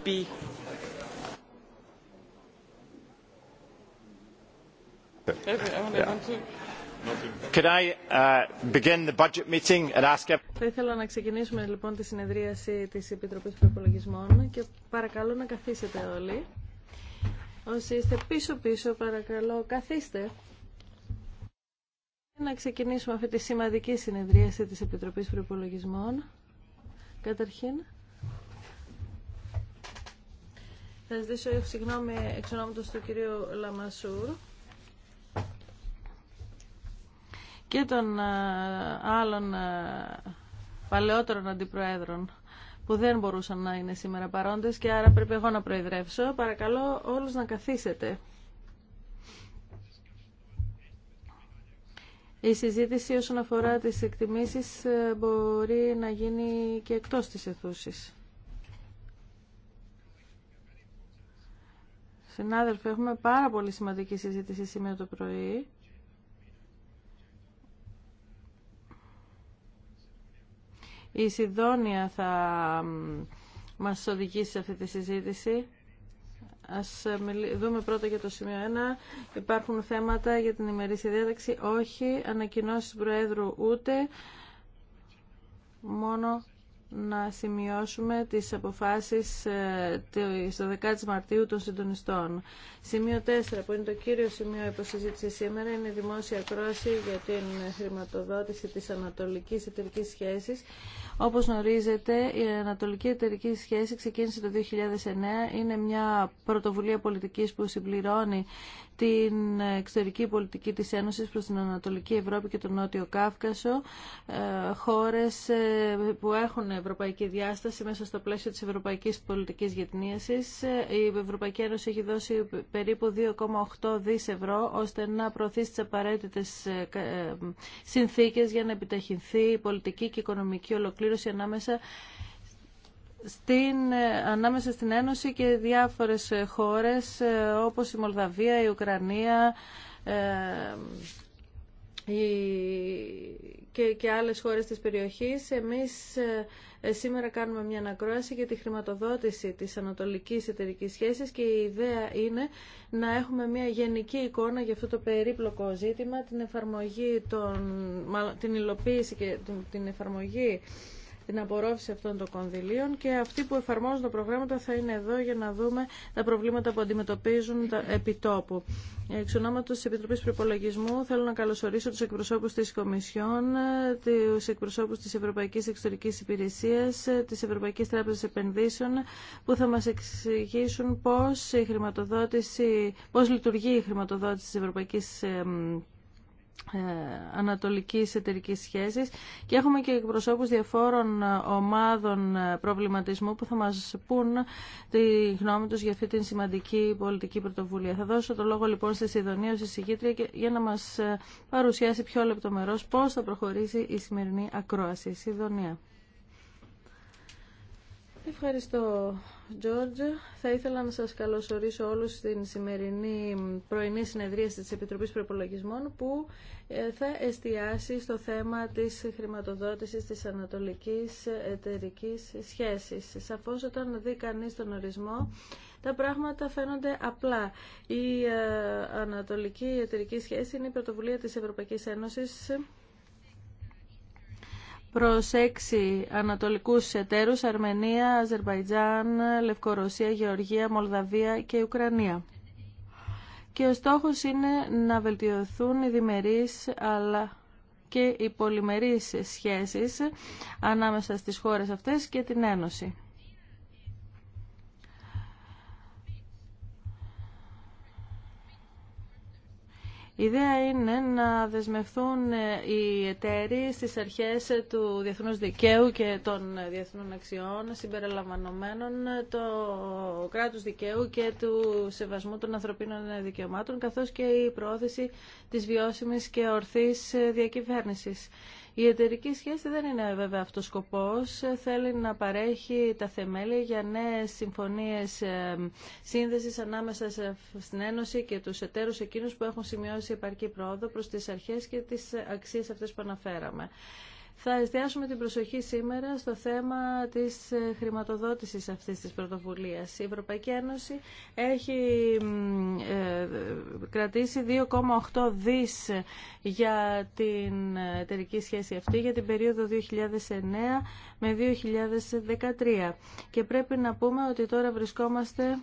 Θα ήθελα να ξεκινήσουμε λοιπόν τη συνεδρίαση της Επιτροπής Προπολογισμών και παρακαλώ να καθίσετε όλοι. Όσοι είστε πίσω-πίσω, παρακαλώ, καθίστε. Να ξεκινήσουμε αυτή τη σημαντική συνεδρίαση της Επιτροπής Προπολογισμών. Καταρχήν, Θα ζητήσω συγγνώμη εξ ονόματος του κυρίου Λαμασούρ και των ε, άλλων ε, παλαιότερων αντιπροέδρων που δεν μπορούσαν να είναι σήμερα παρόντες και άρα πρέπει εγώ να προεδρεύσω. Παρακαλώ όλους να καθίσετε. Η συζήτηση όσον αφορά τις εκτιμήσεις ε, μπορεί να γίνει και εκτός της αιθούσης. Συνάδελφοι, έχουμε πάρα πολύ σημαντική συζήτηση σήμερα το πρωί. Η Σιδόνια θα μας οδηγήσει σε αυτή τη συζήτηση. Ας ε, δούμε πρώτα για το σημείο 1. Υπάρχουν θέματα για την ημερήσια διάταξη. Όχι. Ανακοινώσεις Προέδρου ούτε. Μόνο να σημειώσουμε τις αποφάσεις ε, στο 10 Μαρτίου των συντονιστών. Σημείο 4, που είναι το κύριο σημείο υποσυζήτηση σήμερα, είναι η δημόσια κρόση για την χρηματοδότηση της ανατολικής εταιρικής σχέσης. Όπως γνωρίζετε, η ανατολική εταιρική σχέση ξεκίνησε το 2009. Είναι μια πρωτοβουλία πολιτικής που συμπληρώνει την εξωτερική πολιτική της Ένωσης προς την Ανατολική Ευρώπη και τον Νότιο Κάυκασο, ε, χώρες ε, που έχουν ευρωπαϊκή διάσταση μέσα στο πλαίσιο της ευρωπαϊκής πολιτικής γετνίασης. Ε, η Ευρωπαϊκή Ένωση έχει δώσει περίπου 2,8 δις ευρώ ώστε να προωθήσει τι απαραίτητε συνθήκες για να επιταχυνθεί η πολιτική και η οικονομική ολοκλήρωση ανάμεσα στην, ε, ανάμεσα στην Ένωση και διάφορες ε, χώρες ε, όπως η Μολδαβία, η Ουκρανία η, και, και άλλες χώρες της περιοχής. Εμείς σήμερα κάνουμε μια ανακρόαση για τη χρηματοδότηση της ανατολικής εταιρικής σχέσης και η ιδέα είναι να έχουμε μια γενική εικόνα για αυτό το περίπλοκο ζήτημα, την εφαρμογή των, την υλοποίηση και την εφαρμογή την απορρόφηση αυτών των κονδυλίων και αυτοί που εφαρμόζουν τα προγράμματα θα είναι εδώ για να δούμε τα προβλήματα που αντιμετωπίζουν τα επιτόπου. Εξ ονόματο τη Επιτροπή Προπολογισμού, θέλω να καλωσορίσω του εκπροσώπου τη Κομισιόν, του εκπροσώπου τη Ευρωπαϊκή Εξωτερική Υπηρεσία, τη Ευρωπαϊκή Τράπεζα Επενδύσεων, που θα μα εξηγήσουν πώ λειτουργεί η χρηματοδότηση τη Ευρωπαϊκή ε, ανατολικής εταιρική σχέσης και έχουμε και εκπροσώπους διαφόρων ε, ομάδων ε, προβληματισμού που θα μας πούν τη γνώμη τους για αυτή την σημαντική πολιτική πρωτοβουλία. Θα δώσω το λόγο λοιπόν στη Σιδωνία ως εισηγήτρια για να μας παρουσιάσει πιο λεπτομερώς πώς θα προχωρήσει η σημερινή ακρόαση. Σιδωνία. Ευχαριστώ, Τζόρτζ. Θα ήθελα να σας καλωσορίσω όλους στην σημερινή πρωινή συνεδρία της Επιτροπής Προπολογισμών που ε, θα εστιάσει στο θέμα της χρηματοδότησης της ανατολικής εταιρικής σχέσης. Σαφώς όταν δει κανείς τον ορισμό, τα πράγματα φαίνονται απλά. Η ε, ανατολική εταιρική σχέση είναι η πρωτοβουλία της Ευρωπαϊκής Ένωσης προς έξι ανατολικούς εταίρους Αρμενία, Αζερβαϊτζάν, Λευκορωσία, Γεωργία, Μολδαβία και Ουκρανία. Και ο στόχος είναι να βελτιωθούν οι διμερείς αλλά και οι πολυμερείς σχέσεις ανάμεσα στις χώρες αυτές και την Ένωση. Η ιδέα είναι να δεσμευθούν ε, οι εταίροι στις αρχές ε, του διεθνούς δικαίου και των διεθνών αξιών συμπεριλαμβανομένων ε, το κράτος δικαίου και του σεβασμού των ανθρωπίνων δικαιωμάτων καθώς και η πρόθεση της βιώσιμης και ορθής διακυβέρνησης. Η εταιρική σχέση δεν είναι βέβαια αυτός σκοπός. Θέλει να παρέχει τα θεμέλια για νέες συμφωνίες ε, σύνδεσης ανάμεσα στην Ένωση και τους εταίρους εκείνους που έχουν σημειώσει επαρκή πρόοδο προς τις αρχές και τις αξίες αυτές που αναφέραμε. Θα εστιάσουμε την προσοχή σήμερα στο θέμα της ε, χρηματοδότησης αυτής της πρωτοβουλίας. Η Ευρωπαϊκή Ένωση έχει ε, κρατήσει 2,8 δις για την εταιρική σχέση αυτή για την περίοδο 2009 με 2013. Και πρέπει να πούμε ότι τώρα βρισκόμαστε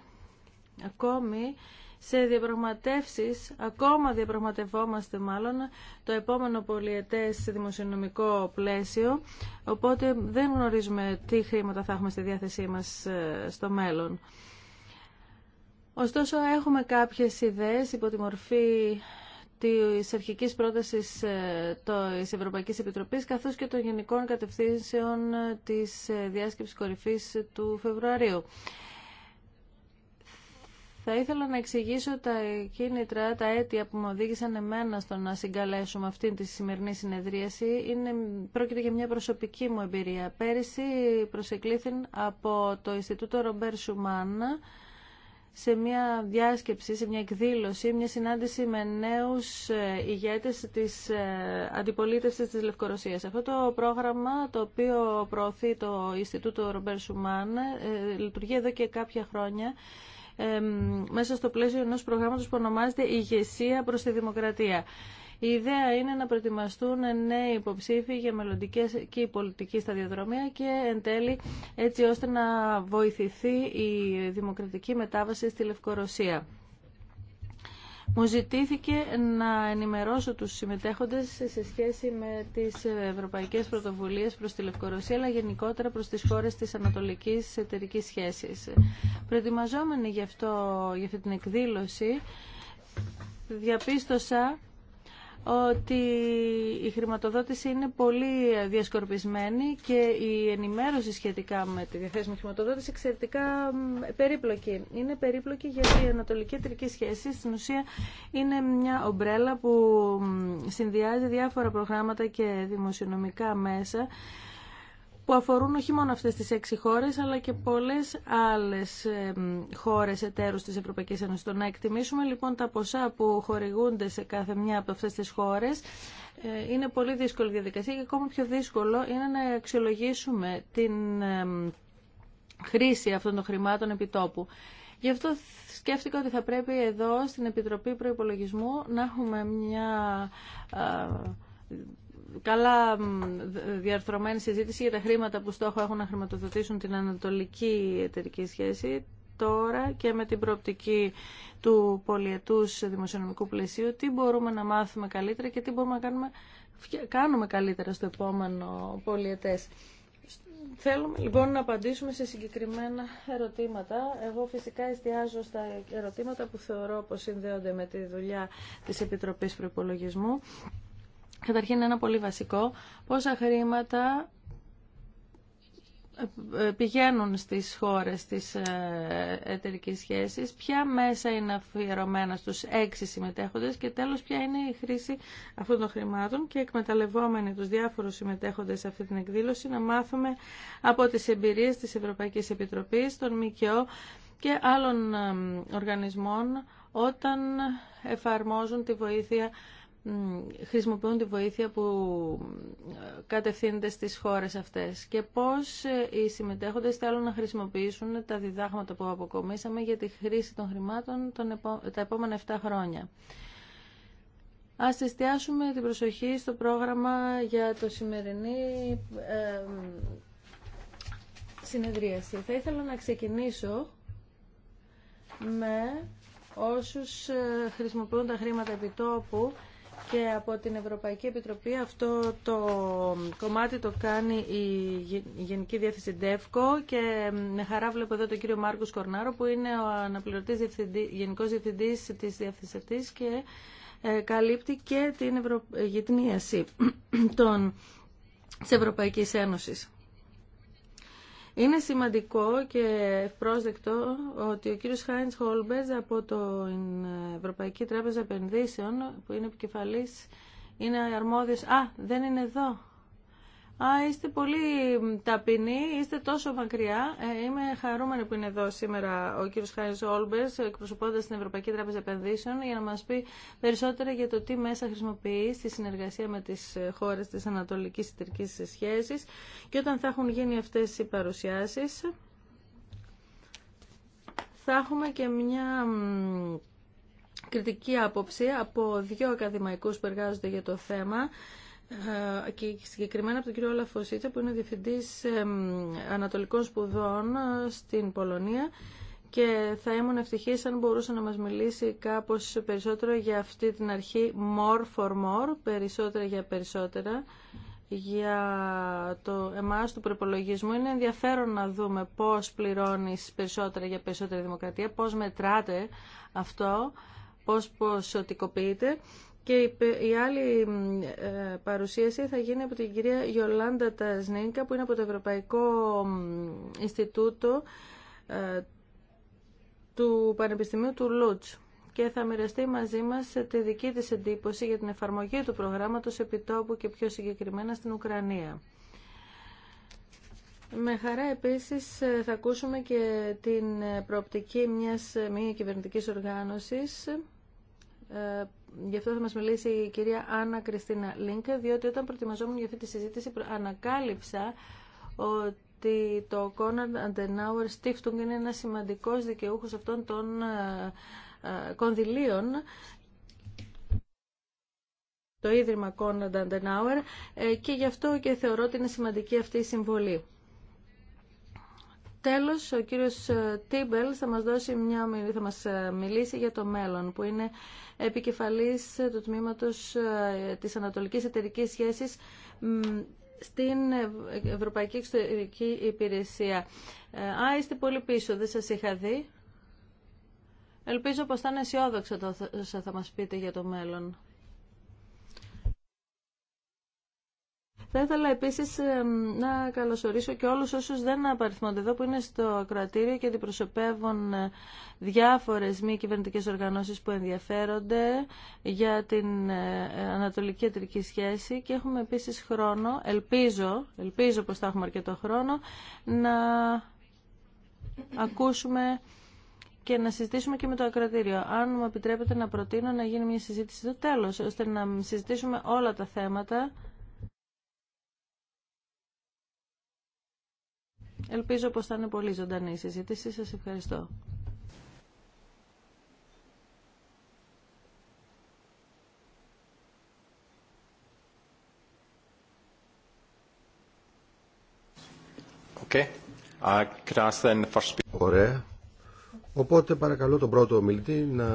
ακόμη σε διαπραγματεύσεις, ακόμα διαπραγματευόμαστε μάλλον το επόμενο πολιετές δημοσιονομικό πλαίσιο, οπότε δεν γνωρίζουμε τι χρήματα θα έχουμε στη διάθεσή μας ε, στο μέλλον. Ωστόσο έχουμε κάποιες ιδέες υπό τη μορφή της αρχικής πρότασης ε, της Ευρωπαϊκής Επιτροπής καθώς και των γενικών κατευθύνσεων ε, της διάσκεψης κορυφής του Φεβρουαρίου. Θα ήθελα να εξηγήσω τα κίνητρα, τα αίτια που μου οδήγησαν εμένα στο να συγκαλέσουμε αυτή τη σημερινή συνεδρίαση. Είναι, πρόκειται για μια προσωπική μου εμπειρία. Πέρυσι προσεκλήθην από το Ινστιτούτο Ρομπέρ Σουμάν σε μια διάσκεψη, σε μια εκδήλωση, μια συνάντηση με νέους ε, ηγέτες της ε, αντιπολίτευσης της Λευκορωσίας. Αυτό το πρόγραμμα, το οποίο προωθεί το Ινστιτούτο Ρομπέρ Σουμάν, ε, λειτουργεί εδώ και κάποια χρόνια μέσα στο πλαίσιο ενός προγράμματος που ονομάζεται «Ηγεσία προς τη Δημοκρατία». Η ιδέα είναι να προετοιμαστούν νέοι υποψήφοι για μελλοντική και πολιτική σταδιοδρομία και εν τέλει έτσι ώστε να βοηθηθεί η δημοκρατική μετάβαση στη Λευκορωσία. Μου ζητήθηκε να ενημερώσω τους συμμετέχοντες σε σχέση με τις ευρωπαϊκές πρωτοβουλίες προς τη Λευκορωσία, αλλά γενικότερα προς τις χώρες της ανατολικής εταιρικής σχέσης. Προετοιμαζόμενοι γι' αυτό, για αυτή την εκδήλωση, διαπίστωσα ότι η χρηματοδότηση είναι πολύ διασκορπισμένη και η ενημέρωση σχετικά με τη διαθέσιμη χρηματοδότηση εξαιρετικά περίπλοκη. Είναι περίπλοκη γιατί η ανατολική εταιρική σχέση στην ουσία είναι μια ομπρέλα που συνδυάζει διάφορα προγράμματα και δημοσιονομικά μέσα που αφορούν όχι μόνο αυτές τις έξι χώρες, αλλά και πολλές άλλες χώρες εταίρους της Ευρωπαϊκής Ένωσης. Το να εκτιμήσουμε λοιπόν τα ποσά που χορηγούνται σε κάθε μια από αυτές τις χώρες ε, είναι πολύ δύσκολη διαδικασία και ακόμα πιο δύσκολο είναι να αξιολογήσουμε την χρήση αυτών των χρημάτων επιτόπου. Γι' αυτό σκέφτηκα ότι θα πρέπει εδώ στην Επιτροπή Προϋπολογισμού να έχουμε μια καλά διαρθρωμένη συζήτηση για τα χρήματα που στόχο έχουν να χρηματοδοτήσουν την ανατολική εταιρική σχέση τώρα και με την προοπτική του πολιετούς δημοσιονομικού πλαισίου τι μπορούμε να μάθουμε καλύτερα και τι μπορούμε να κάνουμε, κάνουμε καλύτερα στο επόμενο πολιετές. Θέλουμε λοιπόν να απαντήσουμε σε συγκεκριμένα ερωτήματα. Εγώ φυσικά εστιάζω στα ερωτήματα που θεωρώ πως συνδέονται με τη δουλειά της Επιτροπής Προπολογισμού. Καταρχήν ένα πολύ βασικό, πόσα χρήματα ε, ε, πηγαίνουν στις χώρες της ε, εταιρική σχέσης, ποια μέσα είναι αφιερωμένα στους έξι συμμετέχοντες και τέλος ποια είναι η χρήση αυτών των χρημάτων και εκμεταλλευόμενοι τους διάφορους συμμετέχοντες σε αυτή την εκδήλωση να μάθουμε από τις εμπειρίες της Ευρωπαϊκής Επιτροπής, των ΜΚΟ και άλλων οργανισμών όταν εφαρμόζουν τη βοήθεια χρησιμοποιούν τη βοήθεια που ε, κατευθύνεται στις χώρες αυτές και πώς ε, οι συμμετέχοντες θέλουν να χρησιμοποιήσουν τα διδάγματα που αποκομίσαμε για τη χρήση των χρημάτων τα επόμενα 7 χρόνια. Ας εστιάσουμε την προσοχή στο πρόγραμμα για το σημερινή συνεδρίαση. Θα ήθελα να ξεκινήσω με όσους ε, χρησιμοποιούν τα χρήματα επιτόπου και από την Ευρωπαϊκή Επιτροπή αυτό το κομμάτι το κάνει η Γενική Διεύθυνση και με χαρά βλέπω εδώ τον κύριο Μάρκος Κορνάρο που είναι ο αναπληρωτής διευθυντή, γενικός διευθυντής της διεύθυνσης και ε, καλύπτει και την Ευρω... Ε, γυτνίαση e των... της Ευρωπαϊκής Ένωσης. Είναι σημαντικό και ευπρόσδεκτο ότι ο κύριος Χάιντς Χόλμπερτ από την Ευρωπαϊκή Τράπεζα Επενδύσεων που είναι επικεφαλής είναι αρμόδιος. Α, δεν είναι εδώ. Α, είστε πολύ ταπεινοί, είστε τόσο μακριά. Ε, είμαι χαρούμενη που είναι εδώ σήμερα ο κύριος Χάρη Όλμπερ, εκπροσωπώντα την Ευρωπαϊκή Τράπεζα Επενδύσεων, για να μα πει περισσότερα για το τι μέσα χρησιμοποιεί στη συνεργασία με τις χώρες της Ανατολικής Ιτρικής σχέση και όταν θα έχουν γίνει αυτέ οι παρουσιάσει. Θα έχουμε και μια κριτική άποψη από δύο ακαδημαϊκούς που εργάζονται για το θέμα ε, και συγκεκριμένα από τον κύριο Όλα που είναι διευθυντής ανατολικών σπουδών ε, στην Πολωνία και θα ήμουν ευτυχής αν μπορούσε να μας μιλήσει κάπως περισσότερο για αυτή την αρχή more for more, περισσότερα για περισσότερα για το εμάς του προπολογισμού είναι ενδιαφέρον να δούμε πώς πληρώνεις περισσότερα για περισσότερη δημοκρατία, πώς μετράτε αυτό, πώς ποσοτικοποιείται και η άλλη ε, παρουσίαση θα γίνει από την κυρία Γιολάντα Τασνίνκα που είναι από το Ευρωπαϊκό Ινστιτούτο ε, του Πανεπιστημίου του Λούτς και θα μοιραστεί μαζί μας ε, τη δική της εντύπωση για την εφαρμογή του προγράμματος επιτόπου και πιο συγκεκριμένα στην Ουκρανία. Με χαρά επίσης θα ακούσουμε και την προοπτική μιας μη κυβερνητικής οργάνωσης γι' αυτό θα μας μιλήσει η κυρία Άννα Κριστίνα Λίνκα, διότι όταν προετοιμαζόμουν για αυτή τη συζήτηση ανακάλυψα ότι το Conrad Αντενάουερ Stiftung είναι ένα σημαντικός δικαιούχος αυτών των ε, ε, κονδυλίων το Ίδρυμα Conrad Αντενάουερ ε, και γι' αυτό και θεωρώ ότι είναι σημαντική αυτή η συμβολή. Τέλος, ο κύριος ε, Τίμπελ θα μας, δώσει μια, θα μας ε, μιλήσει για το μέλλον, που είναι επικεφαλής ε, του τμήματος της Ανατολικής εταιρική Σχέσης στην Ευρωπαϊκή Εξωτερική Υπηρεσία. Α, είστε πολύ πίσω, δεν σας είχα δει. Ελπίζω πως θα είναι αισιόδοξο το θα μας πείτε για το μέλλον. Θα ήθελα επίσης ε, να καλωσορίσω και όλους όσους δεν απαριθμούνται εδώ που είναι στο ακροατήριο και αντιπροσωπεύουν ε, διάφορες μη κυβερνητικές οργανώσεις που ενδιαφέρονται για την ε, ανατολική ιατρική σχέση και έχουμε επίσης χρόνο, ελπίζω, ελπίζω πως θα έχουμε αρκετό χρόνο, να ακούσουμε και να συζητήσουμε και με το ακρατήριο. Αν μου επιτρέπετε να προτείνω να γίνει μια συζήτηση στο τέλος, ώστε να συζητήσουμε όλα τα θέματα Ελπίζω πως θα είναι πολύ ζωντανή η συζήτηση. Σας ευχαριστώ. Uh, Ωραία. Οπότε παρακαλώ τον πρώτο ομιλητή να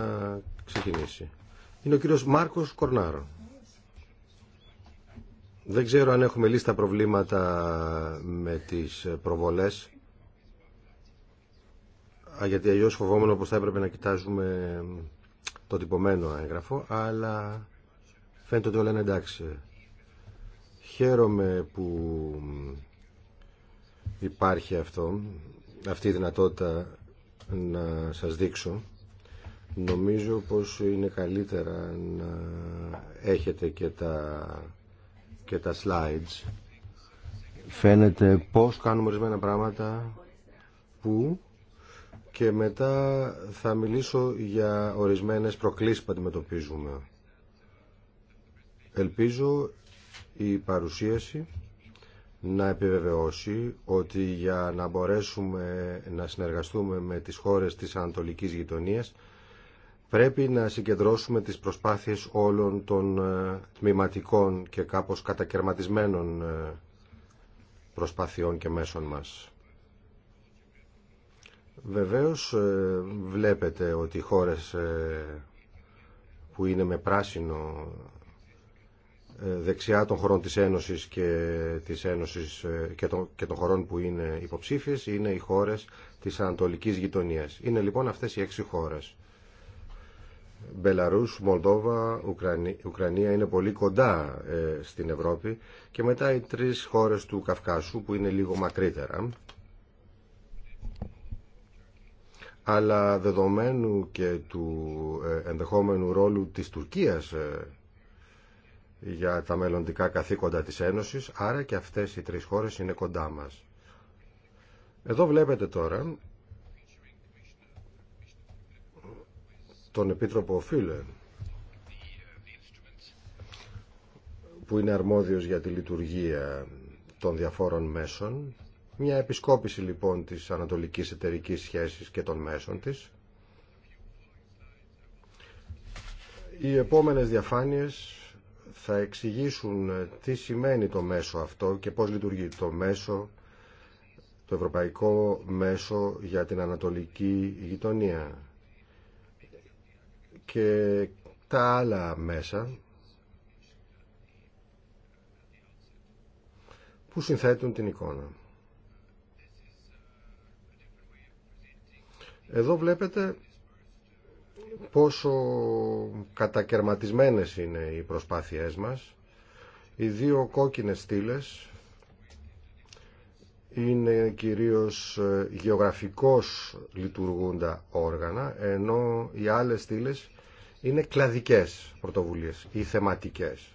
ξεκινήσει. Είναι ο κύριος Μάρκος Κορνάρο. Δεν ξέρω αν έχουμε λίστα προβλήματα με τις προβολές. γιατί αλλιώ φοβόμουν πως θα έπρεπε να κοιτάζουμε το τυπωμένο έγγραφο, αλλά φαίνεται ότι όλα είναι εντάξει. Χαίρομαι που υπάρχει αυτό, αυτή η δυνατότητα να σας δείξω. Νομίζω πως είναι καλύτερα να έχετε και τα και τα slides φαίνεται πώς κάνουμε ορισμένα πράγματα που και μετά θα μιλήσω για ορισμένες προκλήσεις που αντιμετωπίζουμε. Ελπίζω η παρουσίαση να επιβεβαιώσει ότι για να μπορέσουμε να συνεργαστούμε με τις χώρες της Ανατολικής Γειτονίας πρέπει να συγκεντρώσουμε τις προσπάθειες όλων των ε, τμηματικών και κάπως κατακαιρματισμένων ε, προσπαθειών και μέσων μας. Βεβαίως ε, βλέπετε ότι οι χώρες που είναι με πράσινο δεξιά των χωρών της Ένωσης και, της Ένωσης και, των, και των χωρών που είναι υποψήφιες είναι οι χώρες της Ανατολικής Γειτονίας. Είναι λοιπόν αυτές οι έξι χώρες. Μπελαρούς, Μολδόβα, Ουκρανία, Ουκρανία είναι πολύ κοντά ε, στην Ευρώπη και μετά οι τρεις χώρες του Καυκάσου που είναι λίγο μακρύτερα. Αλλά δεδομένου και του ε, ενδεχόμενου ρόλου της Τουρκίας ε, για τα μελλοντικά καθήκοντα της Ένωσης, άρα και αυτές οι τρεις χώρες είναι κοντά μας. Εδώ βλέπετε τώρα τον Επίτροπο Φίλε που είναι αρμόδιος για τη λειτουργία των διαφόρων μέσων. Μια επισκόπηση λοιπόν της ανατολικής εταιρικής σχέσης και των μέσων της. Οι επόμενες διαφάνειες θα εξηγήσουν τι σημαίνει το μέσο αυτό και πώς λειτουργεί το μέσο, το ευρωπαϊκό μέσο για την ανατολική γειτονία και τα άλλα μέσα που συνθέτουν την εικόνα. Εδώ βλέπετε πόσο κατακερματισμένες είναι οι προσπάθειές μας. Οι δύο κόκκινες στήλες είναι κυρίως ε, γεωγραφικώς λειτουργούντα όργανα, ενώ οι άλλες στήλε είναι κλαδικές πρωτοβουλίες ή θεματικές.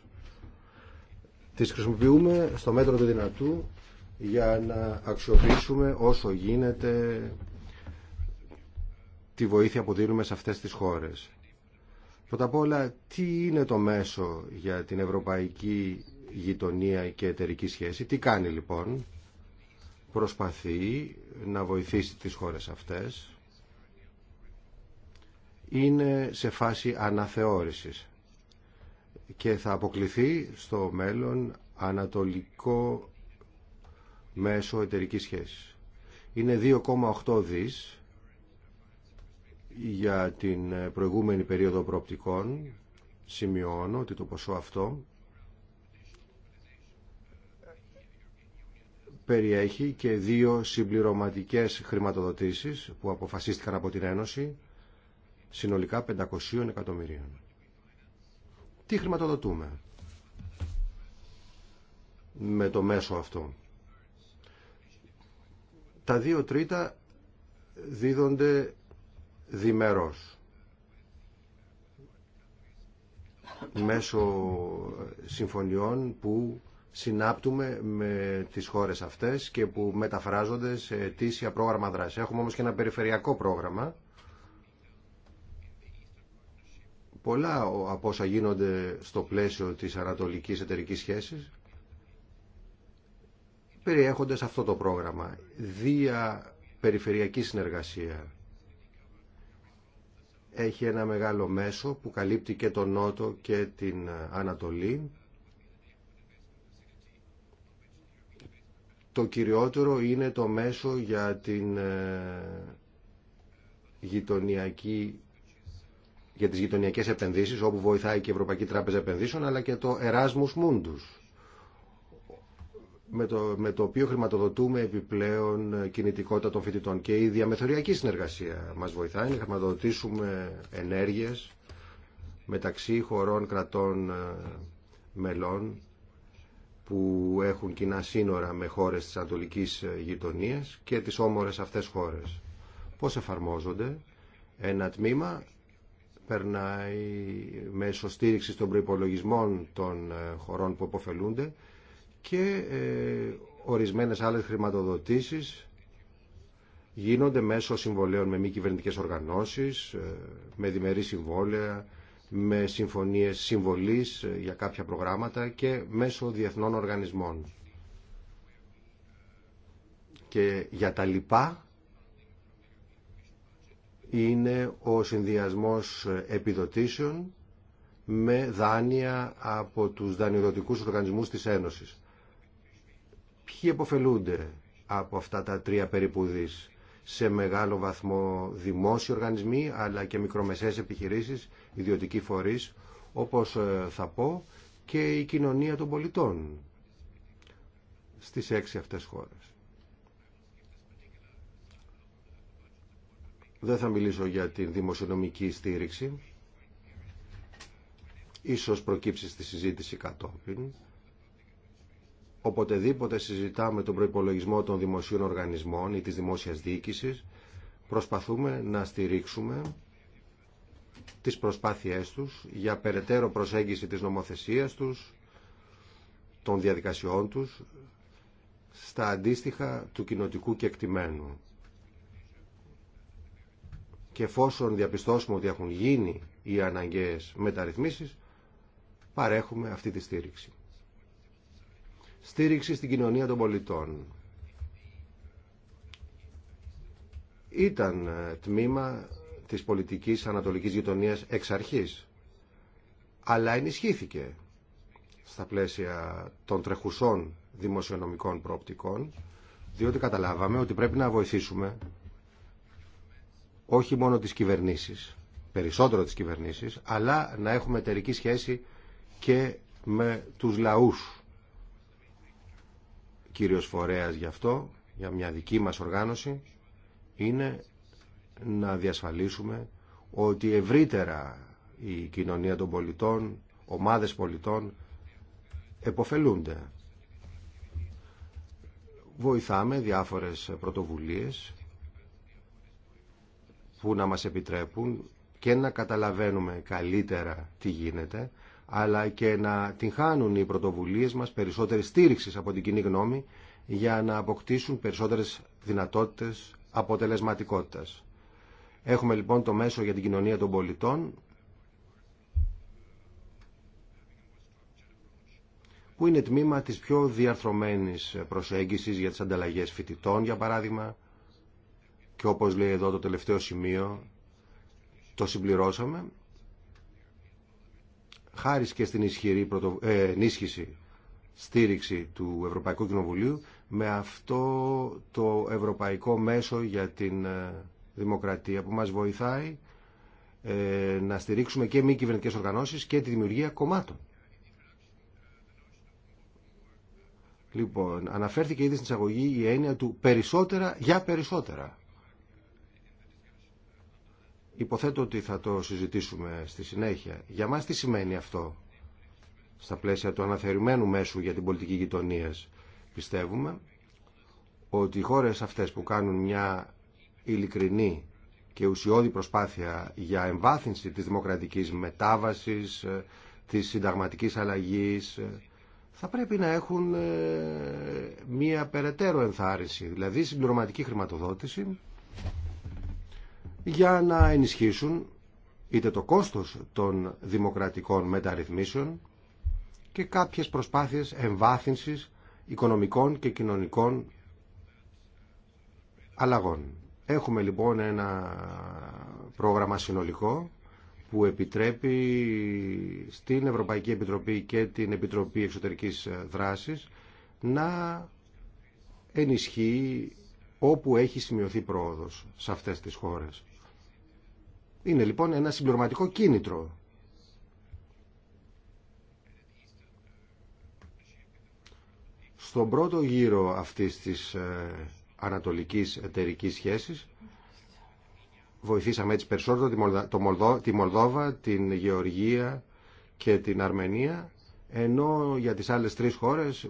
Τις χρησιμοποιούμε στο μέτρο του δυνατού για να αξιοποιήσουμε όσο γίνεται τη βοήθεια που δίνουμε σε αυτές τις χώρες. Πρώτα απ' όλα, τι είναι το μέσο για την ευρωπαϊκή γειτονία και εταιρική σχέση, τι κάνει λοιπόν, προσπαθεί να βοηθήσει τις χώρες αυτές είναι σε φάση αναθεώρησης και θα αποκληθεί στο μέλλον ανατολικό μέσο εταιρικής σχέσης. Είναι 2,8 δις για την προηγούμενη περίοδο προοπτικών. Σημειώνω ότι το ποσό αυτό περιέχει και δύο συμπληρωματικές χρηματοδοτήσεις που αποφασίστηκαν από την Ένωση, συνολικά 500 εκατομμυρίων. Τι χρηματοδοτούμε με το μέσο αυτό. Τα δύο τρίτα δίδονται διμερός μέσω συμφωνιών που συνάπτουμε με τις χώρες αυτές και που μεταφράζονται σε αιτήσια πρόγραμμα δράση. Έχουμε όμως και ένα περιφερειακό πρόγραμμα. Πολλά από όσα γίνονται στο πλαίσιο της ανατολικής εταιρικής σχέσης περιέχονται σε αυτό το πρόγραμμα. Δια περιφερειακή συνεργασία. Έχει ένα μεγάλο μέσο που καλύπτει και τον Νότο και την Ανατολή το κυριότερο είναι το μέσο για την ε, γειτονιακή για τις γειτονιακές επενδύσεις όπου βοηθάει και η Ευρωπαϊκή Τράπεζα Επενδύσεων αλλά και το Erasmus Mundus με το, με το οποίο χρηματοδοτούμε επιπλέον κινητικότητα των φοιτητών και η διαμεθοριακή συνεργασία μας βοηθάει να χρηματοδοτήσουμε ενέργειες μεταξύ χωρών κρατών ε, μελών που έχουν κοινά σύνορα με χώρες της Ανατολικής Γειτονίας και τις όμορες αυτές χώρες. Πώς εφαρμόζονται. Ένα τμήμα περνάει μέσω στήριξη των προϋπολογισμών των ε, χωρών που αποφελούνται και ε, ορισμένες άλλες χρηματοδοτήσεις γίνονται μέσω συμβολέων με μη κυβερνητικέ οργανώσεις, ε, με διμερεί συμβόλαια, με συμφωνίες συμβολής για κάποια προγράμματα και μέσω διεθνών οργανισμών. Και για τα λοιπά είναι ο συνδυασμός επιδοτήσεων με δάνεια από τους δανειοδοτικούς οργανισμούς της Ένωσης. Ποιοι επωφελούνται από αυτά τα τρία περίπου σε μεγάλο βαθμό δημόσιοι οργανισμοί αλλά και μικρομεσαίες επιχειρήσεις, ιδιωτικοί φορείς, όπως ε, θα πω και η κοινωνία των πολιτών στις έξι αυτές χώρες. Δεν θα μιλήσω για τη δημοσιονομική στήριξη. Ίσως προκύψει στη συζήτηση κατόπιν. Οποτεδήποτε συζητάμε τον προϋπολογισμό των δημοσίων οργανισμών ή της δημόσιας διοίκησης, προσπαθούμε να στηρίξουμε τις προσπάθειές τους για περαιτέρω προσέγγιση της νομοθεσίας τους, των διαδικασιών τους, στα αντίστοιχα του κοινοτικού κεκτημένου. Και εφόσον διαπιστώσουμε ότι έχουν γίνει οι αναγκαίες μεταρρυθμίσεις, παρέχουμε αυτή τη στήριξη στήριξη στην κοινωνία των πολιτών. Ήταν ε, τμήμα της πολιτικής ανατολικής γειτονίας εξ αρχής, αλλά ενισχύθηκε στα πλαίσια των τρεχουσών δημοσιονομικών προοπτικών, διότι καταλάβαμε ότι πρέπει να βοηθήσουμε όχι μόνο τις κυβερνήσεις, περισσότερο τις κυβερνήσεις, αλλά να έχουμε εταιρική σχέση και με τους λαούς κύριος φορέας γι' αυτό, για μια δική μας οργάνωση, είναι να διασφαλίσουμε ότι ευρύτερα η κοινωνία των πολιτών, ομάδες πολιτών, εποφελούνται. Βοηθάμε διάφορες πρωτοβουλίες που να μας επιτρέπουν και να καταλαβαίνουμε καλύτερα τι γίνεται, αλλά και να την χάνουν οι πρωτοβουλίες μας περισσότερη στήριξη από την κοινή γνώμη για να αποκτήσουν περισσότερες δυνατότητες αποτελεσματικότητας. Έχουμε λοιπόν το μέσο για την κοινωνία των πολιτών που είναι τμήμα της πιο διαρθρωμένης προσέγγισης για τις ανταλλαγές φοιτητών, για παράδειγμα, και όπως λέει εδώ το τελευταίο σημείο, το συμπληρώσαμε χάρη και στην ισχυρή πρωτο... Ε, ενίσχυση στήριξη του Ευρωπαϊκού Κοινοβουλίου με αυτό το ευρωπαϊκό μέσο για την ε, δημοκρατία που μας βοηθάει ε, να στηρίξουμε και μη κυβερνητικές οργανώσεις και τη δημιουργία κομμάτων. Λοιπόν, αναφέρθηκε ήδη στην εισαγωγή η έννοια του περισσότερα για περισσότερα. Υποθέτω ότι θα το συζητήσουμε στη συνέχεια. Για μας τι σημαίνει αυτό στα πλαίσια του αναθεωρημένου μέσου για την πολιτική γειτονία. Πιστεύουμε ότι οι χώρες αυτές που κάνουν μια ειλικρινή και ουσιώδη προσπάθεια για εμβάθυνση της δημοκρατικής μετάβασης, ε, της συνταγματικής αλλαγής, ε, θα πρέπει να έχουν ε, μία περαιτέρω ενθάρρυνση, δηλαδή συμπληρωματική χρηματοδότηση για να ενισχύσουν είτε το κόστος των δημοκρατικών μεταρρυθμίσεων και κάποιες προσπάθειες εμβάθυνσης οικονομικών και κοινωνικών αλλαγών. Έχουμε λοιπόν ένα πρόγραμμα συνολικό που επιτρέπει στην Ευρωπαϊκή Επιτροπή και την Επιτροπή Εξωτερικής Δράσης να ενισχύει όπου έχει σημειωθεί πρόοδος σε αυτές τις χώρες. Είναι λοιπόν ένα συμπληρωματικό κίνητρο. Στον πρώτο γύρο αυτής της ε, ανατολικής εταιρικής σχέσης βοηθήσαμε έτσι περισσότερο τη Μολδόβα, την Γεωργία και την Αρμενία ενώ για τις άλλες τρεις χώρες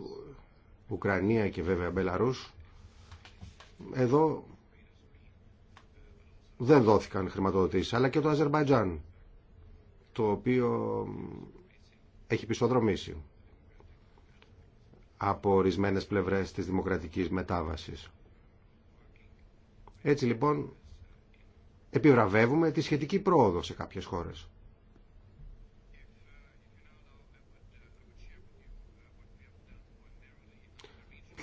Ουκρανία και βέβαια Μπελαρούς εδώ δεν δόθηκαν χρηματοδοτήσεις, αλλά και το Αζερμπαϊτζάν, το οποίο έχει πιστοδρομήσει από ορισμένες πλευρές της δημοκρατικής μετάβασης. Έτσι λοιπόν επιβραβεύουμε τη σχετική πρόοδο σε κάποιες χώρες.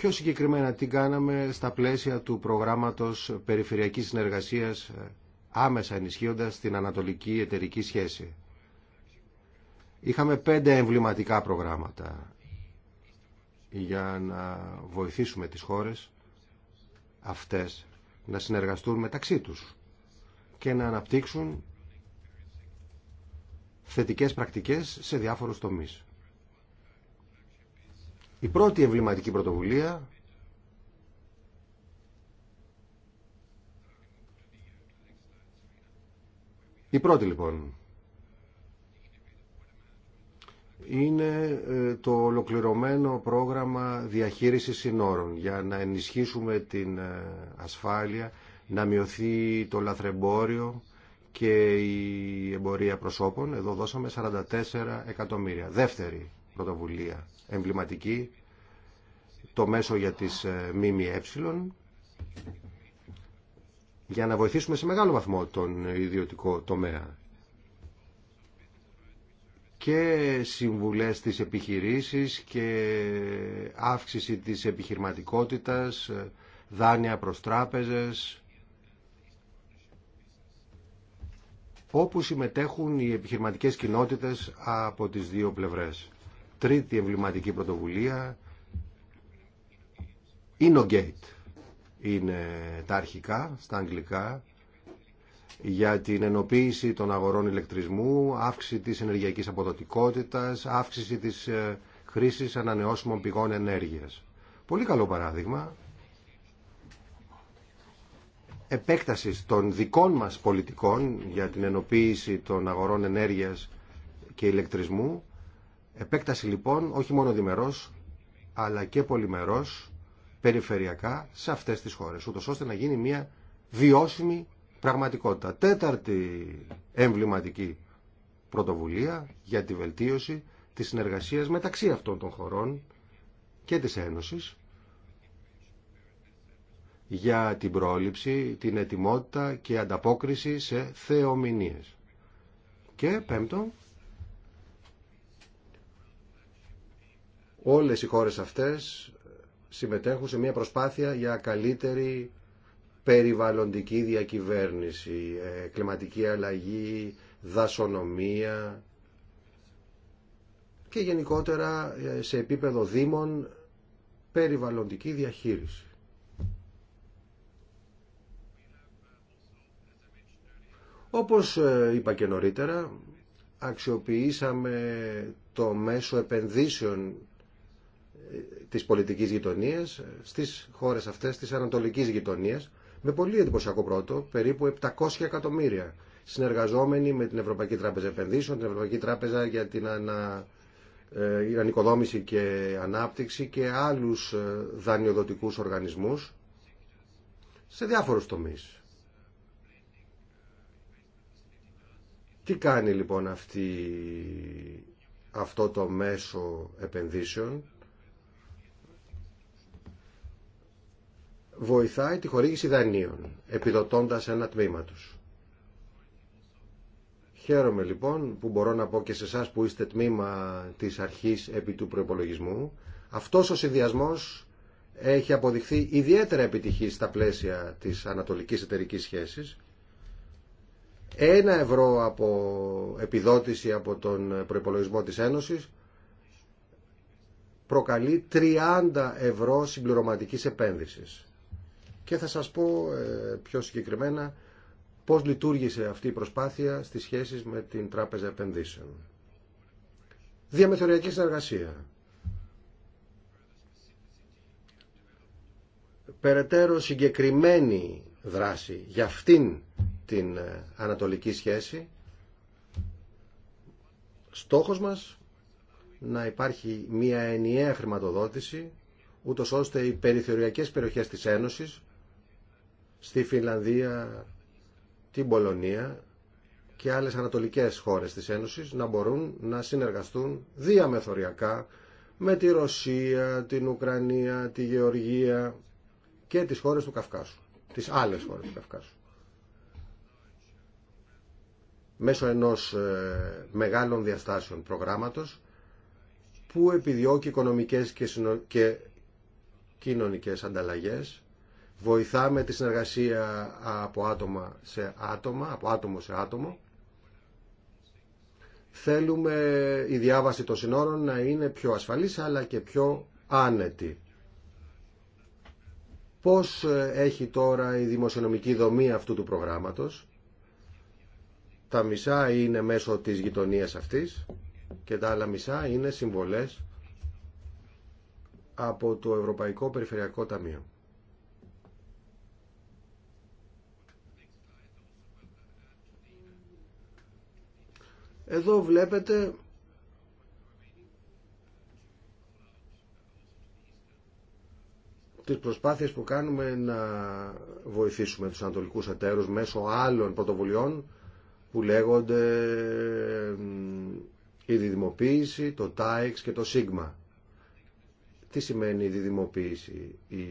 Πιο συγκεκριμένα τι κάναμε στα πλαίσια του προγράμματος περιφερειακής συνεργασίας ε, άμεσα ενισχύοντας την ανατολική εταιρική σχέση. Είχαμε πέντε εμβληματικά προγράμματα για να βοηθήσουμε τις χώρες αυτές να συνεργαστούν μεταξύ τους και να αναπτύξουν θετικές πρακτικές σε διάφορους τομείς. Η πρώτη εμβληματική πρωτοβουλία Η πρώτη λοιπόν είναι ε, το ολοκληρωμένο πρόγραμμα διαχείρισης συνόρων για να ενισχύσουμε την ε, ασφάλεια, να μειωθεί το λαθρεμπόριο και η εμπορία προσώπων. Εδώ δώσαμε 44 εκατομμύρια. Δεύτερη πρωτοβουλία εμβληματική το μέσο για τις ε, ΜΜΕ για να βοηθήσουμε σε μεγάλο βαθμό τον ιδιωτικό τομέα και συμβουλές της επιχειρήσεις και αύξηση της επιχειρηματικότητας, ε, δάνεια προς τράπεζες, όπου συμμετέχουν οι επιχειρηματικές κοινότητες από τις δύο πλευρές τρίτη εμβληματική πρωτοβουλία Innogate είναι τα αρχικά στα αγγλικά για την ενοποίηση των αγορών ηλεκτρισμού, αύξηση της ενεργειακής αποδοτικότητας, αύξηση της ε, χρήσης ανανεώσιμων πηγών ενέργειας. Πολύ καλό παράδειγμα επέκτασης των δικών μας πολιτικών για την ενοποίηση των αγορών ενέργειας και ηλεκτρισμού Επέκταση λοιπόν, όχι μόνο διμερός, αλλά και πολυμερός, περιφερειακά, σε αυτές τις χώρες, ούτως ώστε να γίνει μια βιώσιμη πραγματικότητα. Τέταρτη εμβληματική πρωτοβουλία για τη βελτίωση της συνεργασίας μεταξύ αυτών των χωρών και της Ένωσης για την πρόληψη, την ετοιμότητα και ανταπόκριση σε θεομηνίες. Και πέμπτο, όλες οι χώρες αυτές συμμετέχουν σε μια προσπάθεια για καλύτερη περιβαλλοντική διακυβέρνηση, ε, κλιματική αλλαγή, δασονομία και γενικότερα ε, σε επίπεδο δήμων περιβαλλοντική διαχείριση. Όπως ε, είπα και νωρίτερα, αξιοποιήσαμε το μέσο επενδύσεων της πολιτικής γειτονίας στις χώρες αυτές της ανατολικής γειτονίας με πολύ εντυπωσιακό πρώτο, περίπου 700 εκατομμύρια συνεργαζόμενοι με την Ευρωπαϊκή Τράπεζα Επενδύσεων, την Ευρωπαϊκή Τράπεζα για την ανα, ε, και ανάπτυξη και άλλους ε, δανειοδοτικούς οργανισμούς σε διάφορους τομείς. Τι κάνει λοιπόν αυτή, αυτό το μέσο επενδύσεων βοηθάει τη χορήγηση δανείων, επιδοτώντας ένα τμήμα τους. Χαίρομαι λοιπόν που μπορώ να πω και σε εσά που είστε τμήμα της αρχής επί του προπολογισμού. Αυτός ο συνδυασμό έχει αποδειχθεί ιδιαίτερα επιτυχής στα πλαίσια της ανατολικής εταιρικής σχέσης. Ένα ευρώ από επιδότηση από τον προπολογισμό της Ένωσης προκαλεί 30 ευρώ συμπληρωματικής επένδυσης και θα σας πω ε, πιο συγκεκριμένα πώς λειτουργήσε αυτή η προσπάθεια στις σχέσεις με την Τράπεζα Επενδύσεων. Διαμεθοριακή συνεργασία. Περαιτέρω συγκεκριμένη δράση για αυτήν την ε, ανατολική σχέση. Στόχος μας να υπάρχει μια ενιαία χρηματοδότηση ούτως ώστε οι περιθωριακές περιοχές της Ένωσης στη Φιλανδία, την Πολωνία και άλλες ανατολικές χώρες της Ένωσης να μπορούν να συνεργαστούν διαμεθοριακά με τη Ρωσία, την Ουκρανία, τη Γεωργία και τις χώρες του Καυκάσου, τις άλλες χώρες του Καυκάσου. Μέσω ενός ε, μεγάλων διαστάσεων προγράμματος που επιδιώκει οικονομικές και κοινωνικές ανταλλαγές βοηθάμε τη συνεργασία από άτομα σε άτομα, από άτομο σε άτομο. Θέλουμε η διάβαση των συνόρων να είναι πιο ασφαλής αλλά και πιο άνετη. Πώς ε, έχει τώρα η δημοσιονομική δομή αυτού του προγράμματος. Τα μισά είναι μέσω της γειτονίας αυτής και τα άλλα μισά είναι συμβολές από το Ευρωπαϊκό Περιφερειακό Ταμείο. Εδώ βλέπετε τις προσπάθειες που κάνουμε να βοηθήσουμε τους ανατολικούς εταίρους μέσω άλλων πρωτοβουλειών που λέγονται η διδημοποίηση, το ΤΑΕΞ και το ΣΥΓΜΑ. Τι σημαίνει η διδημοποίηση. Οι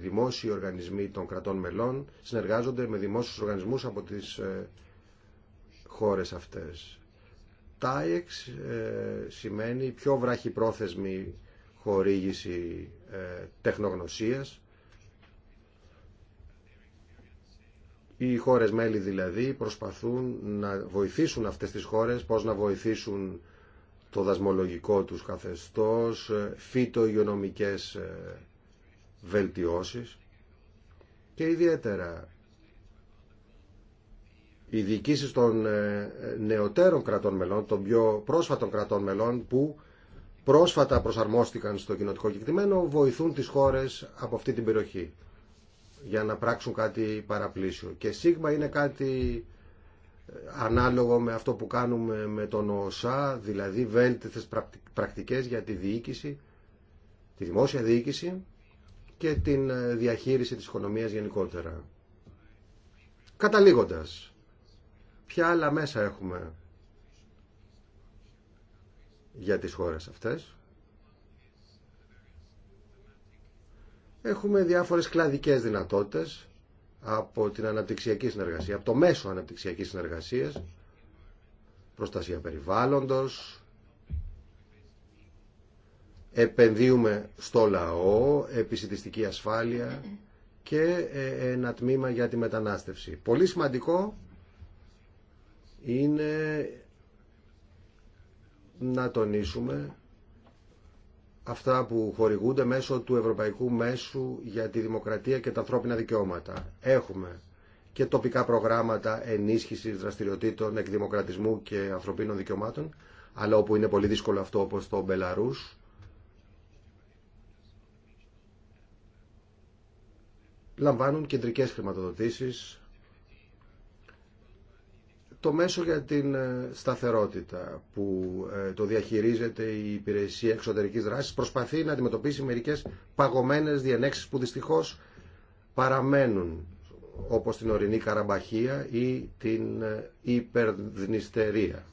δημόσιοι οργανισμοί των κρατών μελών συνεργάζονται με δημόσιους οργανισμούς από τις ε, χώρες αυτές. TAEX ε, σημαίνει πιο βραχυπρόθεσμη χορήγηση ε, τεχνογνωσίας. Οι χώρες μέλη δηλαδή προσπαθούν να βοηθήσουν αυτές τις χώρες, πώς να βοηθήσουν το δασμολογικό τους καθεστώς, ε, φυτο-υγειονομικές ε, βελτιώσεις και ιδιαίτερα οι διοικήσει των ε, νεωτέρων κρατών μελών, των πιο πρόσφατων κρατών μελών που πρόσφατα προσαρμόστηκαν στο κοινοτικό κεκτημένο, βοηθούν τις χώρες από αυτή την περιοχή για να πράξουν κάτι παραπλήσιο. Και σίγμα είναι κάτι ε, ανάλογο με αυτό που κάνουμε με τον ΟΣΑ, δηλαδή βέλτιθες πρακτικές για τη διοίκηση, τη δημόσια διοίκηση και την ε, διαχείριση της οικονομίας γενικότερα. Καταλήγοντας, Ποια άλλα μέσα έχουμε για τις χώρες αυτές. Έχουμε διάφορες κλαδικές δυνατότητες από την αναπτυξιακή συνεργασία, από το μέσο αναπτυξιακής συνεργασίας, προστασία περιβάλλοντος, επενδύουμε στο λαό, επισητιστική ασφάλεια και ε, ένα τμήμα για τη μετανάστευση. Πολύ σημαντικό είναι να τονίσουμε αυτά που χορηγούνται μέσω του Ευρωπαϊκού Μέσου για τη Δημοκρατία και τα ανθρώπινα δικαιώματα. Έχουμε και τοπικά προγράμματα ενίσχυσης δραστηριοτήτων εκδημοκρατισμού και ανθρωπίνων δικαιωμάτων, αλλά όπου είναι πολύ δύσκολο αυτό όπως το Μπελαρούς, λαμβάνουν κεντρικές χρηματοδοτήσεις το μέσο για την ε, σταθερότητα που ε, το διαχειρίζεται η υπηρεσία εξωτερικής δράσης προσπαθεί να αντιμετωπίσει μερικές παγωμένες διενέξεις που δυστυχώς παραμένουν όπως την ορεινή Καραμπαχία ή την ε, υπερδνηστερία.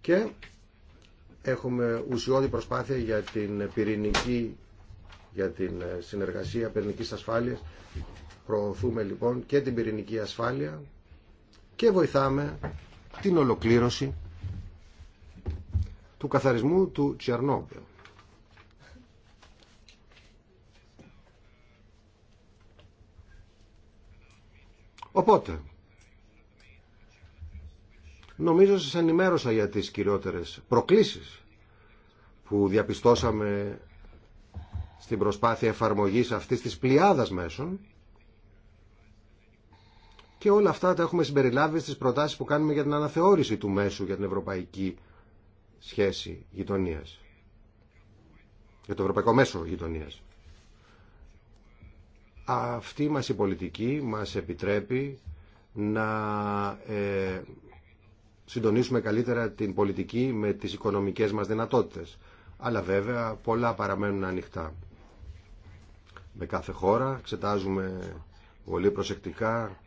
Και έχουμε ουσιώδη προσπάθεια για την πυρηνική για την συνεργασία πυρηνικής ασφάλειας. Προωθούμε λοιπόν και την πυρηνική ασφάλεια και βοηθάμε την ολοκλήρωση του καθαρισμού του Τσιαρνόμπλου. Οπότε, νομίζω σας ενημέρωσα για τις κυριότερες προκλήσεις που διαπιστώσαμε στην προσπάθεια εφαρμογής αυτής της πλειάδας μέσων και όλα αυτά τα έχουμε συμπεριλάβει στις προτάσεις που κάνουμε για την αναθεώρηση του μέσου για την ευρωπαϊκή σχέση γειτονία. Για το ευρωπαϊκό μέσο γειτονία. Αυτή μας η πολιτική μας επιτρέπει να ε, συντονίσουμε καλύτερα την πολιτική με τις οικονομικές μας δυνατότητες. Αλλά βέβαια πολλά παραμένουν ανοιχτά. Με κάθε χώρα εξετάζουμε πολύ προσεκτικά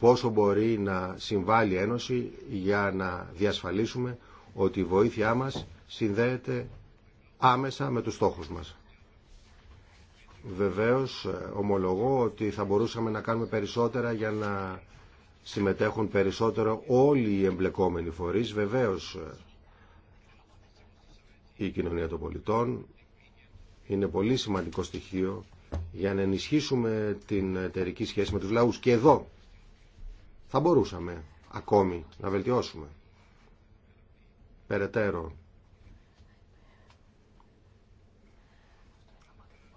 πόσο μπορεί να συμβάλλει η Ένωση για να διασφαλίσουμε ότι η βοήθειά μας συνδέεται άμεσα με τους στόχους μας. Βεβαίως ε, ομολογώ ότι θα μπορούσαμε να κάνουμε περισσότερα για να συμμετέχουν περισσότερο όλοι οι εμπλεκόμενοι φορείς. Βεβαίως ε, η κοινωνία των πολιτών είναι πολύ σημαντικό στοιχείο για να ενισχύσουμε την εταιρική σχέση με τους λαούς. Και εδώ θα μπορούσαμε ακόμη να βελτιώσουμε. Περαιτέρω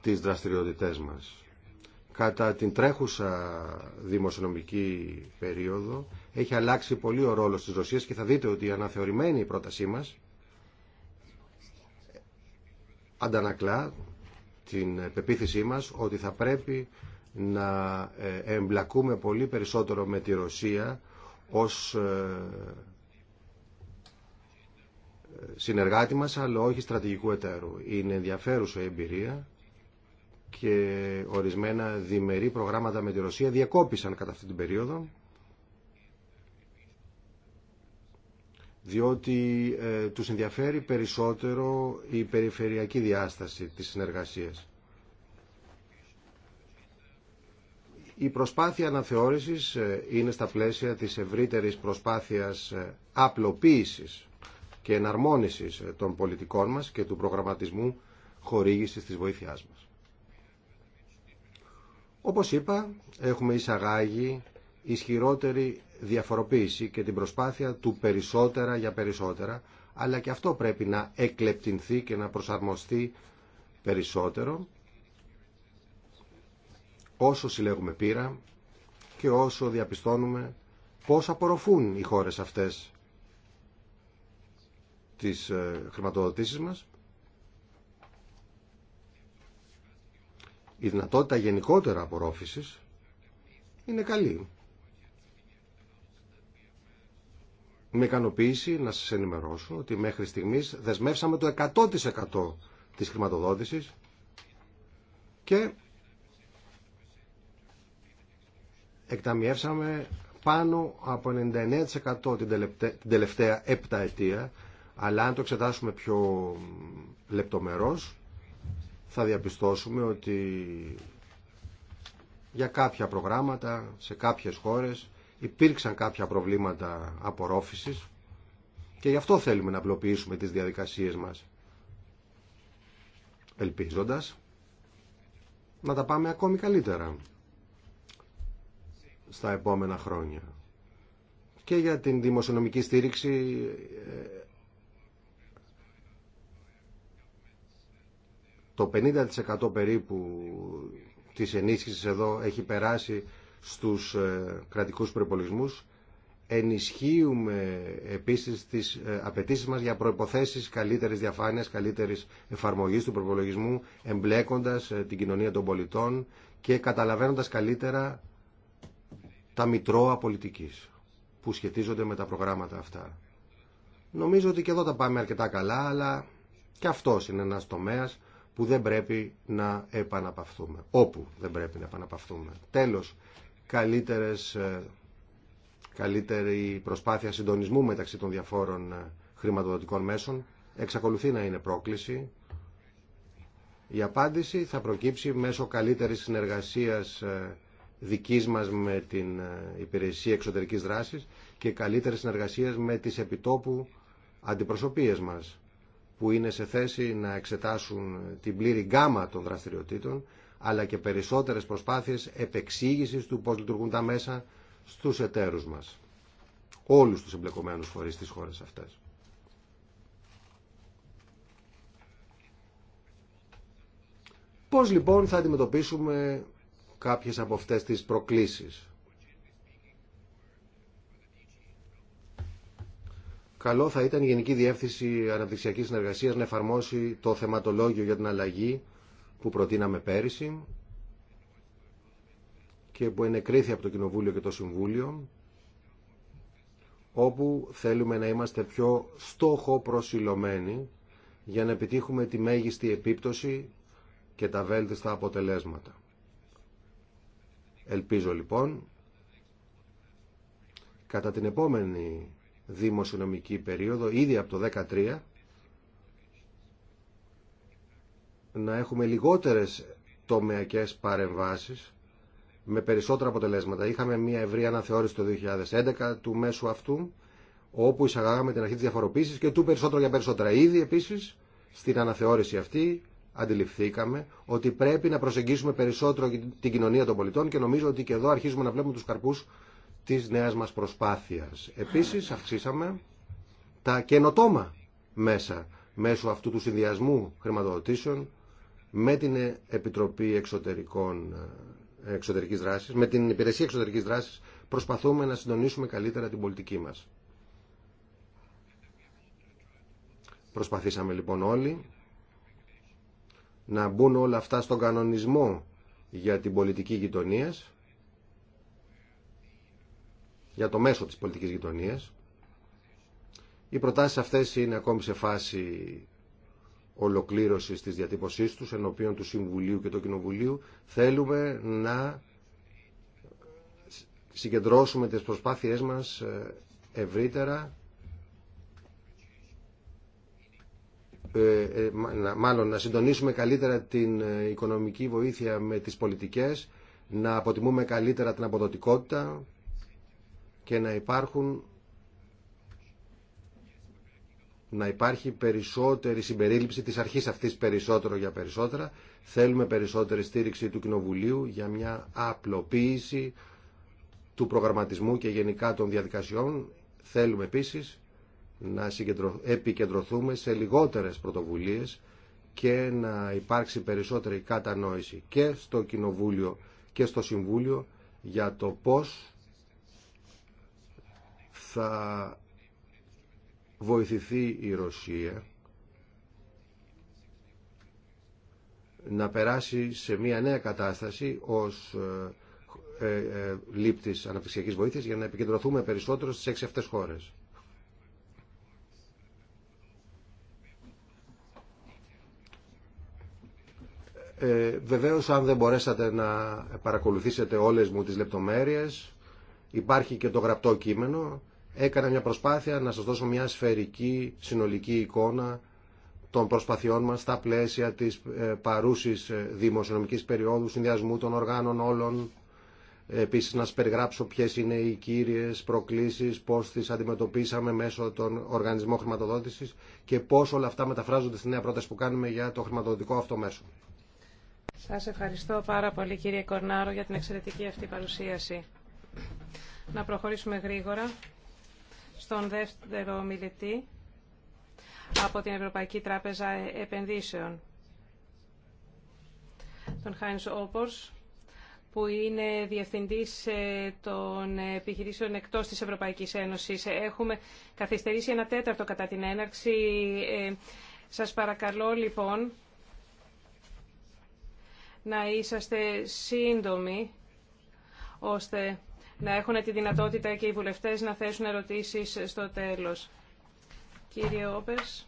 τις δραστηριότητές μας. Κατά την τρέχουσα δημοσιονομική περίοδο έχει αλλάξει πολύ ο ρόλος της Ρωσίας και θα δείτε ότι η αναθεωρημένη πρότασή μας αντανακλά την πεποίθησή μας ότι θα πρέπει να ε, εμπλακούμε πολύ περισσότερο με τη Ρωσία ως ε, συνεργάτη μας, αλλά όχι στρατηγικού εταίρου. Είναι ενδιαφέρουσα η εμπειρία και ορισμένα διμερή προγράμματα με τη Ρωσία διακόπησαν κατά αυτή την περίοδο διότι ε, τους ενδιαφέρει περισσότερο η περιφερειακή διάσταση της συνεργασίας. Η προσπάθεια αναθεώρησης ε, είναι στα πλαίσια της ευρύτερης προσπάθειας ε, απλοποίησης και εναρμόνισης ε, των πολιτικών μας και του προγραμματισμού χορήγησης της βοήθειάς μας. Όπως είπα, έχουμε εισαγάγει ισχυρότερη διαφοροποίηση και την προσπάθεια του περισσότερα για περισσότερα, αλλά και αυτό πρέπει να εκλεπτυνθεί και να προσαρμοστεί περισσότερο όσο συλλέγουμε πείρα και όσο διαπιστώνουμε πώς απορροφούν οι χώρες αυτές τις ε, χρηματοδοτήσεις μας. Η δυνατότητα γενικότερα απορρόφησης είναι καλή. Με ικανοποίηση να σας ενημερώσω ότι μέχρι στιγμής δεσμεύσαμε το 100% της χρηματοδότησης και εκταμιεύσαμε πάνω από 99% την τελευταία επταετία, αλλά αν το εξετάσουμε πιο λεπτομερώς, θα διαπιστώσουμε ότι για κάποια προγράμματα, σε κάποιες χώρες, υπήρξαν κάποια προβλήματα απορρόφησης και γι' αυτό θέλουμε να απλοποιήσουμε τις διαδικασίες μας, ελπίζοντας να τα πάμε ακόμη καλύτερα στα επόμενα χρόνια. Και για την δημοσιονομική στήριξη ε, το 50% περίπου της ενίσχυσης εδώ έχει περάσει στους ε, κρατικούς προϋπολογισμούς. Ενισχύουμε επίσης τις ε, απαιτήσεις μας για προϋποθέσεις καλύτερης διαφάνειας, καλύτερης εφαρμογής του προϋπολογισμού εμπλέκοντας την κοινωνία των πολιτών και καταλαβαίνοντας καλύτερα τα μητρώα πολιτικής που σχετίζονται με τα προγράμματα αυτά. Νομίζω ότι και εδώ τα πάμε αρκετά καλά, αλλά και αυτός είναι ένας τομέας που δεν πρέπει να επαναπαυθούμε. Όπου δεν πρέπει να επαναπαυθούμε. Τέλος, καλύτερες, ε, καλύτερη προσπάθεια συντονισμού μεταξύ των διαφόρων ε, χρηματοδοτικών μέσων εξακολουθεί να είναι πρόκληση. Η απάντηση θα προκύψει μέσω καλύτερης συνεργασίας ε, δικής μας με την ε, υπηρεσία εξωτερικής δράσης και καλύτερη συνεργασία με τις επιτόπου αντιπροσωπείες μας που είναι σε θέση να εξετάσουν την πλήρη γκάμα των δραστηριοτήτων αλλά και περισσότερες προσπάθειες επεξήγησης του πώς λειτουργούν τα μέσα στους εταίρους μας όλους τους εμπλεκομένους φορείς τις χώρες αυτές. Πώς λοιπόν θα αντιμετωπίσουμε κάποιες από αυτές τις προκλήσεις. Καλό θα ήταν η Γενική Διεύθυνση Αναπτυξιακής Συνεργασίας να εφαρμόσει το θεματολόγιο για την αλλαγή που προτείναμε πέρυσι και που ενεκρίθη από το Κοινοβούλιο και το Συμβούλιο όπου θέλουμε να είμαστε πιο στόχο προσιλωμένοι για να επιτύχουμε τη μέγιστη επίπτωση και τα βέλτιστα αποτελέσματα. Ελπίζω λοιπόν κατά την επόμενη δημοσιονομική περίοδο, ήδη από το 2013, να έχουμε λιγότερες τομεακές παρεμβάσεις με περισσότερα αποτελέσματα. Είχαμε μια ευρία αναθεώρηση το 2011 του μέσου αυτού, όπου εισαγάγαμε την αρχή της διαφοροποίησης και του περισσότερο για περισσότερα. Ήδη επίσης στην αναθεώρηση αυτή αντιληφθήκαμε ότι πρέπει να προσεγγίσουμε περισσότερο την κοινωνία των πολιτών και νομίζω ότι και εδώ αρχίζουμε να βλέπουμε τους καρπούς της νέας μας προσπάθειας. Επίσης αυξήσαμε τα καινοτόμα μέσα μέσω αυτού του συνδυασμού χρηματοδοτήσεων με την Επιτροπή Εξωτερικών, ε, Εξωτερικής Δράσης, με την Υπηρεσία Εξωτερικής Δράσης προσπαθούμε να συντονίσουμε καλύτερα την πολιτική μας. Προσπαθήσαμε λοιπόν όλοι να μπουν όλα αυτά στον κανονισμό για την πολιτική γειτονία, για το μέσο της πολιτικής γειτονία. Οι προτάσεις αυτές είναι ακόμη σε φάση ολοκλήρωσης της διατύπωσής τους, ενώπιον του Συμβουλίου και του Κοινοβουλίου. Θέλουμε να συγκεντρώσουμε τις προσπάθειές μας ε, ευρύτερα Ε, ε, μάλλον να συντονίσουμε καλύτερα την ε, οικονομική βοήθεια με τις πολιτικές, να αποτιμούμε καλύτερα την αποδοτικότητα και να υπάρχουν να υπάρχει περισσότερη συμπερίληψη της αρχής αυτής περισσότερο για περισσότερα. Θέλουμε περισσότερη στήριξη του Κοινοβουλίου για μια απλοποίηση του προγραμματισμού και γενικά των διαδικασιών. Θέλουμε επίσης να επικεντρωθούμε σε λιγότερες πρωτοβουλίες και να υπάρξει περισσότερη κατανόηση και στο Κοινοβούλιο και στο Συμβούλιο για το πώς θα βοηθηθεί η Ρωσία να περάσει σε μια νέα κατάσταση ως ε, ε, ε λήπτης αναπτυξιακής βοήθειας για να επικεντρωθούμε περισσότερο στις έξι αυτές χώρες. Ε, βεβαίως αν δεν μπορέσατε να παρακολουθήσετε όλες μου τις λεπτομέρειες υπάρχει και το γραπτό κείμενο έκανα μια προσπάθεια να σας δώσω μια σφαιρική συνολική εικόνα των προσπαθειών μας στα πλαίσια της ε, παρούσης ε, δημοσιονομικής περίοδου συνδυασμού των οργάνων όλων επίσης να σας περιγράψω ποιες είναι οι κύριες προκλήσεις πώς τις αντιμετωπίσαμε μέσω των οργανισμών χρηματοδότησης και πώς όλα αυτά μεταφράζονται στη νέα πρόταση που κάνουμε για το χρηματοδοτικό αυτό μέσο. Σας ευχαριστώ πάρα πολύ κύριε Κορνάρο για την εξαιρετική αυτή παρουσίαση. Να προχωρήσουμε γρήγορα στον δεύτερο μιλητή από την Ευρωπαϊκή Τράπεζα Επενδύσεων, τον Χάινς Όπορς, που είναι διευθυντής ε, των επιχειρήσεων εκτός της Ευρωπαϊκής Ένωσης. Έχουμε καθυστερήσει ένα τέταρτο κατά την έναρξη. Ε, σας παρακαλώ λοιπόν να είσαστε σύντομοι, ώστε να έχουν τη δυνατότητα και οι βουλευτές να θέσουν ερωτήσεις στο τέλος. Κύριε Όπερς.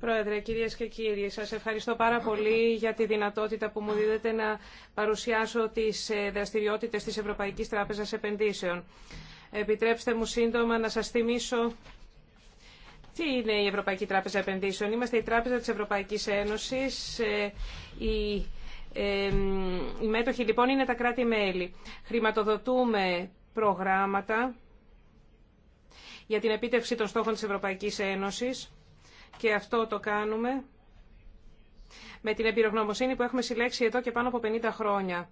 Πρόεδρε, κυρίες και κύριοι, σας ευχαριστώ πάρα πολύ για τη δυνατότητα που μου δίδεται να παρουσιάσω τις ε, δραστηριότητες της Ευρωπαϊκής Τράπεζας Επενδύσεων. Επιτρέψτε μου σύντομα να σας θυμίσω τι είναι η Ευρωπαϊκή Τράπεζα Επενδύσεων. Είμαστε η Τράπεζα της Ευρωπαϊκής Ένωσης. Ε, η οι ε, μέτοχοι λοιπόν είναι τα κράτη-μέλη. Χρηματοδοτούμε προγράμματα για την επίτευξη των στόχων της Ευρωπαϊκής Ένωσης και αυτό το κάνουμε με την εμπειρογνωμοσύνη που έχουμε συλλέξει εδώ και πάνω από 50 χρόνια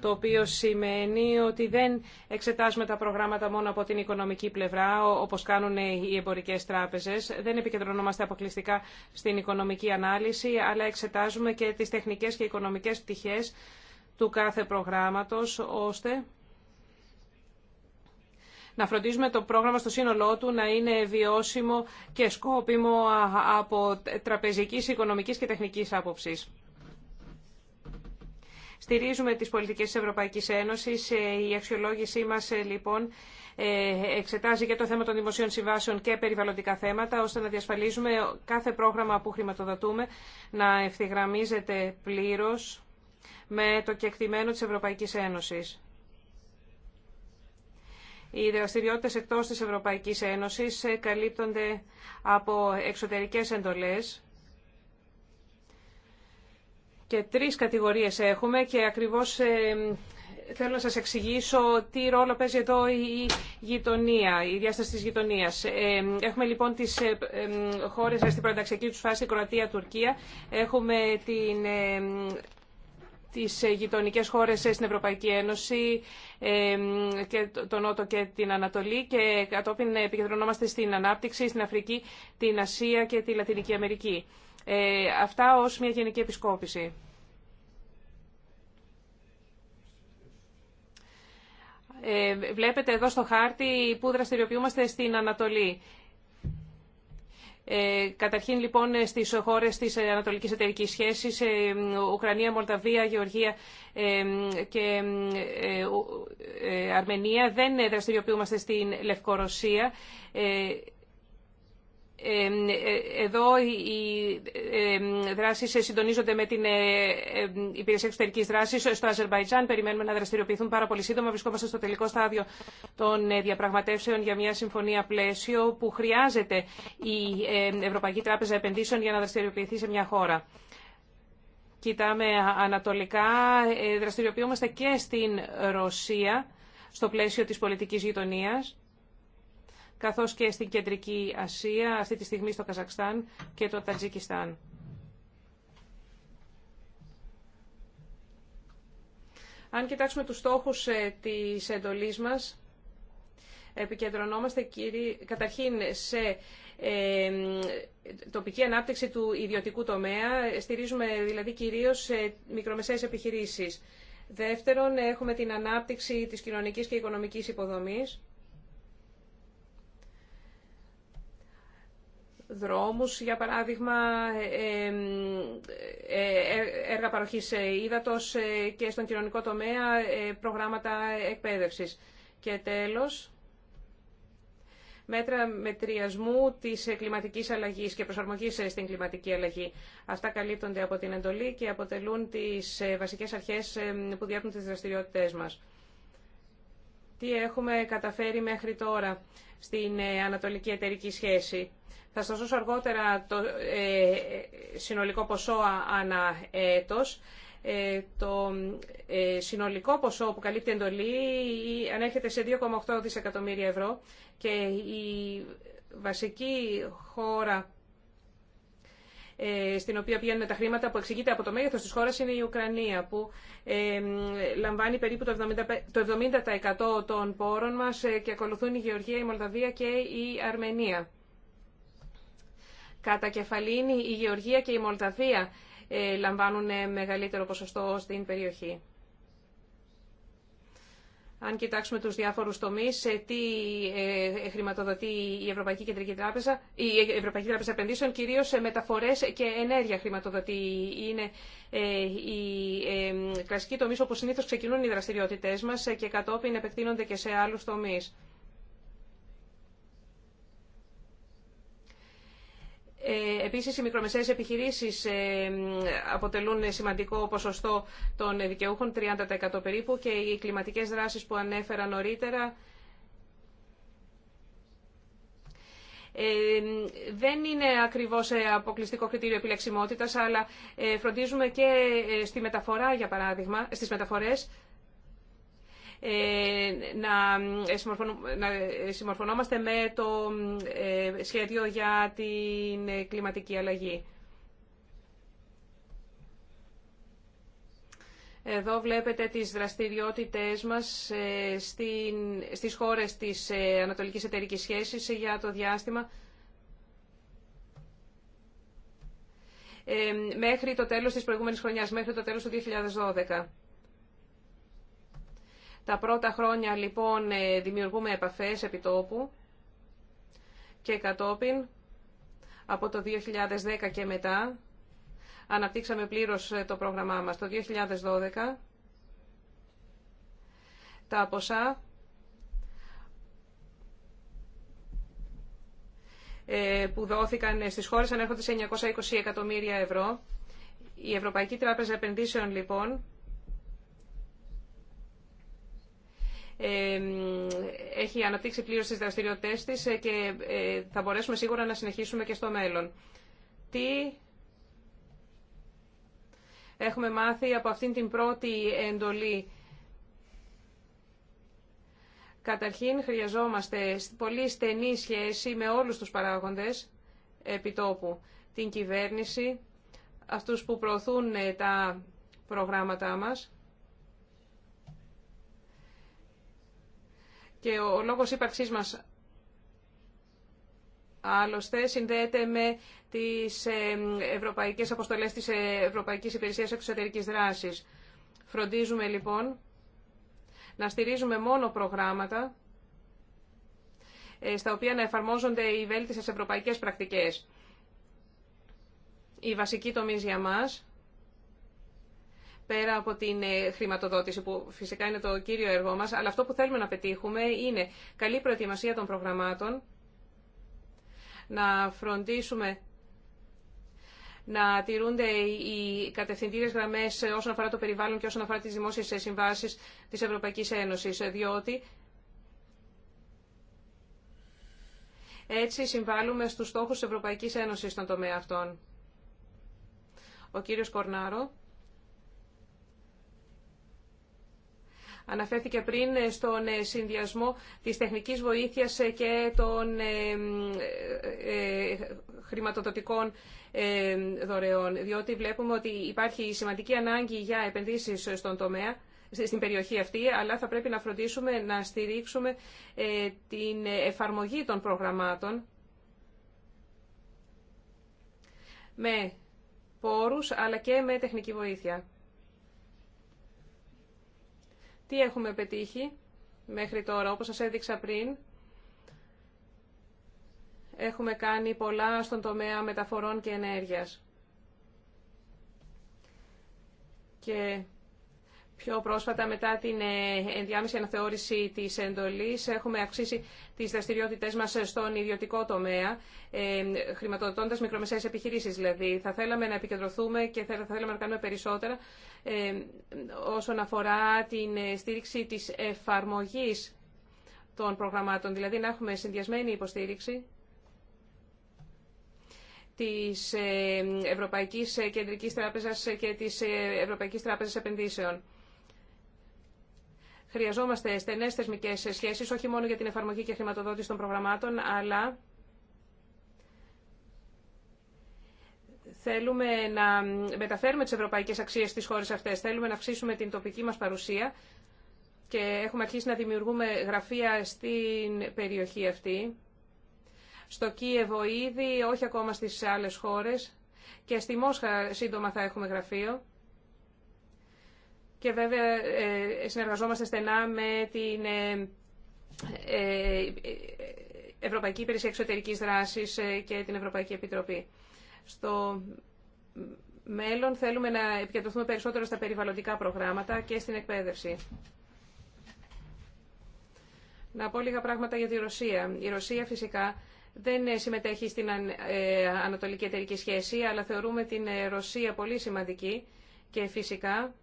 το οποίο σημαίνει ότι δεν εξετάζουμε τα προγράμματα μόνο από την οικονομική πλευρά, όπως κάνουν οι εμπορικές τράπεζες. Δεν επικεντρωνόμαστε αποκλειστικά στην οικονομική ανάλυση, αλλά εξετάζουμε και τις τεχνικές και οικονομικές πτυχές του κάθε προγράμματος, ώστε να φροντίζουμε το πρόγραμμα στο σύνολό του να είναι βιώσιμο και σκόπιμο από τραπεζικής, οικονομικής και τεχνικής άποψης. Στηρίζουμε τις πολιτικές της Ευρωπαϊκής Ένωσης. Ε, η αξιολόγησή μας ε, λοιπόν ε, εξετάζει και το θέμα των δημοσίων συμβάσεων και περιβαλλοντικά θέματα, ώστε να διασφαλίζουμε κάθε πρόγραμμα που χρηματοδοτούμε να ευθυγραμμίζεται πλήρως με το κεκτημένο της Ευρωπαϊκής Ένωσης. Οι δραστηριότητες εκτός της Ευρωπαϊκής Ένωσης καλύπτονται από εξωτερικές εντολές και τρεις κατηγορίες έχουμε και ακριβώς ε, θέλω να σας εξηγήσω τι ρόλο παίζει εδώ η γειτονία, η διάσταση της γειτονίας. Ε, έχουμε λοιπόν τις ε, ε χώρες στην πρωταξιακή τους φάση, Κροατία, Τουρκία. Έχουμε την, τις γειτονικές χώρες στην Ευρωπαϊκή Ένωση και τον Νότο και την Ανατολή και κατόπιν επικεντρωνόμαστε στην ανάπτυξη, στην Αφρική, την Ασία και τη Λατινική Αμερική. Ε, αυτά ως μια γενική επισκόπηση. Ε, βλέπετε εδώ στο χάρτη που δραστηριοποιούμαστε στην Ανατολή. Ε, καταρχήν λοιπόν στις χώρες της Ανατολικής Εταιρικής Σχέσης, ε, Ουκρανία, Μολδαβία, Γεωργία ε, και Αρμενία. Δεν δραστηριοποιούμαστε στην Λευκορωσία. Ε, εδώ οι δράσεις συντονίζονται με την ε, Υπηρεσία Εξωτερική Δράση. Στο Αζερβαϊτζάν περιμένουμε να δραστηριοποιηθούν πάρα πολύ σύντομα. Βρισκόμαστε στο τελικό στάδιο των ε, διαπραγματεύσεων για μια συμφωνία πλαίσιο που χρειάζεται η Ευρωπαϊκή Τράπεζα Επενδύσεων για να δραστηριοποιηθεί σε μια χώρα. Κοιτάμε ανατολικά, δραστηριοποιούμαστε και στην Ρωσία στο πλαίσιο της πολιτικής γειτονίας καθώς και στην Κεντρική Ασία, αυτή τη στιγμή στο Καζακστάν και το Τατζικιστάν. Αν κοιτάξουμε τους στόχους ε, της εντολής μας, επικεντρωνόμαστε καταρχήν σε ε, τοπική ανάπτυξη του ιδιωτικού τομέα. Στηρίζουμε δηλαδή κυρίως σε μικρομεσαίες επιχειρήσεις. Δεύτερον, έχουμε την ανάπτυξη της κοινωνικής και οικονομικής υποδομής. δρόμους, για παράδειγμα ε, ε, ε, έργα παροχής ύδατος και στον κοινωνικό τομέα προγράμματα εκπαίδευσης. Και τέλος, μέτρα μετριασμού της κλιματικής αλλαγής και προσαρμογής στην κλιματική αλλαγή. Αυτά καλύπτονται από την εντολή και αποτελούν τις βασικές αρχές που διέπουν τις δραστηριότητές μας. Τι έχουμε καταφέρει μέχρι τώρα στην Ανατολική Εταιρική Σχέση. Θα σας δώσω αργότερα το ε, συνολικό ποσό ανά έτος. Ε, το ε, συνολικό ποσό που καλύπτει εντολή ανέρχεται σε 2,8 δισεκατομμύρια ευρώ και η βασική χώρα στην οποία πηγαίνουν τα χρήματα που εξηγείται από το μέγεθος της χώρας είναι η Ουκρανία που λαμβάνει περίπου το 70% των πόρων μας και ακολουθούν η Γεωργία, η Μολδαβία και η Αρμενία. Κατά κεφαλήν η Γεωργία και η Μολδαβία ε, λαμβάνουν ε, μεγαλύτερο ποσοστό στην περιοχή. Αν κοιτάξουμε τους διάφορους τομείς, σε τι ε, χρηματοδοτεί η Ευρωπαϊκή Κεντρική Τράπεζα, η Ευρωπαϊκή Τράπεζα Επενδύσεων, κυρίως σε μεταφορές και ενέργεια χρηματοδοτεί. Είναι οι κλασικοί τομείς όπως συνήθως ξεκινούν οι δραστηριότητές μας και κατόπιν επεκτείνονται και σε άλλους τομείς. Ε, επίσης, οι μικρομεσαίες επιχειρήσεις ε, αποτελούν σημαντικό ποσοστό των δικαιούχων, 30% περίπου, και οι κλιματικές δράσεις που ανέφερα νωρίτερα ε, δεν είναι ακριβώς αποκλειστικό κριτήριο επιλεξιμότητας, αλλά φροντίζουμε και στη μεταφορά, για παράδειγμα, στις μεταφορές, ε, να συμμορφωνόμαστε με το ε, σχέδιο για την κλιματική αλλαγή. Εδώ βλέπετε τις δραστηριότητες μας ε, στις χώρες της Ανατολικής Εταιρικής Σχέσης για το διάστημα μέχρι το τέλος της προηγούμενης χρονιάς, μέχρι το τέλος του 2012. Τα πρώτα χρόνια λοιπόν ε, δημιουργούμε επαφές επιτόπου και κατόπιν από το 2010 και μετά αναπτύξαμε πλήρως ε, το πρόγραμμά μας. Το 2012 τα ποσά ε, που δόθηκαν στις χώρες ανέρχονται σε 920 εκατομμύρια ευρώ. Η Ευρωπαϊκή Τράπεζα Επενδύσεων λοιπόν έχει αναπτύξει πλήρως τις δραστηριότητε της ε, και ε, θα μπορέσουμε σίγουρα να συνεχίσουμε και στο μέλλον. Τι έχουμε μάθει από αυτήν την πρώτη εντολή. Καταρχήν χρειαζόμαστε πολύ στενή σχέση με όλους τους παράγοντες επιτόπου. Την κυβέρνηση, αυτούς που προωθούν ε, τα προγράμματά μας, Και ο λόγος ύπαρξής μας άλλωστε συνδέεται με τις ε, ευρωπαϊκές αποστολές της Ευρωπαϊκής Υπηρεσίας Εξωτερικής Δράσης. Φροντίζουμε λοιπόν να στηρίζουμε μόνο προγράμματα ε, στα οποία να εφαρμόζονται οι βέλτιστες ευρωπαϊκές πρακτικές. Η βασική τομή για μας πέρα από την ε, χρηματοδότηση που φυσικά είναι το κύριο έργο μας, αλλά αυτό που θέλουμε να πετύχουμε είναι καλή προετοιμασία των προγραμμάτων, να φροντίσουμε να τηρούνται οι κατευθυντήρες γραμμές όσον αφορά το περιβάλλον και όσον αφορά τις δημόσιες ε, συμβάσεις της Ευρωπαϊκής Ένωσης, ε, διότι έτσι συμβάλλουμε στους στόχους της Ευρωπαϊκής Ένωσης στον τομέα αυτών. Ο κύριος Κορνάρο. Αναφέρθηκε πριν στον ε, συνδυασμό της τεχνικής βοήθειας ε, και των ε, χρηματοδοτικών δωρεών, διότι βλέπουμε ότι υπάρχει σημαντική ανάγκη για επενδύσεις στον τομέα στην περιοχή αυτή, αλλά θα πρέπει να φροντίσουμε να στηρίξουμε την εφαρμογή των προγραμμάτων με πόρους αλλά και με τεχνική βοήθεια. Τι έχουμε πετύχει μέχρι τώρα, όπως σας έδειξα πριν, έχουμε κάνει πολλά στον τομέα μεταφορών και ενέργειας. Και Πιο πρόσφατα, μετά την ε, ενδιάμεση αναθεώρηση της εντολής, έχουμε αυξήσει τις δραστηριότητές μας στον ιδιωτικό τομέα, ε, χρηματοδοτώντας μικρομεσαίες επιχειρήσεις. Δηλαδή, θα θέλαμε να επικεντρωθούμε και θα θέλαμε να κάνουμε περισσότερα ε, όσον αφορά την στήριξη της εφαρμογής των προγραμμάτων. Δηλαδή, να έχουμε συνδυασμένη υποστήριξη της Ευρωπαϊκής Κεντρικής Τράπεζας και της Ευρωπαϊκής Τράπεζας Επενδύσεων. Χρειαζόμαστε στενές θεσμικές σχέσεις, όχι μόνο για την εφαρμογή και χρηματοδότηση των προγραμμάτων, αλλά θέλουμε να μεταφέρουμε τις ευρωπαϊκές αξίες στις χώρες αυτές, θέλουμε να αυξήσουμε την τοπική μας παρουσία και έχουμε αρχίσει να δημιουργούμε γραφεία στην περιοχή αυτή. Στο Κίεβο ήδη, όχι ακόμα στις άλλες χώρες και στη Μόσχα σύντομα θα έχουμε γραφείο και βέβαια ε, συνεργαζόμαστε στενά με την ε, ε, Ευρωπαϊκή Υπηρεσία Εξωτερικής Δράσης και την Ευρωπαϊκή Επιτροπή. Στο μέλλον θέλουμε να επικεντρωθούμε περισσότερο στα περιβαλλοντικά προγράμματα και στην εκπαίδευση. Να πω λίγα πράγματα για τη Ρωσία. Η Ρωσία φυσικά δεν συμμετέχει στην Ανατολική Εταιρική Σχέση, αλλά θεωρούμε την Ρωσία πολύ σημαντική και φυσικά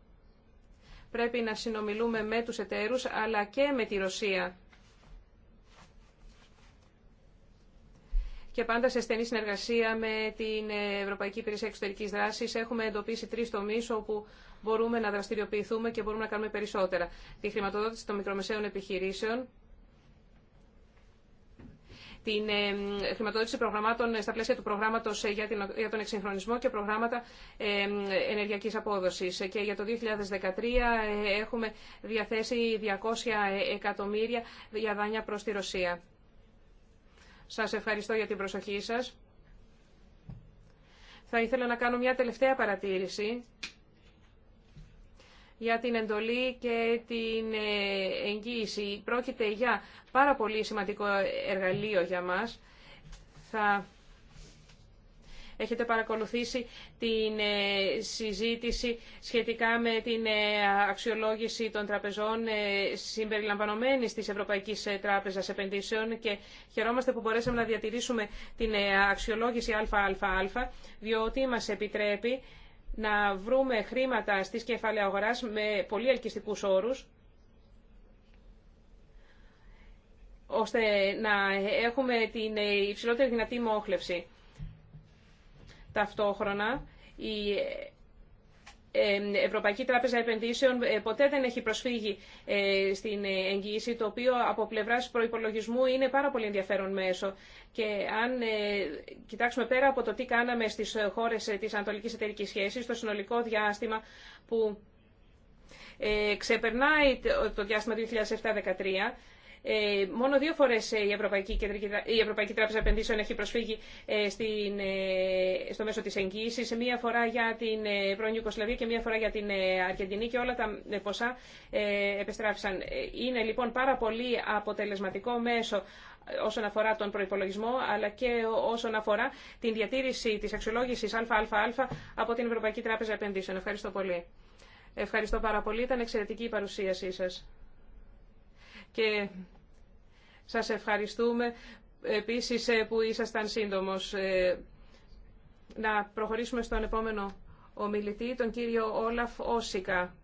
Πρέπει να συνομιλούμε με τους εταίρους αλλά και με τη Ρωσία. Και πάντα σε στενή συνεργασία με την Ευρωπαϊκή Υπηρεσία Εξωτερικής Δράσης έχουμε εντοπίσει τρεις τομείς όπου μπορούμε να δραστηριοποιηθούμε και μπορούμε να κάνουμε περισσότερα. Τη χρηματοδότηση των μικρομεσαίων επιχειρήσεων, την ε, χρηματοδότηση προγραμμάτων ε, στα πλαίσια του προγράμματος ε, για τον εξυγχρονισμό και προγράμματα ενεργειακής απόδοση. Και για το 2013 έχουμε διαθέσει 200 εκατομμύρια για δάνεια προς τη Ρωσία. Σας ευχαριστώ για την προσοχή σας. Θα ήθελα να κάνω μια τελευταία παρατήρηση για την εντολή και την ε, εγγύηση. Πρόκειται για πάρα πολύ σημαντικό εργαλείο για μας. Θα έχετε παρακολουθήσει την ε, συζήτηση σχετικά με την ε, αξιολόγηση των τραπεζών συμπεριλαμβανομένης της Ευρωπαϊκής Τράπεζας Επενδύσεων και χαιρόμαστε που μπορέσαμε να διατηρήσουμε την αξιολόγηση ΑΑΑ διότι μας επιτρέπει να βρούμε χρήματα στις κεφάλαια με πολύ ελκυστικούς όρους, ώστε να έχουμε την υψηλότερη δυνατή μόχλευση. Ταυτόχρονα, η Ευρωπαϊκή Τράπεζα Επενδύσεων ε, ποτέ δεν έχει προσφύγει ε, στην ε, εγγύηση, το οποίο από πλευρά προπολογισμού είναι πάρα πολύ ενδιαφέρον μέσο. Και αν κοιτάξουμε πέρα από το τι κάναμε στι χώρε τη Ανατολική Εταιρική Σχέση, το συνολικό διάστημα που ξεπερνάει το διαστημα 2017 2007-2013, ε, μόνο δύο φορέ ε, η Ευρωπαϊκή, η Ευρωπαϊκή Τράπεζα Επενδύσεων έχει προσφύγει ε, στο μέσο τη εγγύηση. μία φορά για την πρώην Ιουκοσλαβία και μία φορά για την Αργεντινή και όλα τα ποσά επεστράφησαν Είναι λοιπόν πάρα πολύ αποτελεσματικό μέσο όσον αφορά τον προπολογισμό, αλλά και όσον αφορά την διατήρηση τη αξιολόγηση ΑΑΑ από την Ευρωπαϊκή Τράπεζα Επενδύσεων. Ευχαριστώ πολύ. Ευχαριστώ πάρα πολύ. Ήταν εξαιρετική η παρουσίασή σα και σας ευχαριστούμε επίσης ε, που ήσασταν σύντομος. Ε, να προχωρήσουμε στον επόμενο ομιλητή, τον κύριο Όλαφ Όσικα,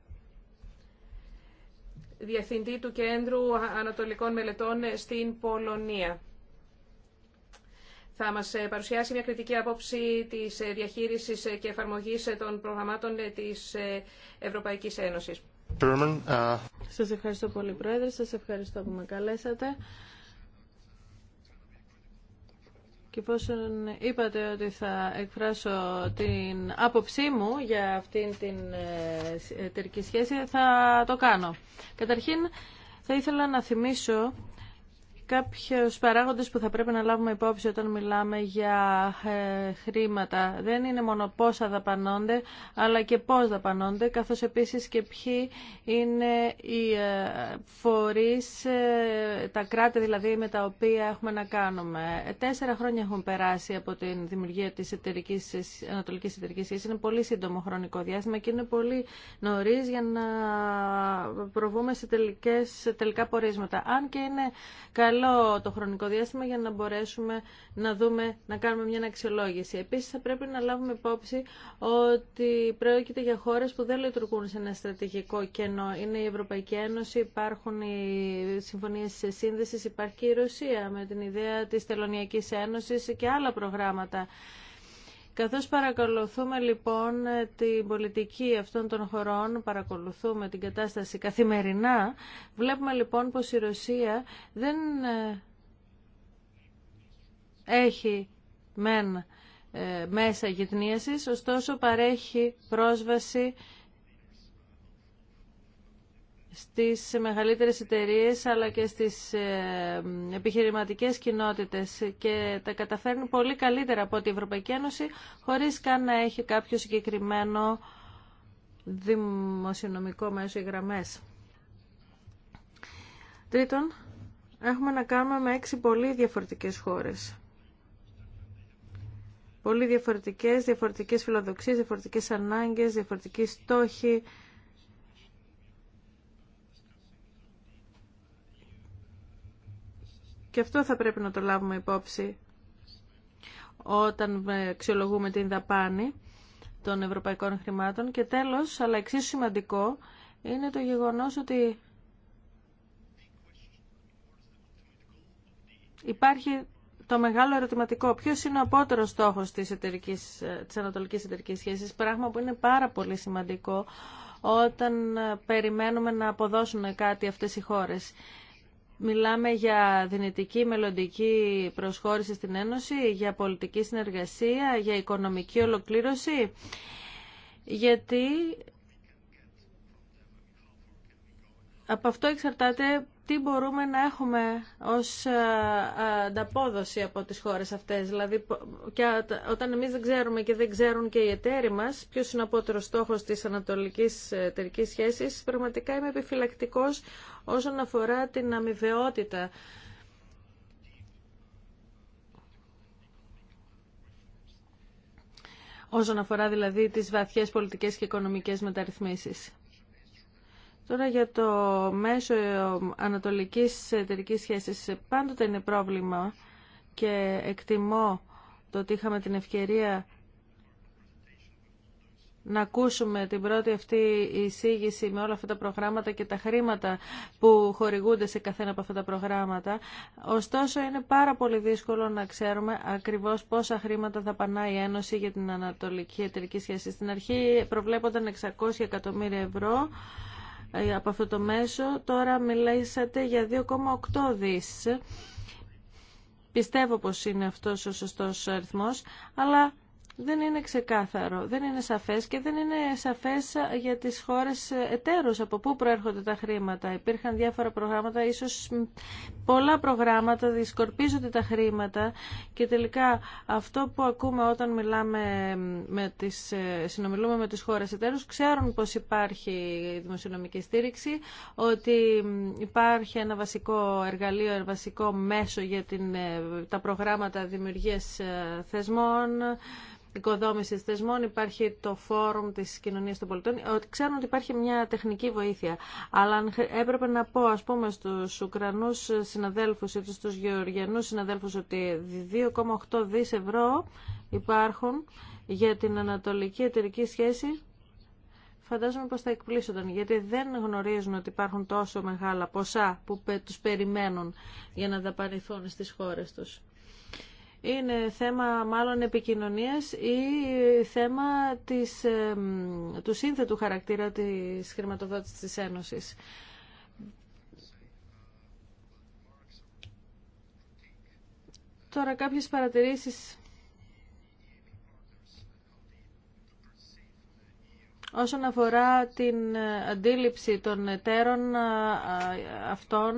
Διευθυντή του Κέντρου Ανατολικών Μελετών στην Πολωνία. Θα μας ε, παρουσιάσει μια κριτική απόψη της διαχείρισης και εφαρμογής των προγραμμάτων της Ευρωπαϊκής Ένωσης. Uh, Σας ευχαριστώ πολύ, Πρόεδρε. Σας ευχαριστώ που με καλέσατε. Και πόσον είπατε ότι θα εκφράσω την άποψή μου για αυτήν την ε, εταιρική σχέση, θα το κάνω. Καταρχήν, θα ήθελα να θυμίσω κάποιους παράγοντες που θα πρέπει να λάβουμε υπόψη όταν μιλάμε για ε, χρήματα. Δεν είναι μόνο πόσα δαπανώνται, αλλά και πώς δαπανώνται, καθώς επίσης και ποιοι είναι οι ε, φορείς, ε, τα κράτη δηλαδή με τα οποία έχουμε να κάνουμε. Τέσσερα χρόνια έχουν περάσει από τη δημιουργία της εταιρικής, ανατολικής εταιρικής σχέσης. Είναι πολύ σύντομο χρονικό διάστημα και είναι πολύ νωρί για να προβούμε σε τελικές, τελικά πορίσματα. Αν και είναι καλή καλό το χρονικό διάστημα για να μπορέσουμε να δούμε, να κάνουμε μια αξιολόγηση. Επίσης θα πρέπει να λάβουμε υπόψη ότι πρόκειται για χώρε που δεν λειτουργούν σε ένα στρατηγικό κενό. Είναι η Ευρωπαϊκή Ένωση, υπάρχουν οι συμφωνίες Σύνδεση, υπάρχει η Ρωσία με την ιδέα της Τελωνιακή Ένωση και άλλα προγράμματα. Καθώς παρακολουθούμε λοιπόν την πολιτική αυτών των χωρών, παρακολουθούμε την κατάσταση καθημερινά, βλέπουμε λοιπόν πως η Ρωσία δεν ε, έχει μεν ε, μέσα γυθνίασης, ωστόσο παρέχει πρόσβαση στις μεγαλύτερες εταιρείες αλλά και στις ε, επιχειρηματικές κοινότητες και τα καταφέρνουν πολύ καλύτερα από την Ευρωπαϊκή Ένωση χωρίς καν να έχει κάποιο συγκεκριμένο δημοσιονομικό μέσο ή γραμμές. Τρίτον, έχουμε να κάνουμε με έξι πολύ διαφορετικές χώρες. Πολύ διαφορετικές, διαφορετικές φιλοδοξίες, διαφορετικές ανάγκες, διαφορετικοί στόχοι, Και αυτό θα πρέπει να το λάβουμε υπόψη όταν αξιολογούμε την δαπάνη των ευρωπαϊκών χρημάτων. Και τέλος, αλλά εξίσου σημαντικό, είναι το γεγονός ότι υπάρχει το μεγάλο ερωτηματικό. Ποιος είναι ο απότερο στόχο τη της ανατολική εταιρική σχέση, πράγμα που είναι πάρα πολύ σημαντικό όταν περιμένουμε να αποδώσουν κάτι αυτές οι χώρες. Μιλάμε για δυνητική μελλοντική προσχώρηση στην Ένωση, για πολιτική συνεργασία, για οικονομική ολοκλήρωση, γιατί από αυτό εξαρτάται τι μπορούμε να έχουμε ως ε, ε, ανταπόδοση από τις χώρες αυτές. Δηλαδή, όταν εμείς δεν ξέρουμε και δεν ξέρουν και οι εταίροι μας ποιος είναι ο απότερος στόχος της ανατολικής ε, εταιρικής σχέσης, πραγματικά είμαι επιφυλακτικός όσον αφορά την αμοιβαιότητα. Όσον αφορά δηλαδή τις βαθιές πολιτικές και οικονομικές μεταρρυθμίσεις. Τώρα για το μέσο ανατολικής εταιρικής σχέσης πάντοτε είναι πρόβλημα και εκτιμώ το ότι είχαμε την ευκαιρία να ακούσουμε την πρώτη αυτή εισήγηση με όλα αυτά τα προγράμματα και τα χρήματα που χορηγούνται σε καθένα από αυτά τα προγράμματα. Ωστόσο, είναι πάρα πολύ δύσκολο να ξέρουμε ακριβώς πόσα χρήματα θα πανάει η Ένωση για την Ανατολική Εταιρική Σχέση. Στην αρχή προβλέπονταν 600 εκατομμύρια ευρώ. Ε, από αυτό το μέσο. Τώρα μιλήσατε για 2,8 δις. Πιστεύω πως είναι αυτός ο σωστός αριθμός, αλλά δεν είναι ξεκάθαρο, δεν είναι σαφές και δεν είναι σαφές για τις χώρες εταίρους από πού προέρχονται τα χρήματα. Υπήρχαν διάφορα προγράμματα, ίσως πολλά προγράμματα, δισκορπίζονται τα χρήματα και τελικά αυτό που ακούμε πολλα προγραμματα δυσκορπιζονται τα χρηματα και μιλάμε με τις, ε, συνομιλούμε με τις χώρες εταίρους, ξέρουν πως υπάρχει δημοσιονομική στήριξη, ότι υπάρχει ένα βασικό εργαλείο, ένα βασικό μέσο για την, ε, τα προγράμματα δημιουργίας ε, θεσμών, οικοδόμησης θεσμών, υπάρχει το φόρουμ της κοινωνίας των πολιτών. Ξέρουν ότι υπάρχει μια τεχνική βοήθεια, αλλά αν έπρεπε να πω ας πούμε στους Ουκρανούς συναδέλφους ή στους Γεωργιανούς συναδέλφους ότι 2,8 δι ευρώ υπάρχουν για την ανατολική εταιρική σχέση, φαντάζομαι πως θα εκπλήσονταν, γιατί δεν γνωρίζουν ότι υπάρχουν τόσο μεγάλα ποσά που τους περιμένουν για να δαπανηθούν στις χώρες τους είναι θέμα μάλλον επικοινωνίας ή θέμα της, του σύνθετου χαρακτήρα της χρηματοδότησης της Ένωσης. Τώρα κάποιες παρατηρήσεις όσον αφορά την αντίληψη των εταίρων ε, αυτών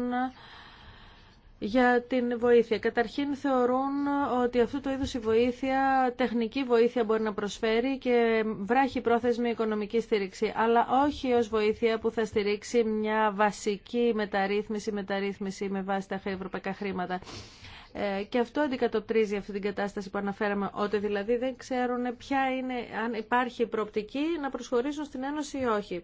για την βοήθεια. Καταρχήν θεωρούν ότι αυτού του είδους η βοήθεια, τεχνική βοήθεια μπορεί να προσφέρει και βράχει πρόθεσμη οικονομική στήριξη, αλλά όχι ως βοήθεια που θα στηρίξει μια βασική μεταρρύθμιση, μεταρρύθμιση με βάση τα ευρωπαϊκά χρήματα. Ε, και αυτό αντικατοπτρίζει αυτή την κατάσταση που αναφέραμε, ότι δηλαδή δεν ξέρουν ποια είναι, αν υπάρχει προοπτική να προσχωρήσουν στην Ένωση ή όχι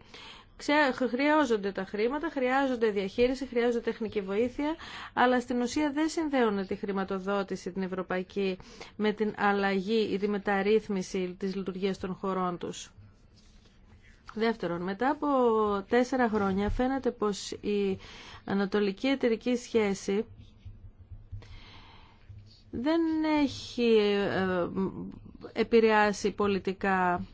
χρειάζονται τα χρήματα, χρειάζονται διαχείριση, χρειάζονται τεχνική βοήθεια, αλλά στην ουσία δεν συνδέουν τη χρηματοδότηση την ευρωπαϊκή με την αλλαγή ή τη μεταρρύθμιση της λειτουργίας των χωρών τους. Δεύτερον, μετά από τέσσερα χρόνια φαίνεται πως η ανατολική εταιρική σχέση δεν έχει ε, επηρεάσει πολιτικά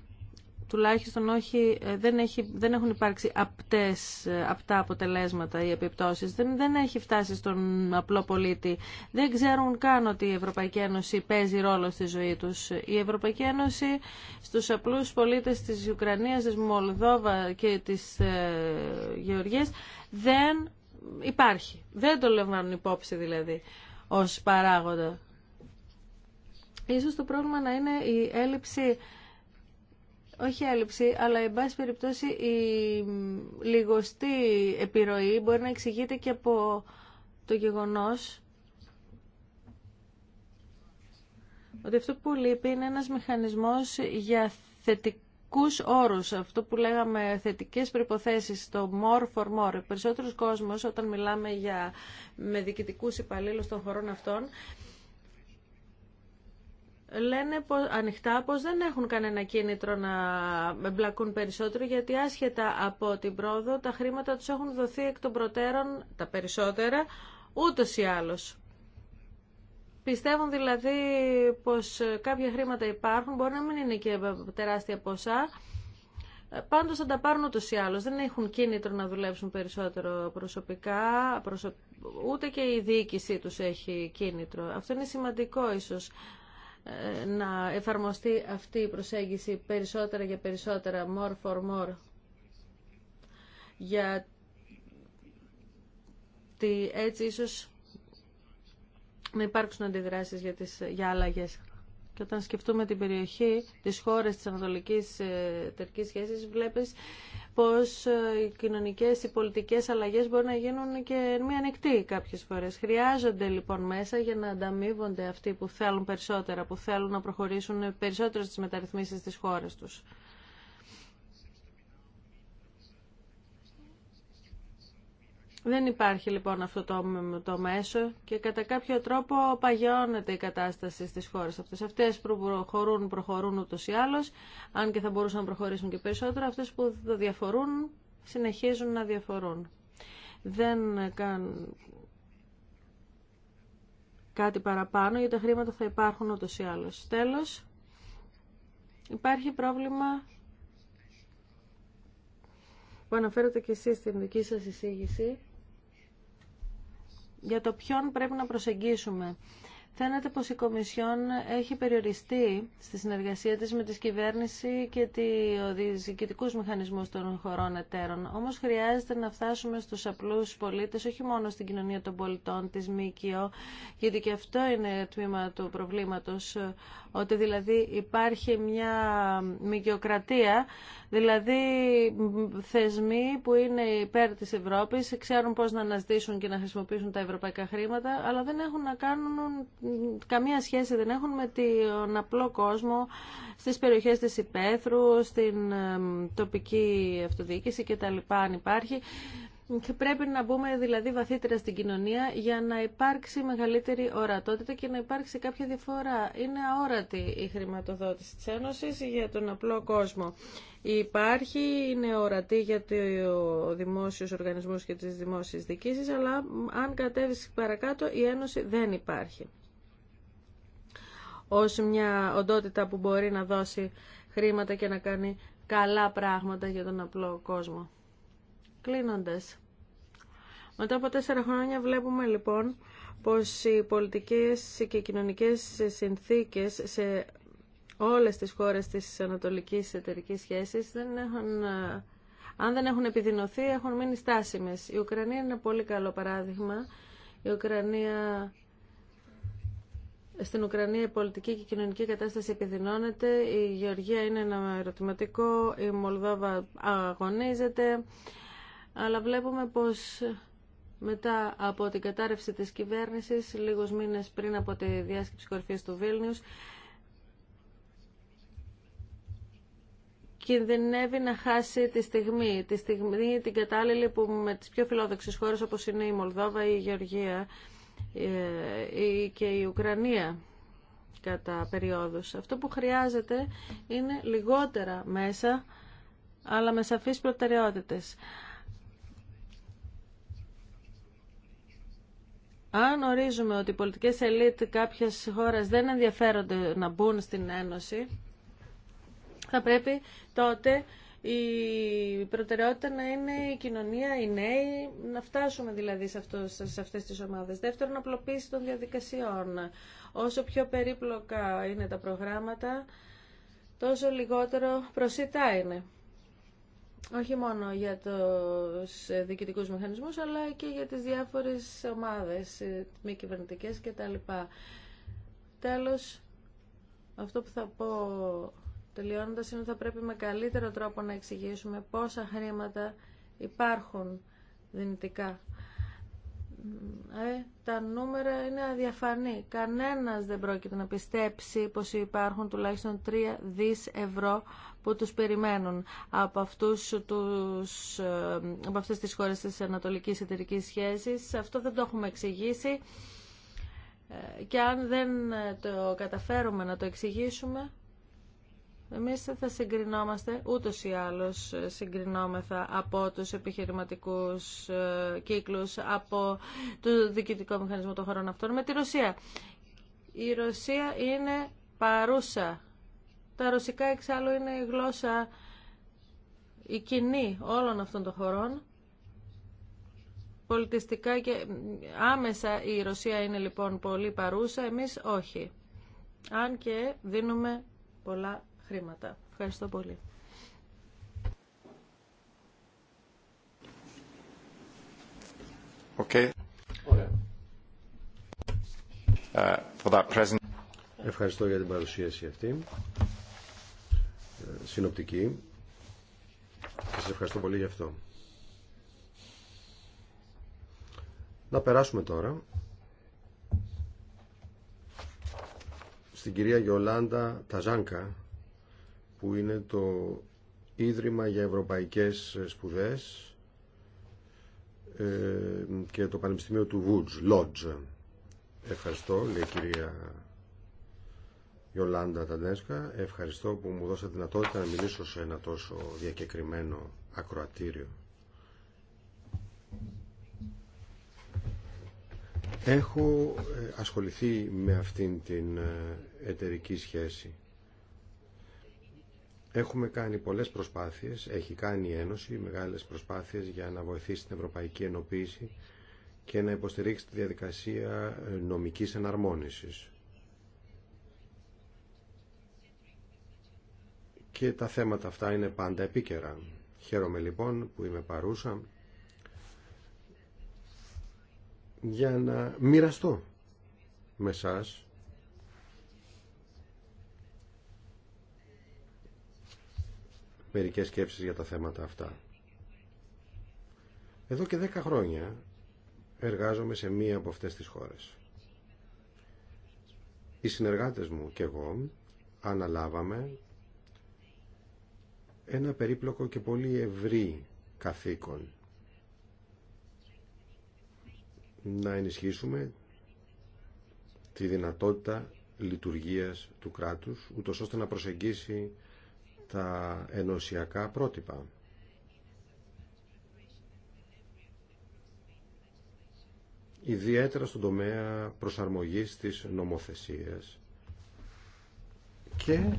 τουλάχιστον όχι, ε, δεν, έχει, δεν έχουν υπάρξει απτές, ε, απτά αποτελέσματα η επιπτώσεις. Δεν, δεν έχει φτάσει στον απλό πολίτη. Δεν ξέρουν καν ότι η Ευρωπαϊκή Ένωση παίζει ρόλο στη ζωή τους. Η Ευρωπαϊκή Ένωση στους απλούς πολίτες της Ουκρανίας, της Μολδόβα και της ε, Γεωργίας δεν υπάρχει. Δεν το λαμβάνουν υπόψη δηλαδή ως παράγοντα. Ίσως το πρόβλημα να είναι η έλλειψη όχι έλλειψη, αλλά εν πάση περιπτώσει η λιγοστή επιρροή μπορεί να εξηγείται και από το γεγονός ότι αυτό που λείπει είναι ένας μηχανισμός για θετικούς όρους, αυτό που λέγαμε θετικές προϋποθέσεις, το more for more. Περισσότερος κόσμος όταν μιλάμε για, με διοικητικούς υπαλλήλους των χωρών αυτών λένε ανοιχτά πως δεν έχουν κανένα κίνητρο να μπλακούν περισσότερο γιατί άσχετα από την πρόοδο τα χρήματα τους έχουν δοθεί εκ των προτέρων τα περισσότερα ούτως ή άλλως. Πιστεύουν δηλαδή πως ε, κάποια χρήματα υπάρχουν, μπορεί να μην είναι και ε, τεράστια ποσά, ε, πάντως θα τα πάρουν ούτως ή άλλως. Δεν έχουν κίνητρο να δουλέψουν περισσότερο προσωπικά, ούτε και η διοίκησή τους έχει κίνητρο. Αυτό είναι σημαντικό ίσως να εφαρμοστεί αυτή η προσέγγιση περισσότερα για περισσότερα, more for more, γιατί έτσι ίσως να υπάρξουν αντιδράσεις για, τις, για αλλαγές. Και όταν σκεφτούμε την περιοχή, τις χώρες της Ανατολικής ε, Τερκής Σχέσης, βλέπεις πως ε, οι κοινωνικές, οι πολιτικές αλλαγές μπορούν να γίνουν και μία ανοιχτή κάποιες φορές. Χρειάζονται λοιπόν μέσα για να ανταμείβονται αυτοί που θέλουν περισσότερα, που θέλουν να προχωρήσουν περισσότερο τις μεταρρυθμίσεις της χώρας τους. Δεν υπάρχει λοιπόν αυτό το, το μέσο και κατά κάποιο τρόπο παγιώνεται η κατάσταση στις χώρες αυτές. Αυτές που προχωρούν, προχωρούν ούτως ή άλλως, αν και θα μπορούσαν να προχωρήσουν και περισσότερο, αυτές που διαφορούν συνεχίζουν να διαφορούν. Δεν κάνουν κάτι παραπάνω γιατί τα χρήματα θα υπάρχουν ούτως ή άλλως. Τέλος, υπάρχει πρόβλημα που αναφέρετε και εσείς στην δική σας εισήγηση για το ποιον πρέπει να προσεγγίσουμε. Φαίνεται πως η Κομισιόν έχει περιοριστεί στη συνεργασία της με τη κυβέρνηση και τους διοικητικού μηχανισμούς των χωρών εταίρων. Όμως χρειάζεται να φτάσουμε στους απλούς πολίτες, όχι μόνο στην κοινωνία των πολιτών, της ΜΚΟ, γιατί και αυτό είναι τμήμα του προβλήματος ότι δηλαδή υπάρχει μια μικιοκρατία, δηλαδή θεσμοί που είναι υπέρ της Ευρώπης, ξέρουν πώς να αναζητήσουν και να χρησιμοποιήσουν τα ευρωπαϊκά χρήματα, αλλά δεν έχουν να κάνουν καμία σχέση, δεν έχουν με τον απλό κόσμο στις περιοχές της Υπέθρου, στην ε, τοπική αυτοδιοίκηση κτλ. αν υπάρχει. Και πρέπει να μπούμε δηλαδή βαθύτερα στην κοινωνία για να υπάρξει μεγαλύτερη ορατότητα και να υπάρξει κάποια διαφορά. Είναι αόρατη η χρηματοδότηση της Ένωσης για τον απλό κόσμο. Υπάρχει, είναι ορατή για του δημόσιους οργανισμούς και τις δημόσιες διοικήσεις, αλλά αν κατέβεις παρακάτω η Ένωση δεν υπάρχει. Ως μια οντότητα που μπορεί να δώσει χρήματα και να κάνει καλά πράγματα για τον απλό κόσμο. Κλείνοντας, μετά από τέσσερα χρόνια βλέπουμε λοιπόν πως οι πολιτικές και οι κοινωνικές συνθήκες σε όλες τις χώρες της ανατολικής εταιρικής σχέσης δεν έχουν, αν δεν έχουν επιδεινωθεί έχουν μείνει στάσιμες. Η Ουκρανία είναι ένα πολύ καλό παράδειγμα. Η Ουκρανία στην Ουκρανία η πολιτική και η κοινωνική κατάσταση επιδεινώνεται, η Γεωργία είναι ένα ερωτηματικό, η Μολδόβα αγωνίζεται, αλλά βλέπουμε πως μετά από την κατάρρευση της κυβέρνησης, λίγους μήνες πριν από τη διάσκεψη κορφής του Βίλνιους, κινδυνεύει να χάσει τη στιγμή, τη στιγμή την κατάλληλη που με τις πιο φιλόδοξες χώρες όπως είναι η Μολδόβα, η Γεωργία ε, και η Ουκρανία κατά περιόδους. Αυτό που χρειάζεται είναι λιγότερα μέσα, αλλά με σαφείς προτεραιότητες. Αν ορίζουμε ότι οι πολιτικές ελίτ κάποια χώρα δεν ενδιαφέρονται να μπουν στην Ένωση, θα πρέπει τότε η προτεραιότητα να είναι η κοινωνία, οι νέοι, να φτάσουμε δηλαδή σε, αυτό, σε αυτές τις ομάδες. Δεύτερον, απλοποίηση των διαδικασιών. Όσο πιο περίπλοκα είναι τα προγράμματα, τόσο λιγότερο προσιτά είναι όχι μόνο για τους ε, διοικητικούς μηχανισμούς, αλλά και για τις διάφορες ομάδες, ε, μη κυβερνητικέ κτλ. Τέλος, αυτό που θα πω τελειώνοντας είναι ότι θα πρέπει με καλύτερο τρόπο να εξηγήσουμε πόσα χρήματα υπάρχουν δυνητικά ε, τα νούμερα είναι αδιαφανή. Κανένας δεν πρόκειται να πιστέψει πως υπάρχουν τουλάχιστον 3 δις ευρώ που τους περιμένουν από, αυτούς, τους, ε, από αυτές τις χώρες της Ανατολικής Εταιρικής Σχέσης. Αυτό δεν το έχουμε εξηγήσει ε, και αν δεν το καταφέρουμε να το εξηγήσουμε εμείς θα συγκρινόμαστε, ούτως ή άλλως συγκρινόμεθα από τους επιχειρηματικούς ε, κύκλους, από το διοικητικό μηχανισμό των χωρών αυτών με τη Ρωσία. Η Ρωσία είναι παρούσα. Τα ρωσικά εξάλλου είναι η γλώσσα, η κοινή όλων αυτών των χωρών. Πολιτιστικά και άμεσα η Ρωσία είναι λοιπόν πολύ παρούσα, εμείς όχι. Αν και δίνουμε πολλά χρήματα. Ευχαριστώ πολύ. Okay. Uh, for that present... Ευχαριστώ για την παρουσίαση αυτή. Ε, συνοπτική. Και σας ευχαριστώ πολύ για αυτό. Να περάσουμε τώρα στην κυρία Γιολάντα Ταζάνκα που είναι το Ίδρυμα για Ευρωπαϊκές Σπουδές ε, και το Πανεπιστημίο του Woods Lodge. Ευχαριστώ, λέει η κυρία Ιολάντα Ταντέσκα. Ευχαριστώ που μου δώσατε δυνατότητα να μιλήσω σε ένα τόσο διακεκριμένο ακροατήριο. Έχω ε, ασχοληθεί με αυτήν την ε, εταιρική σχέση Έχουμε κάνει πολλές προσπάθειες, έχει κάνει η Ένωση μεγάλες προσπάθειες για να βοηθήσει την ευρωπαϊκή ενοποίηση και να υποστηρίξει τη διαδικασία νομικής εναρμόνισης. Και τα θέματα αυτά είναι πάντα επίκαιρα. Χαίρομαι λοιπόν που είμαι παρούσα για να μοιραστώ με σας μερικές σκέψεις για τα θέματα αυτά. Εδώ και δέκα χρόνια εργάζομαι σε μία από αυτές τις χώρες. Οι συνεργάτες μου και εγώ αναλάβαμε ένα περίπλοκο και πολύ ευρύ καθήκον. Να ενισχύσουμε τη δυνατότητα λειτουργίας του κράτους, ούτως ώστε να προσεγγίσει τα ενωσιακά πρότυπα. ιδιαίτερα στον τομέα προσαρμογής της νομοθεσίας και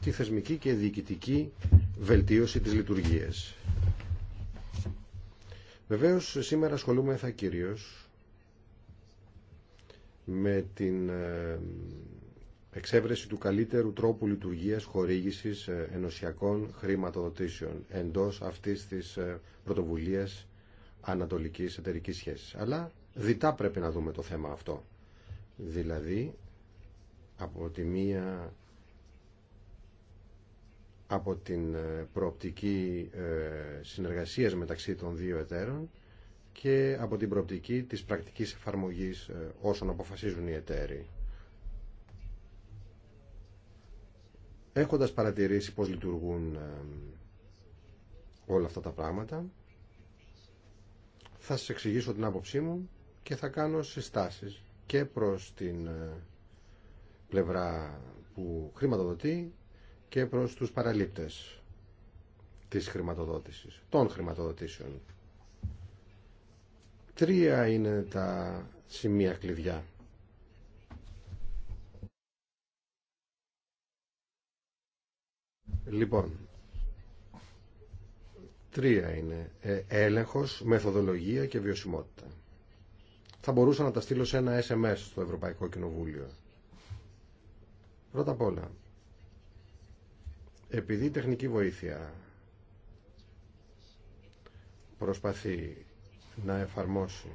τη θεσμική και διοικητική βελτίωση της λειτουργίας. Βεβαίως σήμερα θα κυρίως με την ε, εξέβρεση του καλύτερου τρόπου λειτουργίας χορήγησης ε, ενωσιακών χρηματοδοτήσεων εντός αυτής της ε, πρωτοβουλίας ανατολικής εταιρικής σχέσης. Αλλά διτά πρέπει να δούμε το θέμα αυτό. Δηλαδή, από τη μία από την ε, προοπτική συνεργασίας μεταξύ των δύο εταίρων και από την προοπτική της πρακτικής εφαρμογής όσων αποφασίζουν οι εταίροι. έχοντας παρατηρήσει πώς λειτουργούν ε, όλα αυτά τα πράγματα, θα σας εξηγήσω την άποψή μου και θα κάνω συστάσεις και προς την ε, πλευρά που χρηματοδοτεί και προς τους παραλήπτες της χρηματοδότησης, των χρηματοδοτήσεων. Τρία είναι τα σημεία κλειδιά Λοιπόν, τρία είναι. Ε, έλεγχος, μεθοδολογία και βιωσιμότητα. Θα μπορούσα να τα στείλω σε ένα SMS στο Ευρωπαϊκό Κοινοβούλιο. Πρώτα απ' όλα, επειδή η τεχνική βοήθεια προσπαθεί να εφαρμόσει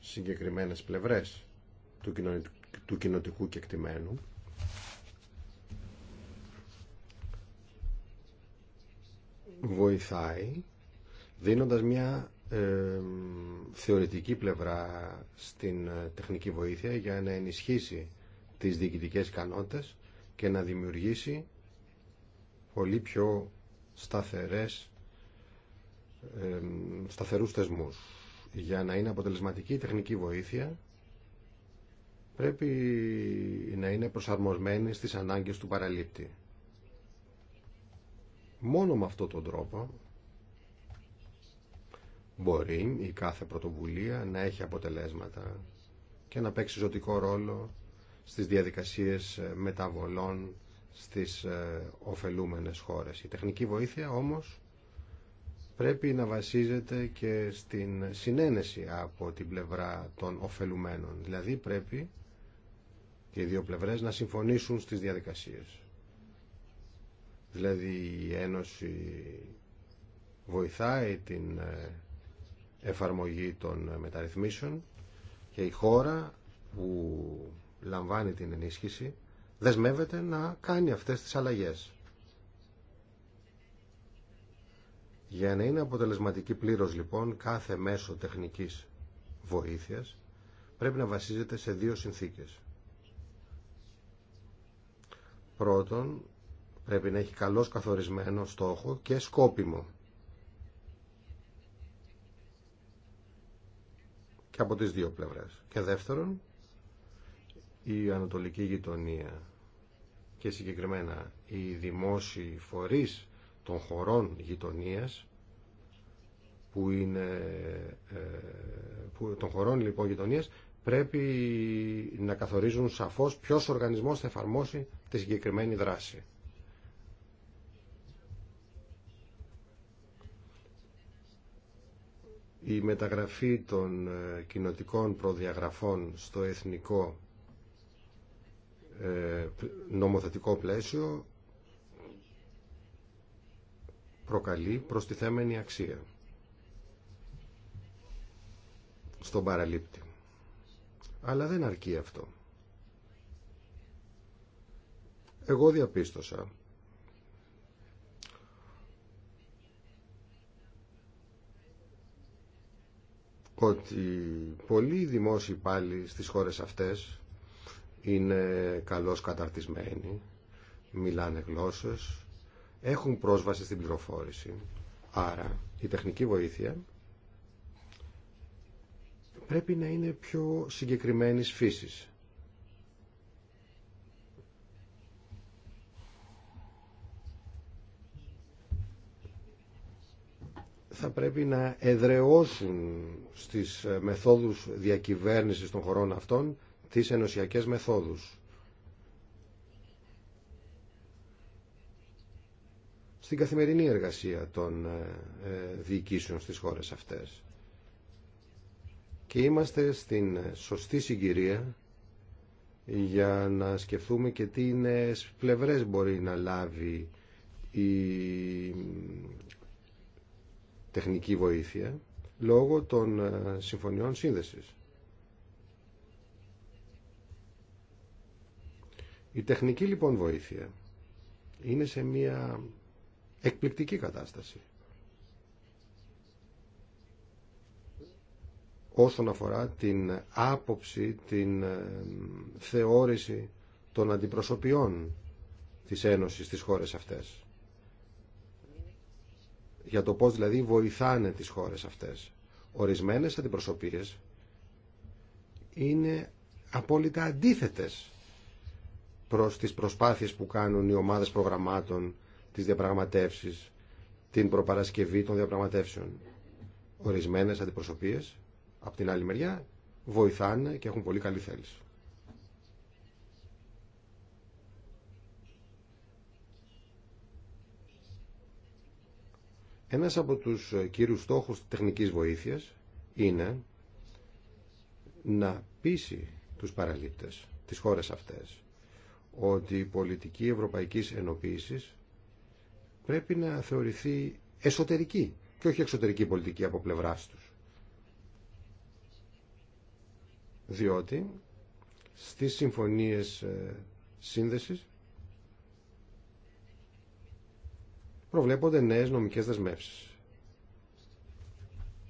συγκεκριμένες πλευρές του, κοινοτικού κεκτημένου βοηθάει δίνοντας μια ε, θεωρητική πλευρά στην ε, τεχνική βοήθεια για να ενισχύσει τις διοικητικές ικανότητες και να δημιουργήσει πολύ πιο σταθερές, ε, σταθερούς θεσμούς. Για να είναι αποτελεσματική η τεχνική βοήθεια πρέπει να είναι προσαρμοσμένη στις ανάγκες του παραλήπτη. Μόνο με αυτόν τον τρόπο μπορεί η κάθε πρωτοβουλία να έχει αποτελέσματα και να παίξει ζωτικό ρόλο στις διαδικασίες ε, μεταβολών στις ε, ωφελούμενες χώρες. Η τεχνική βοήθεια όμως πρέπει να βασίζεται και στην συνένεση από την πλευρά των ωφελουμένων. Δηλαδή πρέπει και οι δύο πλευρές να συμφωνήσουν στις διαδικασίες. Δηλαδή η Ένωση βοηθάει την ε, εφαρμογή των ε, μεταρρυθμίσεων και η χώρα που λαμβάνει την ενίσχυση δεσμεύεται να κάνει αυτές τις αλλαγές. Για να είναι αποτελεσματική πλήρως λοιπόν κάθε μέσο τεχνικής βοήθειας πρέπει να βασίζεται σε δύο συνθήκες. Πρώτον, Πρέπει να έχει καλώς καθορισμένο στόχο και σκόπιμο. Και από τις δύο πλευρές. Και δεύτερον, η ανατολική γειτονία και συγκεκριμένα οι δημόσιοι φορείς των χωρών γειτονίας που είναι ε, που, των χωρών λοιπόν γειτονίας πρέπει να καθορίζουν σαφώς ποιος οργανισμός θα εφαρμόσει τη συγκεκριμένη δράση. η μεταγραφή των ε, κοινοτικών προδιαγραφών στο εθνικό ε, νομοθετικό πλαίσιο προκαλεί προστιθέμενη αξία στον παραλήπτη. Αλλά δεν αρκεί αυτό. Εγώ διαπίστωσα ότι πολλοί δημόσιοι πάλι στις χώρες αυτές είναι καλώς καταρτισμένοι, μιλάνε γλώσσες, έχουν πρόσβαση στην πληροφόρηση. Άρα η τεχνική βοήθεια πρέπει να είναι πιο συγκεκριμένης φύσης. θα πρέπει να εδρεώσουν στις ε, μεθόδους διακυβέρνησης των χωρών αυτών τις ενωσιακές μεθόδους. Στην καθημερινή εργασία των ε, ε, διοικήσεων στις χώρες αυτές. Και είμαστε στην σωστή συγκυρία για να σκεφτούμε και τι είναι πλευρές μπορεί να λάβει η τεχνική βοήθεια λόγω των ε, συμφωνιών σύνδεσης. Η τεχνική λοιπόν βοήθεια είναι σε μια εκπληκτική κατάσταση. όσον αφορά την άποψη, την ε, θεώρηση των αντιπροσωπιών της Ένωσης στις χώρες αυτές για το πώς δηλαδή βοηθάνε τις χώρες αυτές. Ορισμένες αντιπροσωπείες είναι απόλυτα αντίθετες προς τις προσπάθειες που κάνουν οι ομάδες προγραμμάτων, τις διαπραγματεύσεις, την προπαρασκευή των διαπραγματεύσεων. Ορισμένες αντιπροσωπείες, από την άλλη μεριά, βοηθάνε και έχουν πολύ καλή θέληση. Ένας από τους ε, κύριους στόχους τεχνικής βοήθειας είναι να πείσει τους παραλήπτες, τις χώρες αυτές, ότι η πολιτική ευρωπαϊκής ενοποίησης πρέπει να θεωρηθεί εσωτερική και όχι εξωτερική πολιτική από πλευράς τους. Διότι στις συμφωνίες ε, σύνδεσης προβλέπονται νέες νομικές δεσμεύσεις.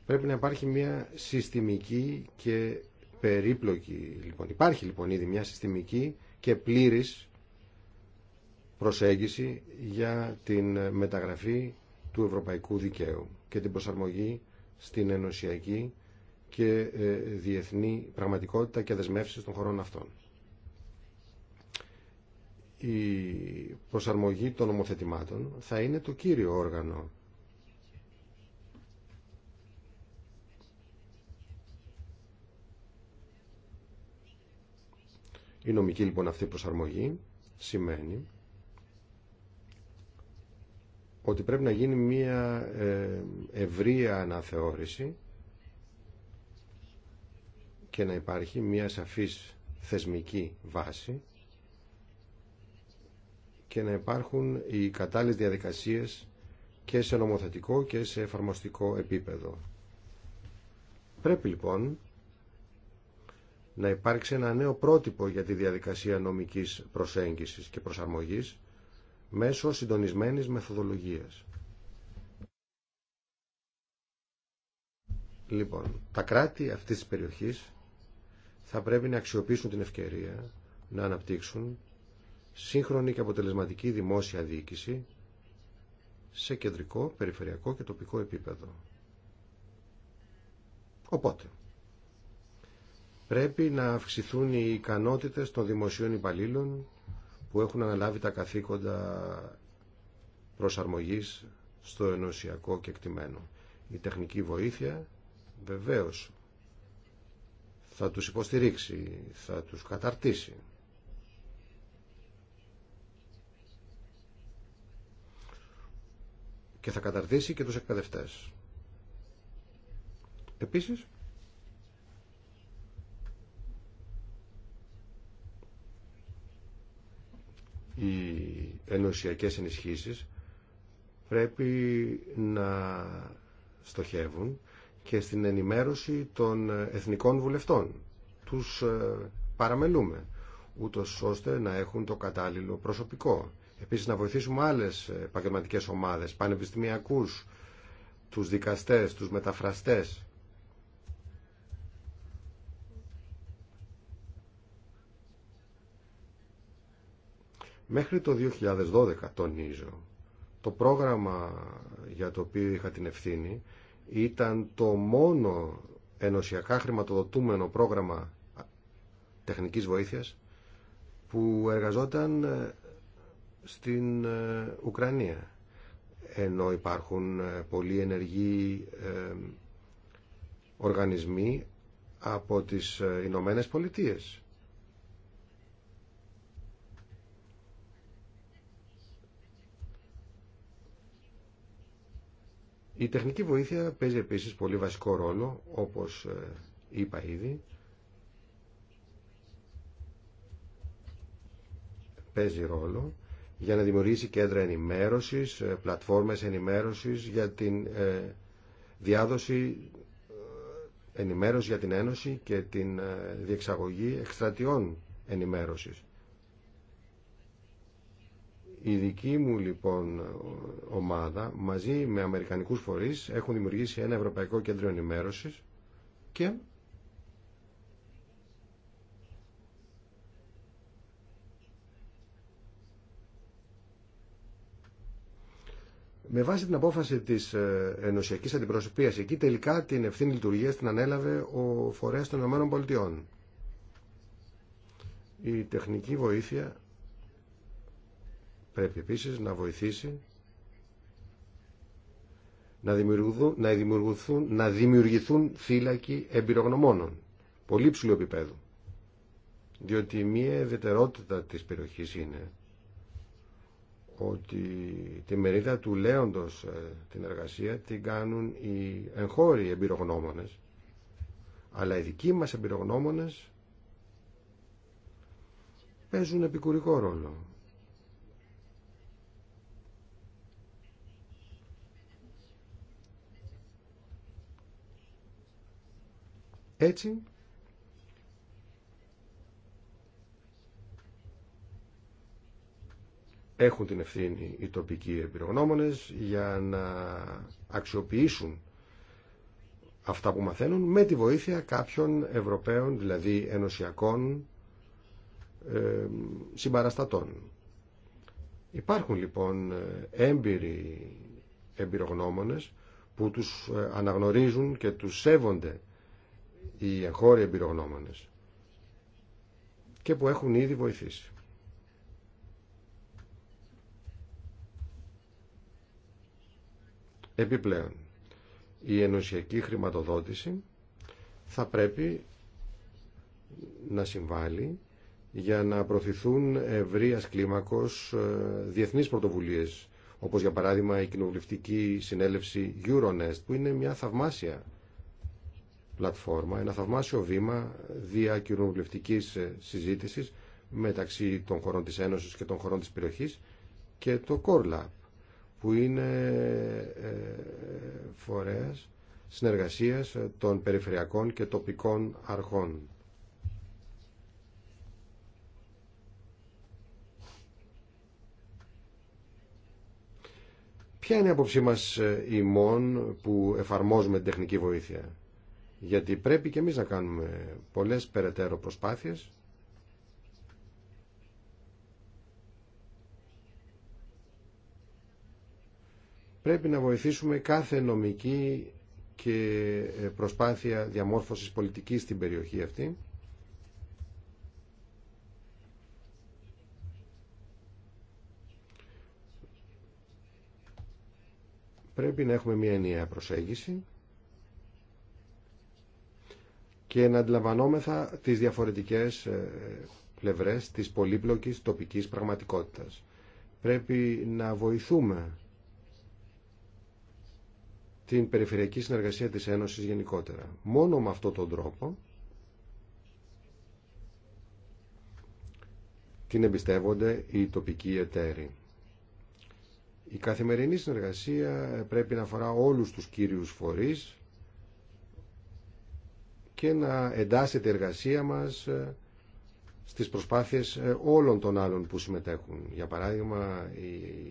Πρέπει να υπάρχει μια συστημική και περίπλοκη, λοιπόν, υπάρχει λοιπόν ήδη μια συστημική και πλήρης προσέγγιση για την μεταγραφή του ευρωπαϊκού δικαίου και την προσαρμογή στην ενωσιακή και ε, διεθνή πραγματικότητα και δεσμεύσεις των χωρών αυτών η προσαρμογή των νομοθετημάτων θα είναι το κύριο όργανο Η νομική λοιπόν αυτή προσαρμογή σημαίνει ότι πρέπει να γίνει μια ε, ευρεία αναθεώρηση και να υπάρχει μια σαφής θεσμική βάση και να υπάρχουν οι κατάλληλες διαδικασίες και σε νομοθετικό και σε εφαρμοστικό επίπεδο. Πρέπει λοιπόν να υπάρξει ένα νέο πρότυπο για τη διαδικασία νομικής προσέγγισης και προσαρμογής μέσω συντονισμένης μεθοδολογίας. Λοιπόν, τα κράτη αυτής της περιοχής θα πρέπει να αξιοποιήσουν την ευκαιρία να αναπτύξουν σύγχρονη και αποτελεσματική δημόσια διοίκηση σε κεντρικό, περιφερειακό και τοπικό επίπεδο. Οπότε, πρέπει να αυξηθούν οι ικανότητες των δημοσίων υπαλλήλων που έχουν αναλάβει τα καθήκοντα προσαρμογής στο ενωσιακό και εκτιμένο. Η τεχνική βοήθεια βεβαίως θα τους υποστηρίξει, θα τους καταρτήσει. και θα καταρτήσει και τους εκπαιδευτές. Επίσης, οι ενωσιακές ενισχύσεις πρέπει να στοχεύουν και στην ενημέρωση των εθνικών βουλευτών. Τους ε, παραμελούμε, ούτως ώστε να έχουν το κατάλληλο προσωπικό Επίσης να βοηθήσουμε άλλες επαγγελματικέ ομάδες, πανεπιστημιακούς, τους δικαστές, τους μεταφραστές. Μέχρι το 2012, τονίζω, το πρόγραμμα για το οποίο είχα την ευθύνη ήταν το μόνο ενωσιακά χρηματοδοτούμενο πρόγραμμα τεχνικής βοήθειας που εργαζόταν στην ε, Ουκρανία ενώ υπάρχουν ε, πολύ ενεργοί ε, οργανισμοί από τις Ηνωμένε Πολιτείες. Η τεχνική βοήθεια παίζει επίσης πολύ βασικό ρόλο, όπως είπα ήδη. Παίζει ρόλο για να δημιουργήσει κέντρα ενημέρωσης, ε, πλατφόρμες ενημέρωσης για την ε, διάδοση ε, ενημέρωση για την Ένωση και την διεξαγωγή εκστρατιών ενημέρωσης. Η δική μου λοιπόν ομάδα μαζί με αμερικανικούς φορείς έχουν δημιουργήσει ένα Ευρωπαϊκό Κέντρο Ενημέρωσης και Με βάση την απόφαση τη ε, ενωσιακή αντιπροσωπεία εκεί, τελικά την ευθύνη λειτουργία την ανέλαβε ο φορέα των Πολιτειών. Η τεχνική βοήθεια πρέπει επίσης να βοηθήσει να δημιουργηθούν, να δημιουργηθούν, να δημιουργηθούν θύλακοι εμπειρογνωμόνων πολύ ψηλού επίπεδου. Διότι μία ιδιαιτερότητα της περιοχής είναι ότι τη μερίδα του λέοντος ε, την εργασία την κάνουν οι εγχώροι εμπειρογνώμονες αλλά οι δικοί μας εμπειρογνώμονες παίζουν επικουρικό ρόλο. Έτσι έχουν την ευθύνη οι τοπικοί εμπειρογνώμονες για να αξιοποιήσουν αυτά που μαθαίνουν με τη βοήθεια κάποιων Ευρωπαίων, δηλαδή ενωσιακών ε, συμπαραστατών. Υπάρχουν λοιπόν έμπειροι εμπειρογνώμονες που τους ε, αναγνωρίζουν και τους σέβονται οι εγχώροι εμπειρογνώμονες και που έχουν ήδη βοηθήσει. Επιπλέον, η ενωσιακή χρηματοδότηση θα πρέπει να συμβάλλει για να προωθηθούν ευρείας κλίμακος ε, διεθνείς πρωτοβουλίες, όπως για παράδειγμα η κοινοβουλευτική συνέλευση Euronest, που είναι μια θαυμάσια πλατφόρμα, ένα θαυμάσιο βήμα δια κοινοβουλευτικής ε, συζήτησης μεταξύ των χωρών της Ένωσης και των χωρών της περιοχής και το Corla που είναι ε, φορές συνεργασίας ε, των περιφερειακών και τοπικών αρχών. Ποια είναι η άποψή μας ε, ημών που εφαρμόζουμε τεχνική βοήθεια. Γιατί πρέπει και εμείς να κάνουμε πολλές περαιτέρω προσπάθειες Πρέπει να βοηθήσουμε κάθε νομική και ε, προσπάθεια διαμόρφωσης πολιτικής στην περιοχή αυτή. Πρέπει να έχουμε μια ενιαία προσέγγιση και να αντιλαμβανόμεθα τις διαφορετικές ε, πλευρές της πολύπλοκης τοπικής πραγματικότητας. Πρέπει να βοηθούμε την περιφερειακή συνεργασία της Ένωσης γενικότερα. Μόνο με αυτόν τον τρόπο την εμπιστεύονται οι τοπικοί εταίροι. Η καθημερινή συνεργασία πρέπει να αφορά όλους τους κύριους φορείς και να εντάσσεται η εργασία μας ε, στις προσπάθειες ε, όλων των άλλων που συμμετέχουν. Για παράδειγμα, η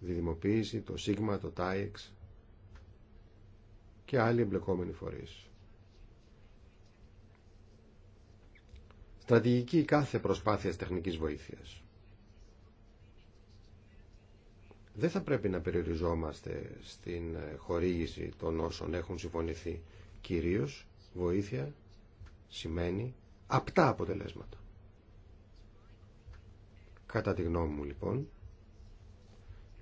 διδημοποίηση, το ΣΥΓΜΑ, το ΤΑΙΕΞ, και άλλοι εμπλεκόμενοι φορείς. Στρατηγική κάθε προσπάθειας τεχνικής βοήθειας. Δεν θα πρέπει να περιοριζόμαστε στην χορήγηση των όσων έχουν συμφωνηθεί. Κυρίως βοήθεια σημαίνει απτά αποτελέσματα. Κατά τη γνώμη μου λοιπόν,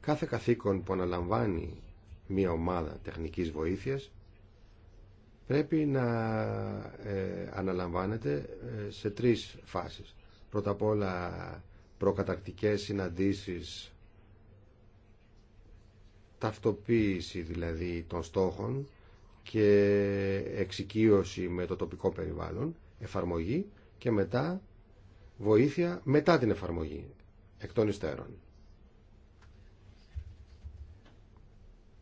κάθε καθήκον που αναλαμβάνει μια ομάδα τεχνικής βοήθειας πρέπει να ε, αναλαμβάνεται ε, σε τρεις φάσεις. Πρώτα απ' όλα προκατακτικές συναντήσεις, ταυτοποίηση δηλαδή των στόχων και εξοικείωση με το τοπικό περιβάλλον, εφαρμογή και μετά βοήθεια μετά την εφαρμογή, εκ των υστέρων.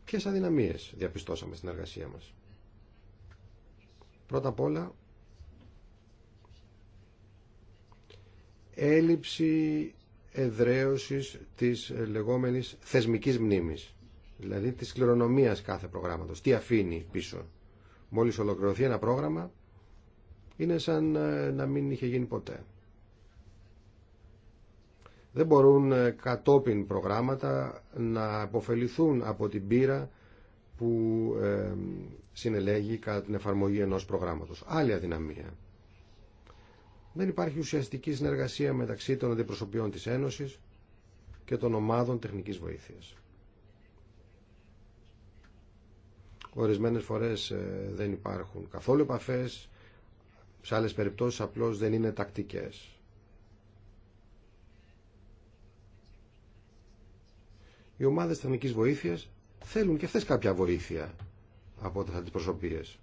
Ποιες αδυναμίες διαπιστώσαμε στην εργασία μας. Πρώτα απ' όλα, έλλειψη εδραίωσης της λεγόμενης θεσμικής μνήμης, δηλαδή της κληρονομίας κάθε προγράμματος. Τι αφήνει πίσω. Μόλις ολοκληρωθεί ένα πρόγραμμα, είναι σαν ε, να μην είχε γίνει ποτέ. Δεν μπορούν ε, κατόπιν προγράμματα να αποφεληθούν από την πείρα που ε, συνελέγει κατά την εφαρμογή ενός προγράμματος. Άλλη αδυναμία. Δεν υπάρχει ουσιαστική συνεργασία μεταξύ των αντιπροσωπιών της Ένωσης και των ομάδων τεχνικής βοήθειας. Ορισμένες φορές ε, δεν υπάρχουν καθόλου επαφές, σε άλλες περιπτώσεις απλώς δεν είναι τακτικές. Οι ομάδες τεχνικής βοήθειας θέλουν και αυτές κάποια βοήθεια από τις αντιπροσωπείες.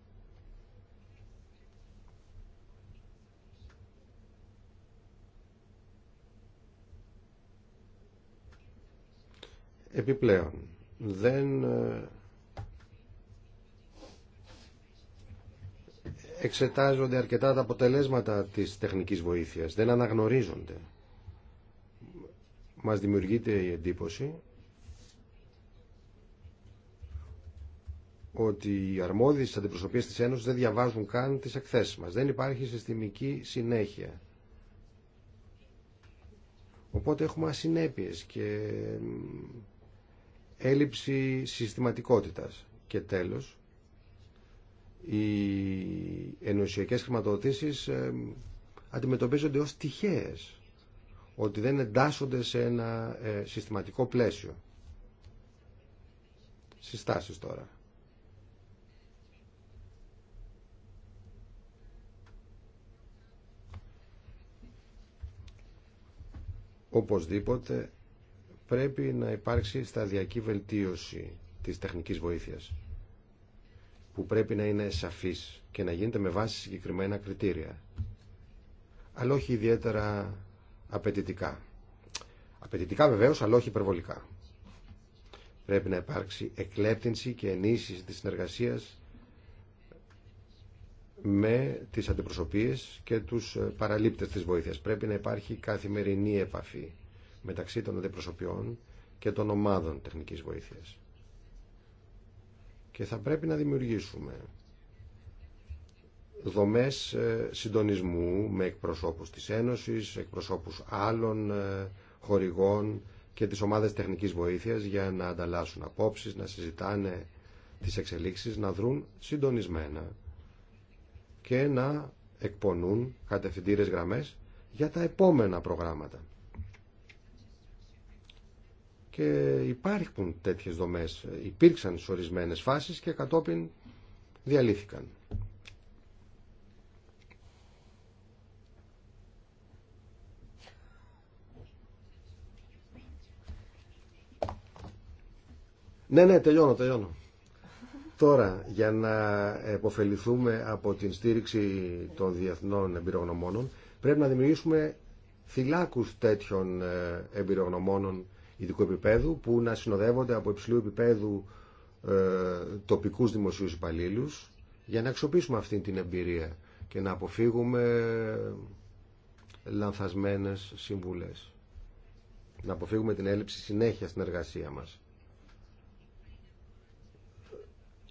Επιπλέον, δεν ε, εξετάζονται αρκετά τα αποτελέσματα της τεχνικής βοήθειας, δεν αναγνωρίζονται. Μας δημιουργείται η εντύπωση ότι οι αρμόδιες τη Ένωση της δεν διαβάζουν καν τις εκθέσει μα. Δεν υπάρχει συστημική συνέχεια. Οπότε έχουμε ασυνέπειες και έλλειψη συστηματικότητας. Και τέλος, οι ενωσιακές χρηματοδοτήσεις ε, αντιμετωπίζονται ως τυχαίες, ότι δεν εντάσσονται σε ένα ε, συστηματικό πλαίσιο. Συστάσεις τώρα. Οπωσδήποτε πρέπει να υπάρξει σταδιακή βελτίωση της τεχνικής βοήθειας που πρέπει να είναι σαφής και να γίνεται με βάση συγκεκριμένα κριτήρια αλλά όχι ιδιαίτερα απαιτητικά. Απαιτητικά βεβαίως, αλλά όχι υπερβολικά. Πρέπει να υπάρξει εκλέπτυνση και ενίσχυση της συνεργασίας με τις αντιπροσωπείες και τους ε, παραλήπτες της βοήθειας. Πρέπει να υπάρχει καθημερινή επαφή μεταξύ των αντιπροσωπιών και των ομάδων τεχνικής βοήθειας. Και θα πρέπει να δημιουργήσουμε δομές ε, συντονισμού με εκπροσώπους της Ένωσης, εκπροσώπους άλλων ε, χορηγών και τις ομάδες τεχνικής βοήθειας για να ανταλλάσσουν απόψεις, να συζητάνε τις εξελίξεις, να δρουν συντονισμένα και να εκπονούν κατευθυντήρες γραμμές για τα επόμενα προγράμματα. Και υπάρχουν τέτοιες δομές, υπήρξαν σε ορισμένες φάσεις και κατόπιν διαλύθηκαν. Ναι, ναι, τελειώνω, τελειώνω. Τώρα, για να εποφεληθούμε από την στήριξη των διεθνών εμπειρογνωμόνων, πρέπει να δημιουργήσουμε θυλάκους τέτοιων ε, εμπειρογνωμόνων ειδικού επίπεδου που να συνοδεύονται από υψηλού επίπεδου ε, τοπικούς δημοσίους υπαλλήλου για να αξιοποιήσουμε αυτή την εμπειρία και να αποφύγουμε λανθασμένες συμβουλές. Να αποφύγουμε την έλλειψη συνέχεια στην εργασία μας.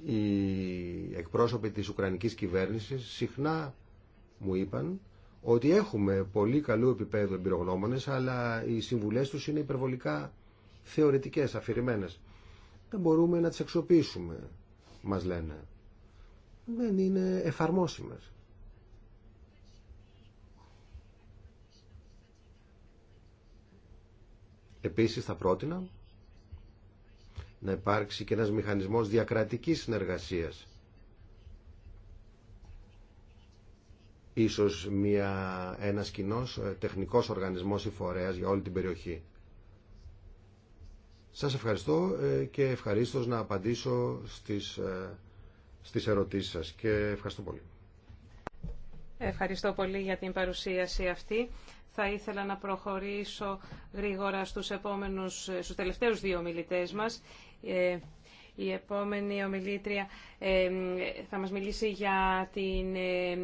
οι εκπρόσωποι της Ουκρανικής κυβέρνησης συχνά μου είπαν ότι έχουμε πολύ καλού επίπεδου εμπειρογνώμονες αλλά οι συμβουλές τους είναι υπερβολικά θεωρητικές, αφηρημένες. Δεν μπορούμε να τις αξιοποιήσουμε, μας λένε. Δεν είναι εφαρμόσιμες. Επίσης θα πρότεινα να υπάρξει και ένας μηχανισμός διακρατικής συνεργασίας. Ίσως μια, ένας κοινό ε, τεχνικός οργανισμός ή φορέας για όλη την περιοχή. Σας ευχαριστώ ε, και ευχαριστώ να απαντήσω στις, ε, στις ερωτήσεις σας και ευχαριστώ πολύ. Ευχαριστώ πολύ για την παρουσίαση αυτή. Θα ήθελα να προχωρήσω γρήγορα στους, επόμενους, στους τελευταίους δύο μιλητές μας. Ε, η επόμενη ομιλήτρια ε, θα μας μιλήσει για την, ε,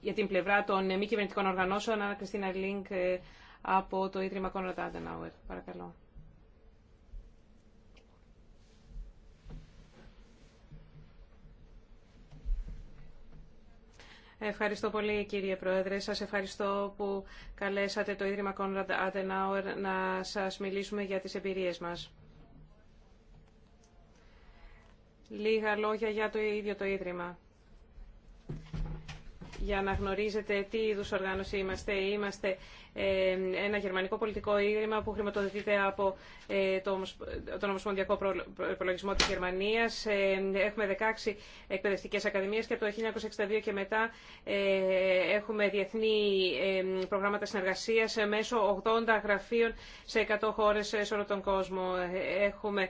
για την πλευρά των μη κυβερνητικών οργανώσεων, Ανά Κριστίνα Λίνκ από το Ίδρυμα Κόνρα Άντεναουερ. Παρακαλώ. Ευχαριστώ πολύ κύριε Πρόεδρε. Σας ευχαριστώ που καλέσατε το Ίδρυμα Κόνραντ Ατενάουερ να σας μιλήσουμε για τις εμπειρίες μας. Λίγα λόγια για το ίδιο το Ίδρυμα. Για να γνωρίζετε τι είδους οργάνωση είμαστε. Είμαστε ε, ένα γερμανικό πολιτικό ίδρυμα που χρηματοδοτείται από ε, τον Ομοσπονδιακό Προλογισμό της Γερμανίας. Ε, έχουμε 16 εκπαιδευτικές ακαδημίες και από το 1962 και μετά έχουμε διεθνή προγράμματα συνεργασίας μέσω 80 γραφείων σε 100 χώρες σε όλο τον κόσμο. Έχουμε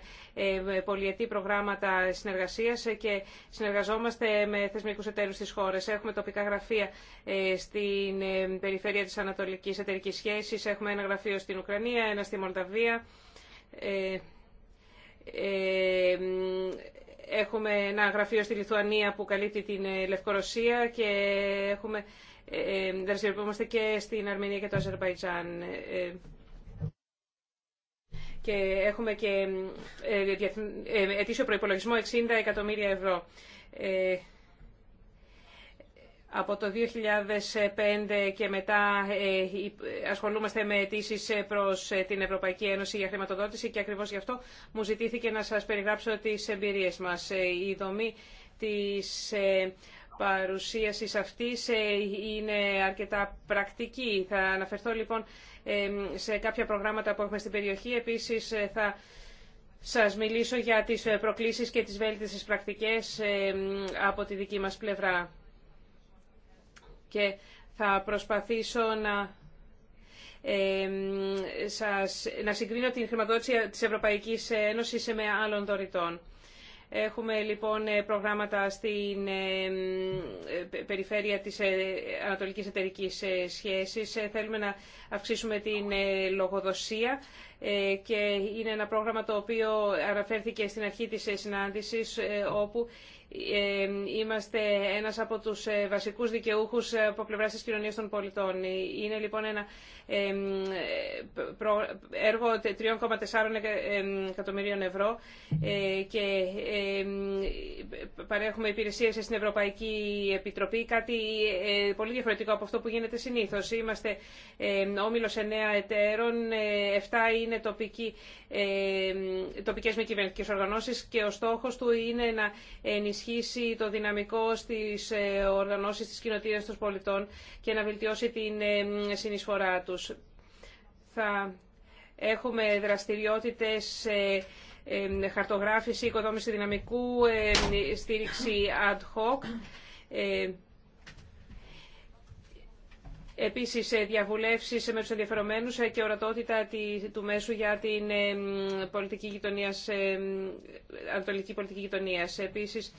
πολυετή προγράμματα συνεργασίας και συνεργαζόμαστε με θεσμικούς εταίρους στις χώρες. Έχουμε τοπικά γραφεία στην περιφέρεια της Ανατολικής Έχουμε ένα γραφείο στην Ουκρανία, ένα στη Μολδαβία. Ε, ε, έχουμε ένα γραφείο στη Λιθουανία που καλύπτει την ε, Λευκορωσία και έχουμε ε, ε, δραστηριοποιούμαστε και στην Αρμενία και το Αζερβαϊτζάν. Ε, και έχουμε και ετήσιο προϋπολογισμό 60 εκατομμύρια ευρώ. Από το 2005 και μετά ε, ασχολούμαστε με αιτήσει ε, προς ε, την Ευρωπαϊκή Ένωση για χρηματοδότηση και ακριβώς γι' αυτό μου ζητήθηκε να σας περιγράψω τις εμπειρίες μας. Η δομή της παρουσίασης αυτής είναι αρκετά πρακτική. Θα αναφερθώ λοιπόν σε κάποια προγράμματα που έχουμε στην περιοχή. Επίσης θα σας μιλήσω για τις προκλήσεις και τις βέλτιστες πρακτικές από τη δική μας πλευρά και θα προσπαθήσω να σας, να συγκρίνω την χρηματοδότηση της Ευρωπαϊκής Ένωσης με άλλων δωρητών. Έχουμε λοιπόν προγράμματα στην περιφέρεια της ε, Ανατολικής Εταιρικής ε, Σχέσης. Ε, θέλουμε να αυξήσουμε την λογοδοσία και είναι ένα πρόγραμμα το οποίο αναφέρθηκε στην αρχή της συνάντησης όπου Είμαστε ένας από τους ε, βασικούς δικαιούχους ε, από πλευράς της κοινωνίας των πολιτών. Ε, είναι λοιπόν ένα έργο 3,4 εκατομμυρίων ευρώ ε, και παρέχουμε υπηρεσίες στην Ευρωπαϊκή Επιτροπή, κάτι ε, πολύ διαφορετικό από αυτό που γίνεται συνήθως. Είμαστε όμιλος εννέα εταίρων, 7 ε, είναι τοπικοί, τοπικές με κυβερνητικές οργανώσεις και ο στόχος του είναι να ενισχύσει το δυναμικό στις οργανώσεις της κοινοτήρας των πολιτών και να βελτιώσει την συνεισφορά του τους. Θα έχουμε δραστηριότητες χαρτογράφηση, οικοδόμηση δυναμικού, στήριξη ad hoc. Ε, επίσης, ε, διαβουλεύσεις με τους ενδιαφερομένους ε, και ορατότητα του μέσου για την πολιτική γειτονίας, ανατολική πολιτική γειτονίας. Επίσης,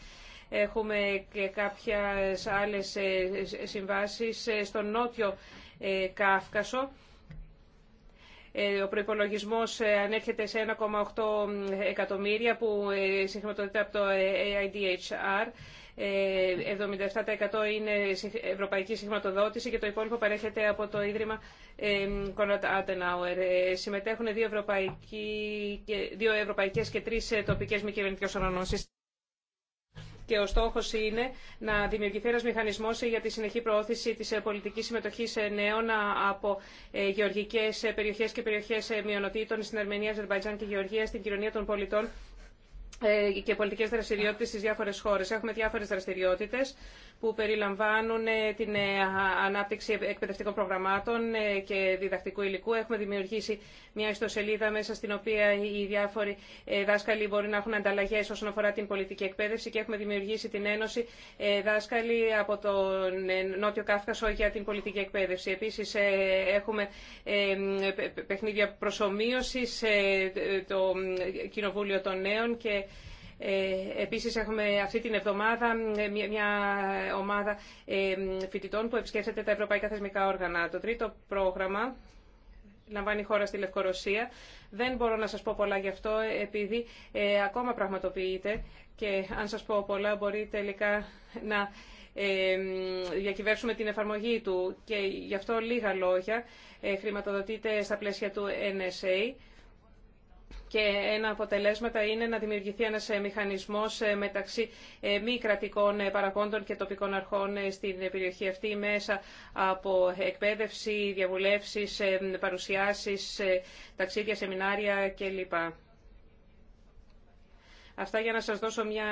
έχουμε και κάποιες άλλες συμβάσεις στον νότιο ε, Κάφκασο. Ε, ο προπολογισμό ε, ανέρχεται σε 1,8 εκατομμύρια που συγχρηματοδοτείται από το AIDHR. 77% είναι ευρωπαϊκή συγχρηματοδότηση και το υπόλοιπο παρέχεται από το Ίδρυμα Conrad Adenauer. Συμμετέχουν δύο, ευρωπαϊκοί, δύο ευρωπαϊκές και τρεις τοπικές μη κυβερνητικές οργανώσεις και ο στόχο είναι να δημιουργηθεί ένα μηχανισμό για τη συνεχή προώθηση τη πολιτική συμμετοχή νέων από ε, γεωργικέ περιοχέ και περιοχέ ε, μειονοτήτων στην Αρμενία, Αζερβαϊτζάν και Γεωργία, στην κοινωνία των πολιτών ε, και πολιτικές δραστηριότητες στις διάφορες χώρες. Έχουμε διάφορες δραστηριότητες που περιλαμβάνουν ε, την ε, ανάπτυξη εκπαιδευτικών προγραμμάτων και διδακτικού υλικού. Έχουμε δημιουργήσει μια ιστοσελίδα μέσα στην οποία οι διάφοροι δάσκαλοι μπορεί να έχουν ανταλλαγέ όσον αφορά την πολιτική εκπαίδευση και έχουμε δημιουργήσει την Ένωση Δάσκαλοι από τον Νότιο Κάφκασο για την πολιτική εκπαίδευση. Επίση, έχουμε παιχνίδια προσωμείωση, το Κοινοβούλιο των Νέων και ε, επίσης έχουμε αυτή την εβδομάδα ε, μια ομάδα ε, φοιτητών που επισκέφτεται τα ευρωπαϊκά θεσμικά όργανα. Το τρίτο πρόγραμμα λαμβάνει η χώρα στη Λευκορωσία. Δεν μπορώ να σας πω πολλά γι' αυτό επειδή ακόμα πραγματοποιείται και αν σας πω πολλά μπορεί τελικά να ε, την εφαρμογή του και γι' αυτό λίγα λόγια χρηματοδοτείται στα πλαίσια του NSA και ένα αποτελέσματα είναι να δημιουργηθεί ένας ε, μηχανισμός ε, μεταξύ ε, μη κρατικών παραγόντων και τοπικών αρχών στην περιοχή αυτή μέσα από εκπαίδευση, διαβουλεύσεις, παρουσιάσεις, ταξίδια, σεμινάρια κλπ. Αυτά για να σας δώσω μια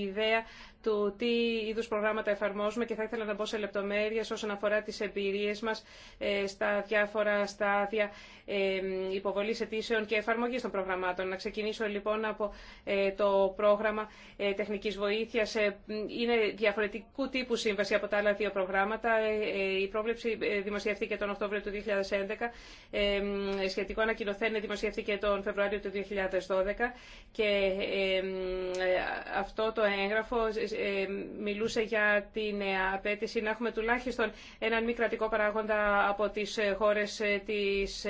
ιδέα του τι είδου προγράμματα εφαρμόζουμε και θα ήθελα να μπω σε λεπτομέρειε όσον αφορά τις εμπειρίες μας ε, στα διάφορα στάδια ε, υποβολή αιτήσεων και εφαρμογή των προγραμμάτων. Να ξεκινήσω λοιπόν από ε, το πρόγραμμα τεχνικής βοήθειας. Είναι διαφορετικού τύπου σύμβαση από τα άλλα δύο προγράμματα. Η πρόβλεψη δημοσιεύτηκε τον Οκτώβριο του 2011. Σχετικό ανακοινωθέν δημοσιεύτηκε τον Φεβρουάριο του 2012 και αυτό το έγγραφο ε, μιλούσε για την ε, απέτηση να έχουμε τουλάχιστον έναν μη κρατικό παράγοντα από τις ε, χώρες της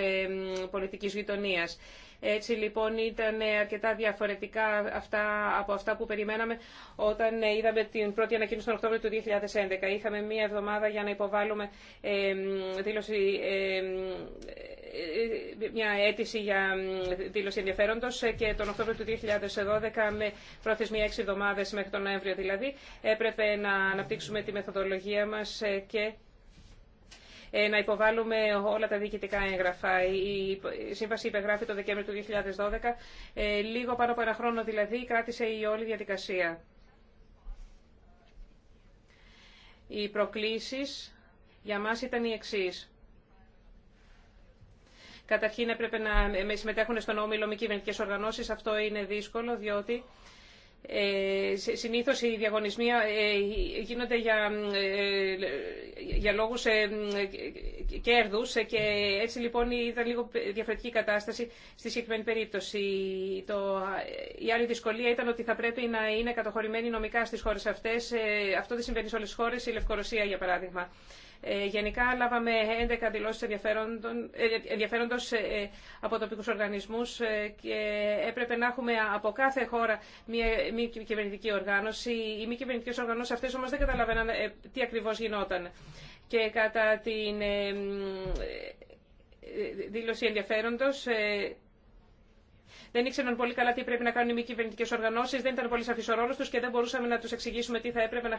πολιτικής γειτονίας. Έτσι λοιπόν ήταν αρκετά διαφορετικά αυτά από αυτά που περιμέναμε όταν είδαμε την πρώτη ανακοίνωση τον Οκτώβριο του 2011. Είχαμε μία εβδομάδα για να υποβάλουμε δήλωση μια αίτηση για δήλωση ενδιαφέροντο ε, και τον Οκτώβριο του 2012 με μία 6 εβδομάδε μέχρι τον Νοέμβριο δηλαδή έπρεπε να αναπτύξουμε τη μεθοδολογία μα ε, και ε, να υποβάλουμε όλα τα διοικητικά έγγραφα. Η σύμβαση υπεγράφει το Δεκέμβριο του 2012, λίγο πάνω από ένα χρόνο δηλαδή κράτησε η όλη διαδικασία. Οι προκλήσεις για μας ήταν οι εξής. Καταρχήν έπρεπε να συμμετέχουν στον όμιλο μη κυβερνητικέ οργανώσει. Αυτό είναι δύσκολο διότι ε, συνήθως οι διαγωνισμοί ε, ε, γίνονται για, για λόγους κέρδους και έτσι λοιπόν ήταν λίγο διαφορετική κατάσταση στη συγκεκριμένη περίπτωση. Το, η άλλη δυσκολία ήταν ότι θα πρέπει να είναι κατοχωρημένοι νομικά στις χώρες αυτές. Αυτό δεν συμβαίνει σε όλες τις χώρες, η Λευκορωσία για παράδειγμα. γενικά λάβαμε 11 δηλώσεις ενδιαφέροντος από τοπικούς οργανισμούς και έπρεπε να έχουμε από κάθε χώρα μια μη κυβερνητική οργάνωση. Οι μη κυβερνητικέ οργανώσει αυτέ όμω δεν καταλαβαίναν ε, τι ακριβώ γινόταν. Και κατά την ε, ε, δήλωση ενδιαφέροντο, δεν ήξεραν πολύ καλά τι πρέπει να κάνουν οι μη κυβερνητικέ οργανώσει, δεν ήταν πολύ σαφή ο ρόλο του και δεν μπορούσαμε να του εξηγήσουμε τι θα, έπρεπε να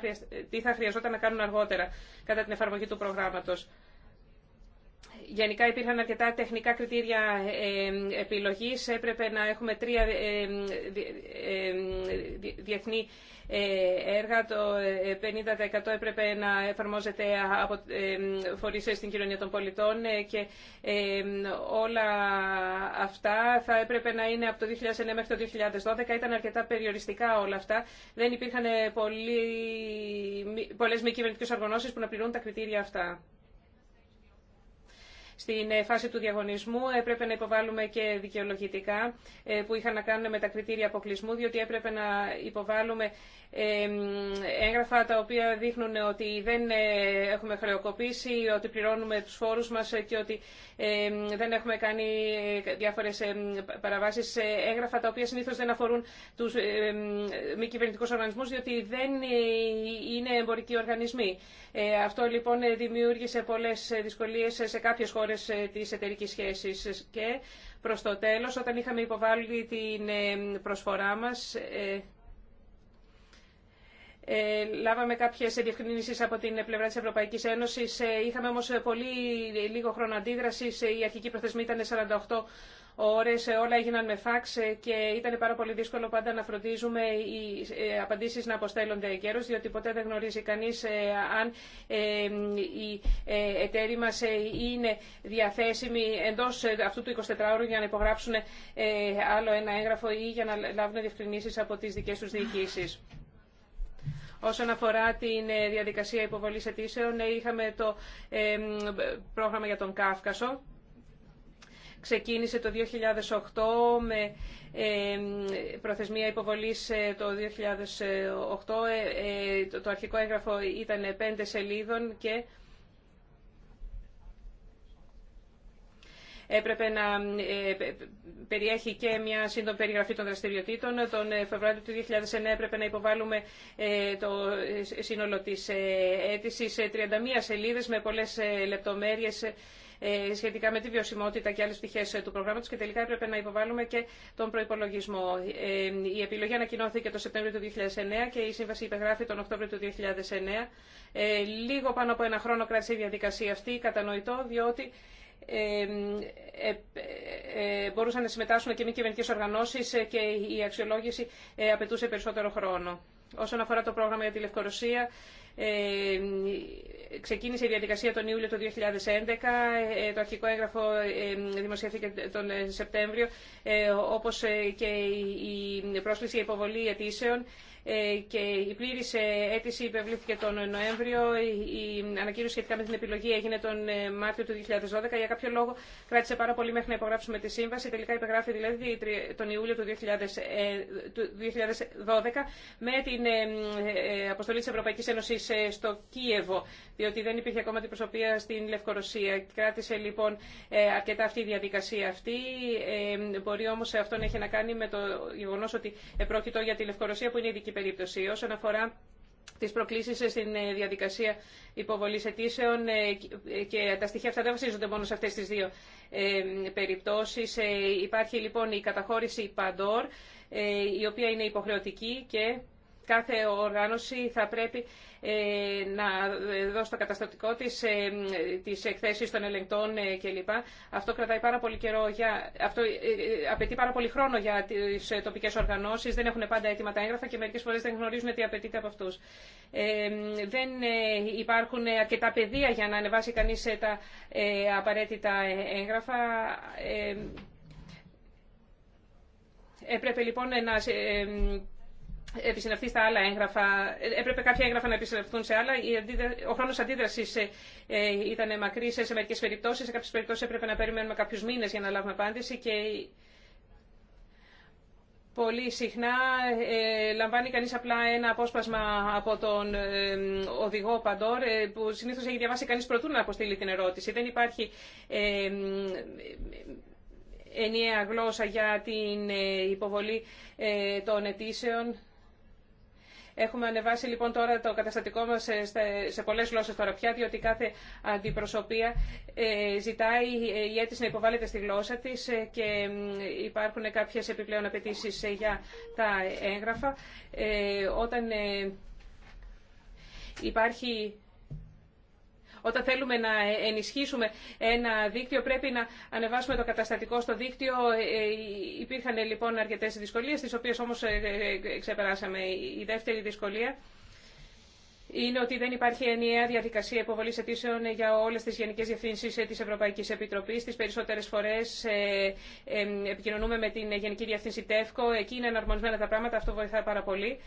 τι θα χρειαζόταν να κάνουν αργότερα κατά την εφαρμογή του προγράμματο. Γενικά υπήρχαν αρκετά τεχνικά κριτήρια ε, ε, επιλογής. Έπρεπε να έχουμε τρία ε, διεθνή έργα. Το 50% έπρεπε να εφαρμόζεται από φορείς στην κοινωνία των πολιτών και όλα αυτά θα έπρεπε να είναι από το 2009 μέχρι το 2012. Ήταν αρκετά περιοριστικά όλα αυτά. Δεν υπήρχαν πολλές μη κυβερνητικές οργανώσεις που να πληρούν τα κριτήρια αυτά. Στην ε, φάση του διαγωνισμού έπρεπε να υποβάλουμε και δικαιολογητικά ε, που είχαν να κάνουν με τα κριτήρια αποκλεισμού, διότι έπρεπε να υποβάλουμε έγγραφα τα οποία δείχνουν ότι δεν ε, έχουμε χρεοκοπήσει, ότι πληρώνουμε τους φόρους μας και ότι δεν έχουμε κάνει διάφορες παραβάσεις. Έγγραφα τα οποία συνήθως δεν αφορούν τους μη κυβερνητικού οργανισμούς, διότι δεν είναι εμπορικοί οργανισμοί. Αυτό λοιπόν δημιούργησε πολλές δυσκολίες σε κάποιες χώρες Τη ε, της εταιρικής σχέσης. Και προς το τέλος, όταν είχαμε υποβάλει την ε, προσφορά μας, ε, λάβαμε κάποιες διευκρινήσει από την πλευρά της Ευρωπαϊκής Ένωσης. είχαμε όμως πολύ λίγο χρόνο αντίδραση. Η αρχική προθεσμή ήταν 48 ώρες, ε, όλα έγιναν με φάξ ε, και ήταν πάρα πολύ δύσκολο πάντα να φροντίζουμε οι ε, απαντήσεις να αποστέλλονται εγκαίρως, διότι ποτέ δεν γνωρίζει κανείς αν οι εταίροι μας είναι διαθέσιμοι εντός αυτού του 24ωρου για να υπογράψουν άλλο ένα έγγραφο ή για να λάβουν διευκρινήσεις από τις δικές τους διοικήσεις. Όσον αφορά την διαδικασία υποβολής αιτήσεων, είχαμε το πρόγραμμα για τον Κάφκασο ξεκίνησε το 2008 με προθεσμία υποβολής ε, το 2008. Ε, ε, το αρχικό έγγραφο ήταν πέντε σελίδων και έπρεπε να περιέχει και μια σύντομη περιγραφή των δραστηριοτήτων. Τον Φεβρουάριο του 2009 έπρεπε να υποβάλουμε το σύνολο της αίτησης 31 σελίδες με πολλές λεπτομέρειες ε, σχετικά με τη βιωσιμότητα και άλλε πτυχέ ε, του προγράμματο και τελικά έπρεπε να υποβάλουμε και τον προπολογισμό. Ε, η επιλογή ανακοινώθηκε το Σεπτέμβριο του 2009 και η σύμβαση υπεγράφει τον Οκτώβριο του 2009. Λίγο πάνω από ένα χρόνο κράτησε η διαδικασία αυτή, κατανοητό, διότι ε, ε, μπορούσαν να συμμετάσχουν και μη κυβερνητικέ οργανώσει και η αξιολόγηση απαιτούσε περισσότερο χρόνο. Όσον αφορά το πρόγραμμα για τη Λευκορωσία, ε, ξεκίνησε η διαδικασία τον Ιούλιο του 2011, ε, το αρχικό έγγραφο ε, δημοσιεύθηκε τον Σεπτέμβριο, όπως και η πρόσκληση για υποβολή αιτήσεων ε, και η πλήρη ε, αίτηση υπευλήθηκε τον Νοέμβριο. Η ανακοίνωση σχετικά με την επιλογή έγινε τον ε, Μάρτιο του 2012. Για κάποιο λόγο κράτησε πάρα πολύ μέχρι να υπογράψουμε τη σύμβαση. Τελικά υπεγράφει δηλαδή τον Ιούλιο του 2012 με την αποστολή τη Ευρωπαϊκή Ένωση στο Κίεβο, διότι δεν υπήρχε ακόμα την προσωπία στην Λευκορωσία. Κράτησε λοιπόν αρκετά αυτή η διαδικασία αυτή. Μπορεί όμω αυτό να έχει να κάνει με το γεγονό ότι πρόκειτο για τη Λευκορωσία που είναι η περίπτωση. Όσον αφορά τις προκλήσεις στην ε, διαδικασία υποβολής αιτήσεων ε, ε, και τα στοιχεία αυτά δεν βασίζονται μόνο σε αυτές τις δύο περιπτώσεις. Υπάρχει λοιπόν η καταχώρηση Παντόρ, η οποία είναι υποχρεωτική και κάθε οργάνωση θα πρέπει ε, να δώσει το καταστατικό της, ε, της εκθέσεις των ελεγκτών ε, κλπ. Αυτό κρατάει πάρα πολύ καιρό, για, αυτό απαιτεί πάρα πολύ χρόνο για τις τοπικές οργανώσεις, δεν έχουν πάντα έτοιμα τα έγγραφα και μερικές φορές δεν γνωρίζουν τι απαιτείται από αυτούς. δεν υπάρχουν τα πεδία για να ανεβάσει κανείς τα απαραίτητα έγγραφα. Έπρεπε λοιπόν να επισυνευτεί στα άλλα έγγραφα, ε, έπρεπε κάποια έγγραφα να επισυνευτούν σε άλλα. Ο χρόνο αντίδραση ε, ε, ήταν μακρύ σε μερικέ περιπτώσει. Σε κάποιε περιπτώσει έπρεπε να περιμένουμε κάποιου μήνε για να λάβουμε απάντηση και πολύ συχνά λαμβάνει κανείς απλά ένα απόσπασμα από τον οδηγό Παντόρ που συνήθως έχει διαβάσει κανείς προτού να αποστείλει την ερώτηση. Δεν υπάρχει ενιαία γλώσσα για την υποβολή των αιτήσεων. Έχουμε ανεβάσει λοιπόν τώρα το καταστατικό μας ε, σε πολλές γλώσσες τώρα πια, διότι κάθε αντιπροσωπεία ε, ζητάει ε, η αίτηση να υποβάλλεται στη γλώσσα της και υπάρχουν κάποιες επιπλέον απαιτήσει για τα έγγραφα. Όταν υπάρχει όταν θέλουμε να ε, ενισχύσουμε ένα δίκτυο πρέπει να ανεβάσουμε το καταστατικό στο δίκτυο. Ε, ε, υπήρχαν λοιπόν αρκετές δυσκολίε, τι οποίε όμω ξεπεράσαμε. Η δεύτερη δυσκολία είναι ότι δεν υπάρχει ενιαία διαδικασία υποβολή αιτήσεων για όλε τι γενικέ διευθύνσει τη Ευρωπαϊκή Επιτροπή. Τι περισσότερε φορέ επικοινωνούμε με την Γενική Διευθύνση ΤΕΦΚΟ. Εκεί είναι εναρμονισμένα τα πράγματα, αυτό βοηθάει πάρα πολύ.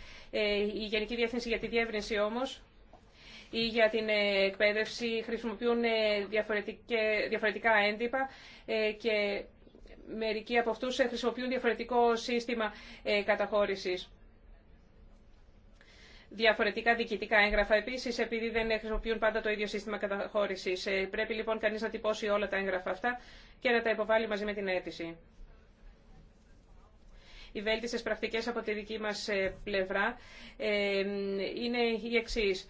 Η Γενική Διεύθυνση για τη Διεύρυνση όμω ή για την ε, εκπαίδευση χρησιμοποιούν ε, διαφορετικά έντυπα ε, και μερικοί από αυτούς χρησιμοποιούν διαφορετικό σύστημα καταχώρησης. Διαφορετικά διοικητικά έγγραφα επίση, επειδή δεν χρησιμοποιούν πάντα το ίδιο σύστημα καταχώρηση. Πρέπει λοιπόν κανεί να τυπώσει όλα τα έγγραφα αυτά και να τα υποβάλει μαζί με την αίτηση. Οι βέλτιστε πρακτικέ από τη δική μα πλευρά είναι οι εξή.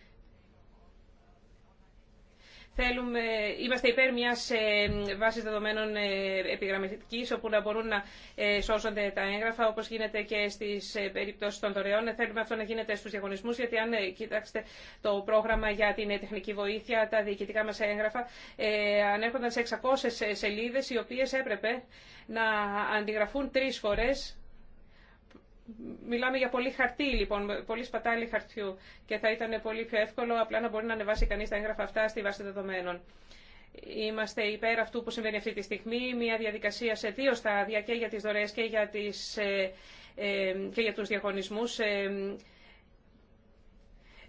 Θέλουμε, είμαστε υπέρ μια ε, βάση δεδομένων ε, επιγραμματική, όπου να μπορούν να ε, σώζονται τα έγγραφα, όπω γίνεται και στι περιπτώσει των δωρεών. Θέλουμε αυτό να γίνεται στου διαγωνισμού, γιατί αν κοιτάξετε το πρόγραμμα για την τεχνική βοήθεια, τα διοικητικά μα έγγραφα, ανέρχονταν σε 600 σελίδε, οι οποίε έπρεπε να αντιγραφούν τρει φορέ Μιλάμε για πολύ χαρτί, λοιπόν, πολύ σπατάλη χαρτιού και θα ήταν πολύ πιο εύκολο απλά να μπορεί να ανεβάσει κανείς τα έγγραφα αυτά στη βάση δεδομένων. Είμαστε υπέρ αυτού που συμβαίνει αυτή τη στιγμή, μια διαδικασία σε δύο στάδια και για τις δωρεές και για, τις, ε, ε, και για τους διαγωνισμούς. Ε,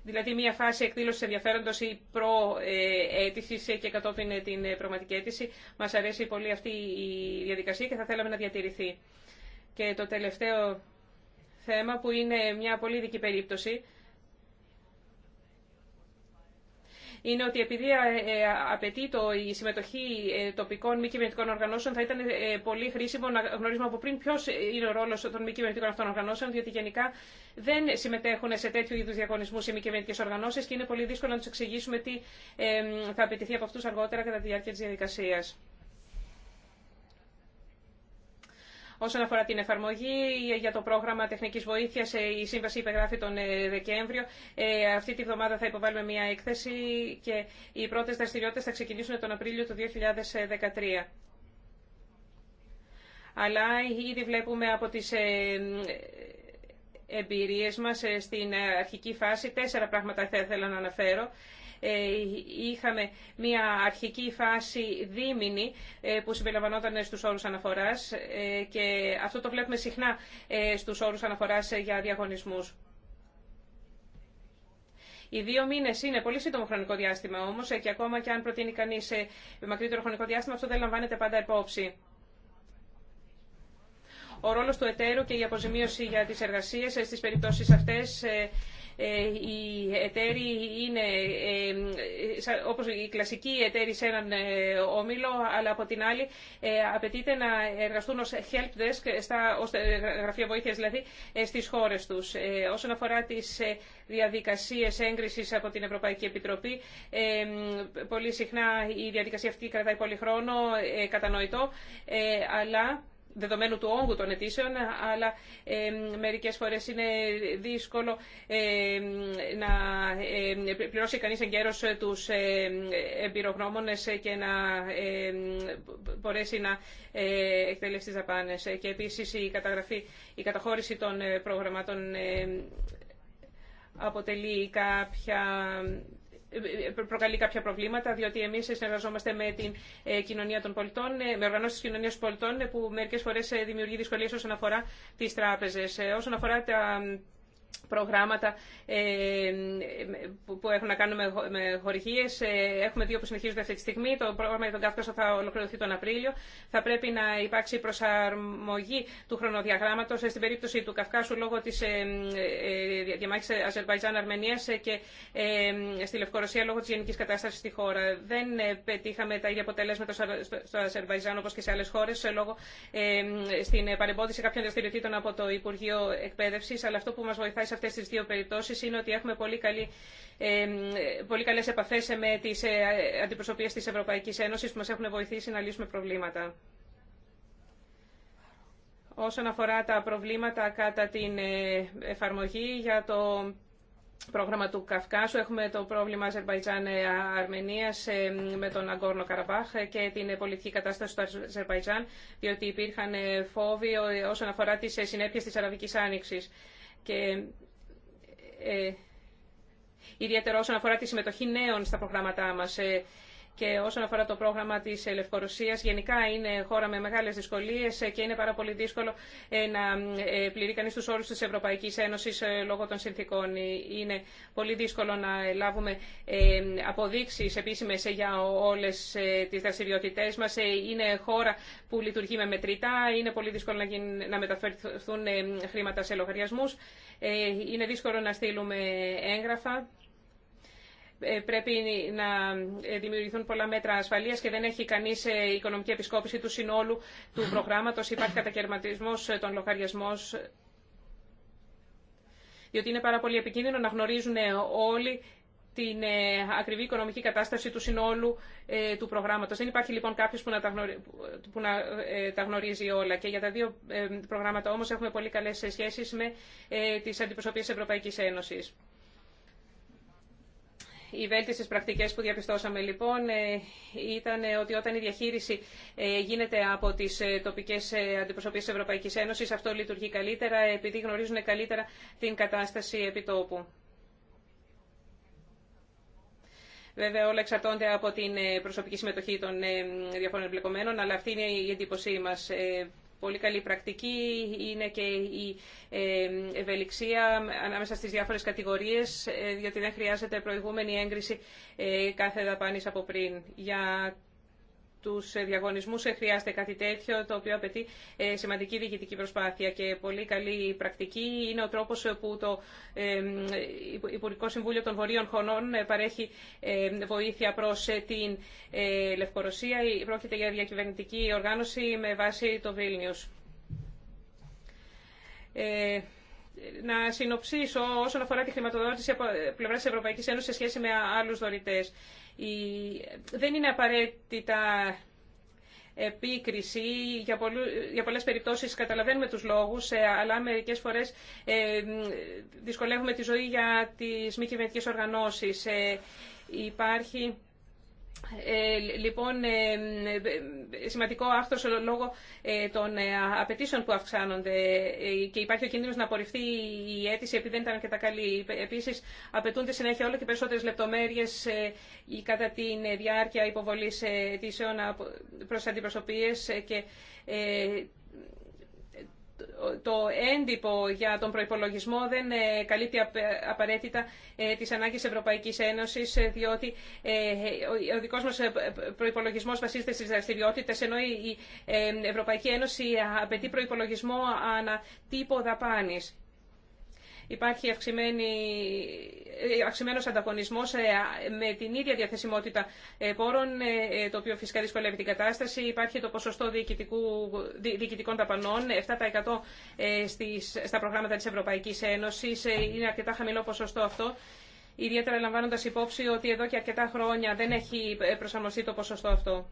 δηλαδή μια φάση εκδήλωσης ενδιαφέροντος ή προέκυση και κατόπιν την αίτηση. Μας αρέσει πολύ αυτή η διαδικασία και θα θέλαμε να διατηρηθεί. Και το τελευταίο θέμα που είναι μια πολύ δική περίπτωση είναι ότι επειδή ε, ε, απαιτεί η συμμετοχή ε, τοπικών μη κυβερνητικών οργανώσεων, θα ήταν πολύ χρήσιμο να γνωρίζουμε από πριν ποιο είναι ο ρόλο των μη κυβερνητικών αυτών οργανώσεων, διότι γενικά δεν συμμετέχουν σε τέτοιου είδου διαγωνισμού οι μη κυβερνητικέ οργανώσει και είναι πολύ δύσκολο να του εξηγήσουμε τι θα απαιτηθεί από αυτού αργότερα κατά τη διάρκεια τη διαδικασία. Όσον αφορά την εφαρμογή ε, για το πρόγραμμα τεχνικής βοήθειας, ε, η σύμβαση υπεγράφει τον ε, Δεκέμβριο. Αυτή τη βδομάδα θα υποβάλουμε μια έκθεση και οι πρώτες δραστηριότητε θα ξεκινήσουν τον Απρίλιο του 2013. Αλλά ήδη βλέπουμε από τις εμπειρίες μας στην αρχική φάση τέσσερα πράγματα θα ήθελα να αναφέρω. Ε, είχαμε μια αρχική φάση δίμηνη ε, που συμπεριλαμβανόταν στους όρους αναφοράς ε, και αυτό το βλέπουμε συχνά στους όρους αναφοράς για διαγωνισμούς. Οι δύο μήνε είναι πολύ σύντομο χρονικό διάστημα όμω και ακόμα και αν προτείνει κανεί μακρύτερο χρονικό διάστημα, αυτό δεν λαμβάνεται πάντα υπόψη. Ο ρόλος του εταίρου και η αποζημίωση για τις εργασίες στις περιπτώσεις αυτές ε, οι εταίροι είναι ε, ε, όπως οι κλασικοί εταίροι σε έναν όμιλο, αλλά από την άλλη απαιτείται να εργαστούν ως help desk, στα, γραφεία βοήθειας δηλαδή, στις χώρες τους. Όσον αφορά τις διαδικασίες έγκρισης από την Ευρωπαϊκή Επιτροπή, πολύ συχνά η διαδικασία αυτή κρατάει πολύ χρόνο, κατανοητό, αλλά δεδομένου του όγκου των αιτήσεων, αλλά ε, μερικές φορές είναι δύσκολο να πληρώσει κανείς εγκαίρως τους ε, εμπειρογνώμονες και να μπορέσει να ε, εκτελέσει τις δαπάνες. Και επίσης η, καταγραφή, η καταχώρηση των ε, προγραμμάτων ε, αποτελεί κάποια προκαλεί κάποια προβλήματα, διότι εμείς συνεργαζόμαστε με την ε, κοινωνία των πολιτών, ε, με οργανώσεις τη κοινωνίας των πολιτών, ε, που μερικές φορές δημιουργεί δυσκολίες όσον αφορά τις τράπεζες. Όσον αφορά τα προγράμματα ε, που έχουν να κάνουν με χορηγίε. Ε, έχουμε δύο που συνεχίζονται αυτή τη στιγμή. Το πρόγραμμα για τον Κάφκασο θα ολοκληρωθεί τον Απρίλιο. Θα πρέπει να υπάρξει προσαρμογή του χρονοδιαγράμματο ε, στην περίπτωση του Καυκάσου λόγω τη διαμάχη Αζερβαϊτζάν-Αρμενία και στη Λευκορωσία λόγω τη γενική κατάσταση στη χώρα. Δεν πετύχαμε τα ίδια αποτελέσματα στο Αζερβαϊτζάν όπω και σε άλλε χώρε λόγω στην παρεμπόδιση κάποιων δραστηριοτήτων από το Υπουργείο Εκπαίδευση. Αλλά αυτό που μα βοηθάει σε αυτέ τι δύο περιπτώσει είναι ότι έχουμε πολύ, καλή, πολύ καλές επαφές με τις ε, αντιπροσωπείες της Ευρωπαϊκής Ένωσης που μας έχουν βοηθήσει να λύσουμε προβλήματα. Όσον αφορά τα προβλήματα κατά την ε, εφαρμογή για το πρόγραμμα του Καυκάσου. Έχουμε το πρόβλημα Αζερβαϊτζάν-Αρμενίας με τον Αγκόρνο Καραμπάχ και την ε, πολιτική κατάσταση του Αζερβαϊτζάν, διότι υπήρχαν φόβοι όσον αφορά τις συνέπειες της Αραβικής Άνοιξης και ε, ιδιαίτερα όσον αφορά τη συμμετοχή νέων στα προγράμματά μας. Ε, και όσον αφορά το πρόγραμμα της Λευκορωσία. γενικά είναι χώρα με μεγάλες δυσκολίες και είναι πάρα πολύ δύσκολο ε, να ε, πληρεί κανεί τους όρου τη Ευρωπαϊκή Ένωση ε, λόγω των συνθήκων. Είναι πολύ δύσκολο να λάβουμε αποδείξει επίσημε για όλες τις δραστηριότητε μας. Είναι χώρα που λειτουργεί με μετρητά, είναι πολύ δύσκολο να μεταφερθούν χρήματα σε λογαριασμού. είναι δύσκολο να στείλουμε έγγραφα. Ε, πρέπει να ε, δημιουργηθούν πολλά μέτρα ασφαλείας και δεν έχει κανείς ε, οικονομική επισκόπηση του συνόλου του προγράμματος. Υπάρχει κατακαιρματισμός των λογαριασμών διότι είναι πάρα πολύ επικίνδυνο να γνωρίζουν όλοι την ακριβή οικονομική κατάσταση του συνόλου του προγράμματος. Δεν υπάρχει λοιπόν κάποιο που να, τα γνωρίζει, όλα. Και για τα δύο προγράμματα όμως έχουμε πολύ καλές σχέσεις με τις αντιπροσωπείες Ευρωπαϊκής Ένωσης. Οι βέλτιστες πρακτικές που διαπιστώσαμε λοιπόν ε, ήταν ε, ότι όταν η διαχείριση ε, γίνεται από τις τοπικές αντιπροσωπίες της Ευρωπαϊκής Ένωσης αυτό λειτουργεί καλύτερα επειδή γνωρίζουν καλύτερα την κατάσταση επιτόπου. Βέβαια όλα εξαρτώνται από την προσωπική συμμετοχή των διαφόρων εμπλεκομένων αλλά αυτή είναι η εντύπωσή μας πολύ καλή πρακτική είναι και η ε, ευελιξία ανάμεσα στις διάφορες κατηγορίες, ε, διότι δεν χρειάζεται προηγούμενη έγκριση ε, κάθε δαπάνης από πριν. Για του ε, διαγωνισμού. Ε, χρειάζεται κάτι τέτοιο, το οποίο απαιτεί ε, σημαντική διοικητική προσπάθεια και πολύ καλή πρακτική. Είναι ο τρόπο που το Υπουργικό Συμβούλιο των Βορείων Χωνών παρέχει βοήθεια προς την Λευκορωσία. Πρόκειται για διακυβερνητική οργάνωση με βάση το Βίλνιους. Να συνοψίσω όσον αφορά τη χρηματοδότηση από πλευρά τη Ευρωπαϊκή Ένωση σε σχέση με άλλου δωρητέ δεν είναι απαραίτητα επίκριση. Για, πολλού, για πολλές περιπτώσεις καταλαβαίνουμε τους λόγους, ε, αλλά μερικές φορές ε, δυσκολεύουμε τη ζωή για τις μη κυβερνητικέ οργανώσεις. Ε, υπάρχει ε, λοιπόν, ε, σημαντικό άρθρος λόγω ε, των ε, απαιτήσεων που αυξάνονται ε, και υπάρχει ο κίνδυνος να απορριφθεί η αίτηση επειδή δεν ήταν τα καλή. Ε, επίσης, απαιτούνται συνέχεια όλο και περισσότερες λεπτομέρειες κατά τη διάρκεια υποβολής αιτήσεων προς αντιπροσωπείες και το έντυπο για τον προϋπολογισμό δεν ε, καλύπτει απαραίτητα ε, τις ανάγκες Ευρωπαϊκής Ένωσης, ε, διότι ο δικός μας προϋπολογισμός βασίζεται στις δραστηριότητες, ενώ η Ευρωπαϊκή Ένωση απαιτεί προϋπολογισμό ανά τύπο δαπάνης υπάρχει αυξημένος ανταγωνισμός ε, με την ίδια διαθεσιμότητα ε, πόρων, ε, το οποίο φυσικά δυσκολεύει την κατάσταση. Υπάρχει το ποσοστό διοικητικών ταπανών, 7% στα προγράμματα της Ευρωπαϊκής Ένωσης. Είναι αρκετά χαμηλό ποσοστό αυτό. Ιδιαίτερα λαμβάνοντας υπόψη ότι εδώ και αρκετά χρόνια δεν έχει προσαρμοστεί το ποσοστό αυτό.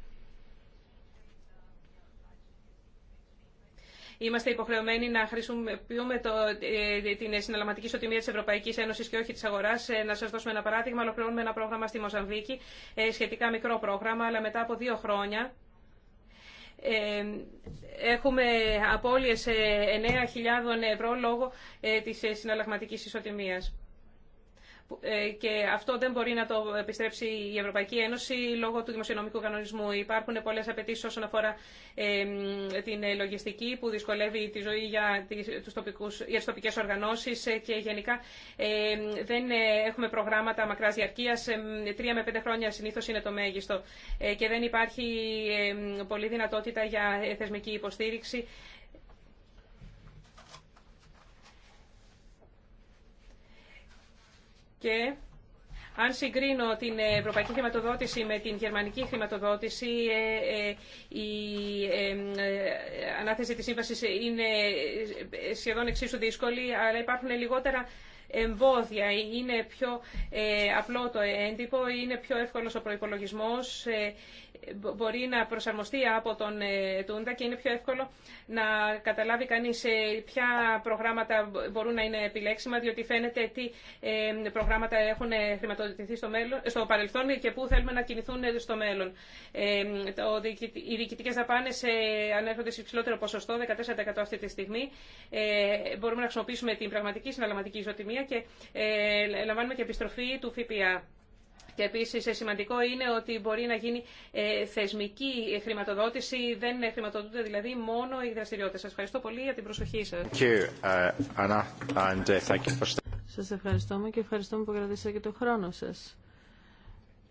είμαστε υποχρεωμένοι να χρησιμοποιούμε το, ε, την συναλλαγματική ισοτιμία τη Ευρωπαϊκή Ένωση και όχι τη αγορά. Ε, να σα δώσουμε ένα παράδειγμα. Ολοκληρώνουμε ένα πρόγραμμα στη Μοζαμβίκη, ε, σχετικά μικρό πρόγραμμα, αλλά μετά από δύο χρόνια έχουμε απώλειες 9.000 ευρώ λόγω της συναλλαγματικής ισοτιμίας. Ε, και αυτό δεν μπορεί να το επιστρέψει η Ευρωπαϊκή Ένωση λόγω του δημοσιονομικού κανονισμού. Υπάρχουν πολλές απαιτήσει όσον αφορά ε, την ε, λογιστική που δυσκολεύει τη ζωή για τις, τοπικούς, για τις τοπικές οργανώσεις και γενικά δεν έχουμε προγράμματα μακράς διαρκείας. Τρία με πέντε χρόνια συνήθως είναι το μέγιστο και δεν υπάρχει πολλή δυνατότητα για θεσμική υποστήριξη Και αν συγκρίνω την ευρωπαϊκή χρηματοδότηση με την γερμανική χρηματοδότηση, ε, ε, η ε, ανάθεση της σύμβασης είναι σχεδόν εξίσου δύσκολη, αλλά υπάρχουν λιγότερα εμπόδια. Είναι πιο ε, απλό το έντυπο, είναι πιο εύκολος ο προϋπολογισμός, ε, μπορεί να προσαρμοστεί από τον ε, Τούντα και είναι πιο εύκολο να καταλάβει κανείς ποια προγράμματα μπορούν να είναι επιλέξιμα, διότι φαίνεται τι προγράμματα έχουν χρηματοδοτηθεί στο, μέλλον, στο παρελθόν και πού θέλουμε να κινηθούν στο μέλλον. Οι διοικητικές δαπάνες ανέρχονται σε υψηλότερο ποσοστό, 14% αυτή τη στιγμή. Μπορούμε να χρησιμοποιήσουμε την πραγματική συναλλαγματική ισοτιμία και ε, λαμβάνουμε και επιστροφή του ΦΠΑ. Και επίση ε, σημαντικό είναι ότι μπορεί να γίνει ε, θεσμική χρηματοδότηση, δεν χρηματοδοτούνται δηλαδή μόνο οι δραστηριότητε. Σα ευχαριστώ πολύ για την προσοχή σα. Σα ευχαριστούμε και ευχαριστώ που κρατήσατε και τον χρόνο σα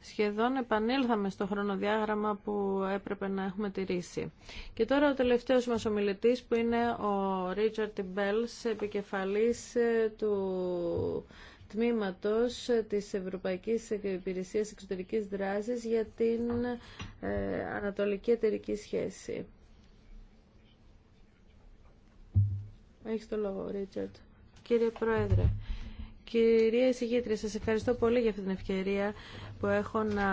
σχεδόν επανήλθαμε στο χρονοδιάγραμμα που έπρεπε να έχουμε τηρήσει. Και τώρα ο τελευταίος μας ομιλητής που είναι ο Ρίτσαρτ Μπέλς, επικεφαλής ε, του τμήματος της Ευρωπαϊκής Υπηρεσίας Εξωτερικής Δράσης για την ε, Ανατολική Εταιρική Σχέση. Έχεις το λόγο, Ρίτσαρτ. Κύριε Πρόεδρε, κυρία Εισηγήτρια, σας ευχαριστώ πολύ για αυτή την ευκαιρία που έχω να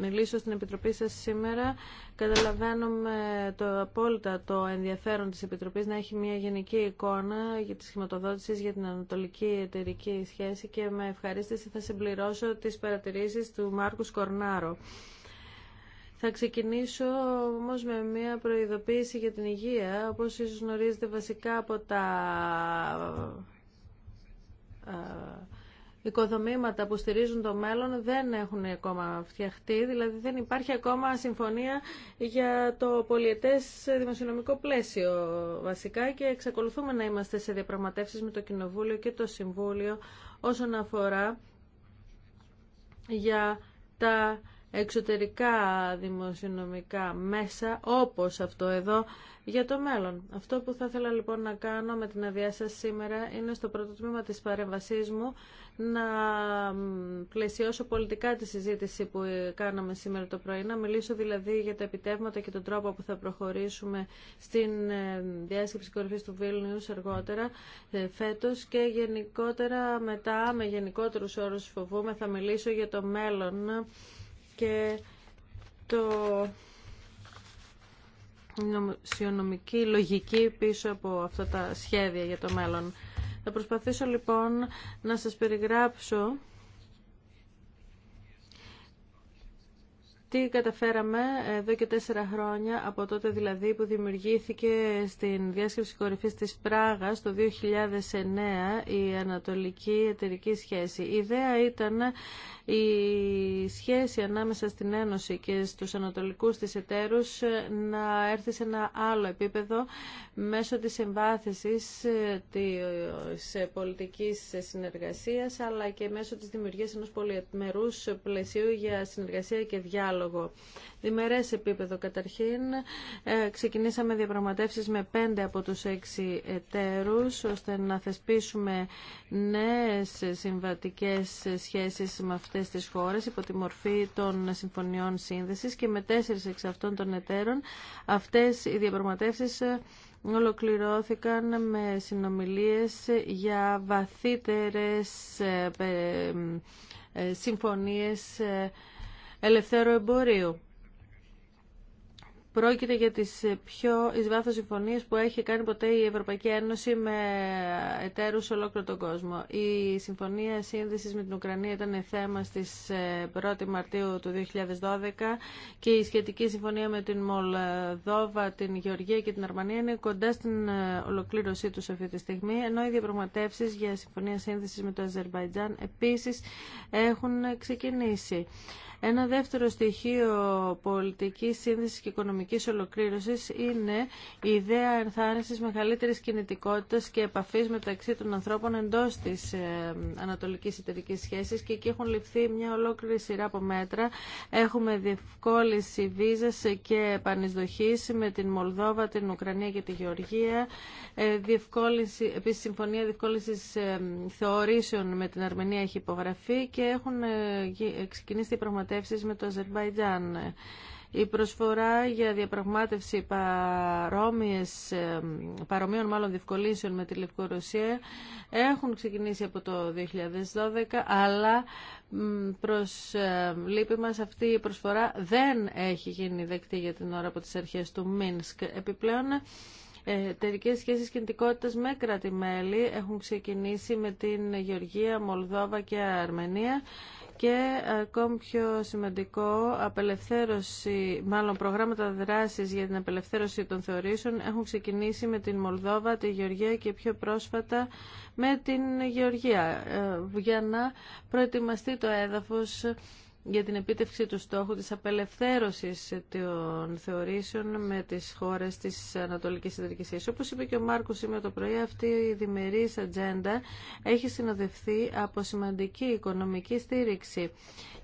μιλήσω στην Επιτροπή σας σήμερα. Καταλαβαίνουμε το απόλυτα το ενδιαφέρον της Επιτροπής να έχει μια γενική εικόνα για τη χρηματοδότηση για την ανατολική εταιρική σχέση και με ευχαρίστηση θα συμπληρώσω τις παρατηρήσεις του Μάρκου Κορνάρο. Θα ξεκινήσω όμω με μια προειδοποίηση για την υγεία, όπως ίσως γνωρίζετε βασικά από τα ε, οικοδομήματα που στηρίζουν το μέλλον δεν έχουν ακόμα φτιαχτεί, δηλαδή δεν υπάρχει ακόμα συμφωνία για το πολιετές δημοσιονομικό πλαίσιο βασικά και εξακολουθούμε να είμαστε σε διαπραγματεύσεις με το Κοινοβούλιο και το Συμβούλιο όσον αφορά για τα εξωτερικά δημοσιονομικά μέσα όπως αυτό εδώ για το μέλλον. Αυτό που θα ήθελα λοιπόν να κάνω με την αδειά σας σήμερα είναι στο πρώτο τμήμα της παρέμβασής μου να πλαισιώσω πολιτικά τη συζήτηση που κάναμε σήμερα το πρωί, να μιλήσω δηλαδή για τα επιτεύγματα και τον τρόπο που θα προχωρήσουμε στην ε, διάσκεψη κορυφής του Βίλνιους αργότερα ε, φέτος και γενικότερα μετά με γενικότερους όρους φοβούμε θα μιλήσω για το μέλλον και το νομισιονομική λογική πίσω από αυτά τα σχέδια για το μέλλον. Θα προσπαθήσω λοιπόν να σας περιγράψω Τι καταφέραμε εδώ και τέσσερα χρόνια, από τότε δηλαδή που δημιουργήθηκε στην διάσκεψη κορυφής της Πράγας το 2009 η Ανατολική Εταιρική Σχέση. Η ιδέα ήταν η σχέση ανάμεσα στην Ένωση και στους ανατολικούς της εταίρους να έρθει σε ένα άλλο επίπεδο μέσω της εμβάθυνσης ε, της ε, πολιτικής συνεργασίας αλλά και μέσω της δημιουργίας ενός πολυμερούς πλαισίου για συνεργασία και διάλογο. Διμερές επίπεδο καταρχήν. Ε, ξεκινήσαμε διαπραγματεύσεις με πέντε από τους έξι εταίρους ώστε να θεσπίσουμε νέες συμβατικές σχέσεις με αυτές αυτές τις χώρες υπό τη μορφή των συμφωνιών σύνδεσης και με τέσσερις εξ αυτών των εταίρων αυτές οι διαπραγματεύσεις ε, ολοκληρώθηκαν με συνομιλίες για βαθύτερες ε, ε, συμφωνίες ελευθέρου εμπορίου. Πρόκειται για τις ε, πιο εις βάθος συμφωνίες που έχει κάνει ποτέ η Ευρωπαϊκή Ένωση με ε, εταίρους ολόκληρο τον κόσμο. Η συμφωνία σύνδεσης με την Ουκρανία ήταν θέμα στις 1η ε, Μαρτίου του 2012 και η σχετική συμφωνία με την Μολδόβα, την Γεωργία και την Αρμανία είναι κοντά στην ολοκλήρωσή τους αυτή τη στιγμή, ενώ οι διαπραγματεύσεις για συμφωνία σύνδεσης με το Αζερβαϊτζάν επίσης έχουν ξεκινήσει. Ένα δεύτερο στοιχείο πολιτικής σύνδεσης και οικονομικής ολοκλήρωσης είναι η ιδέα ενθάρρυνσης μεγαλύτερης κινητικότητας και επαφής μεταξύ των ανθρώπων εντός της ε, ανατολικής εταιρική σχέσης και εκεί έχουν ληφθεί μια ολόκληρη σειρά από μέτρα. Έχουμε διευκόλυνση βίζας και επανεισδοχής με την Μολδόβα, την Ουκρανία και τη Γεωργία. Ε, Διευκόλυση επίσης, συμφωνία διευκόλυνσης ε, θεωρήσεων με την Αρμενία έχει υπογραφεί και έχουν ξεκινήσει διαπραγματεύσεις με το Αζερβαϊτζάν. Η προσφορά για διαπραγμάτευση παρόμοιες, παρομοίων μάλλον διευκολύνσεων με τη Λευκορωσία έχουν ξεκινήσει από το 2012, αλλά προς λύπη μας αυτή η προσφορά δεν έχει γίνει δεκτή για την ώρα από τις αρχές του Μίνσκ. Επιπλέον, ε, εταιρικέ σχέσεις κινητικότητας με κράτη-μέλη έχουν ξεκινήσει με την Γεωργία, Μολδόβα και Αρμενία και ακόμη πιο σημαντικό, απελευθέρωση, μάλλον προγράμματα δράσης για την απελευθέρωση των θεωρήσεων έχουν ξεκινήσει με την Μολδόβα, τη Γεωργία και πιο πρόσφατα με την Γεωργία ε, για να προετοιμαστεί το έδαφος για την επίτευξη του στόχου της απελευθέρωσης των θεωρήσεων με τις χώρες της Ανατολικής Ιδρικής Όπως είπε και ο Μάρκος σήμερα το πρωί, αυτή η διμερής ατζέντα έχει συνοδευτεί από σημαντική οικονομική στήριξη.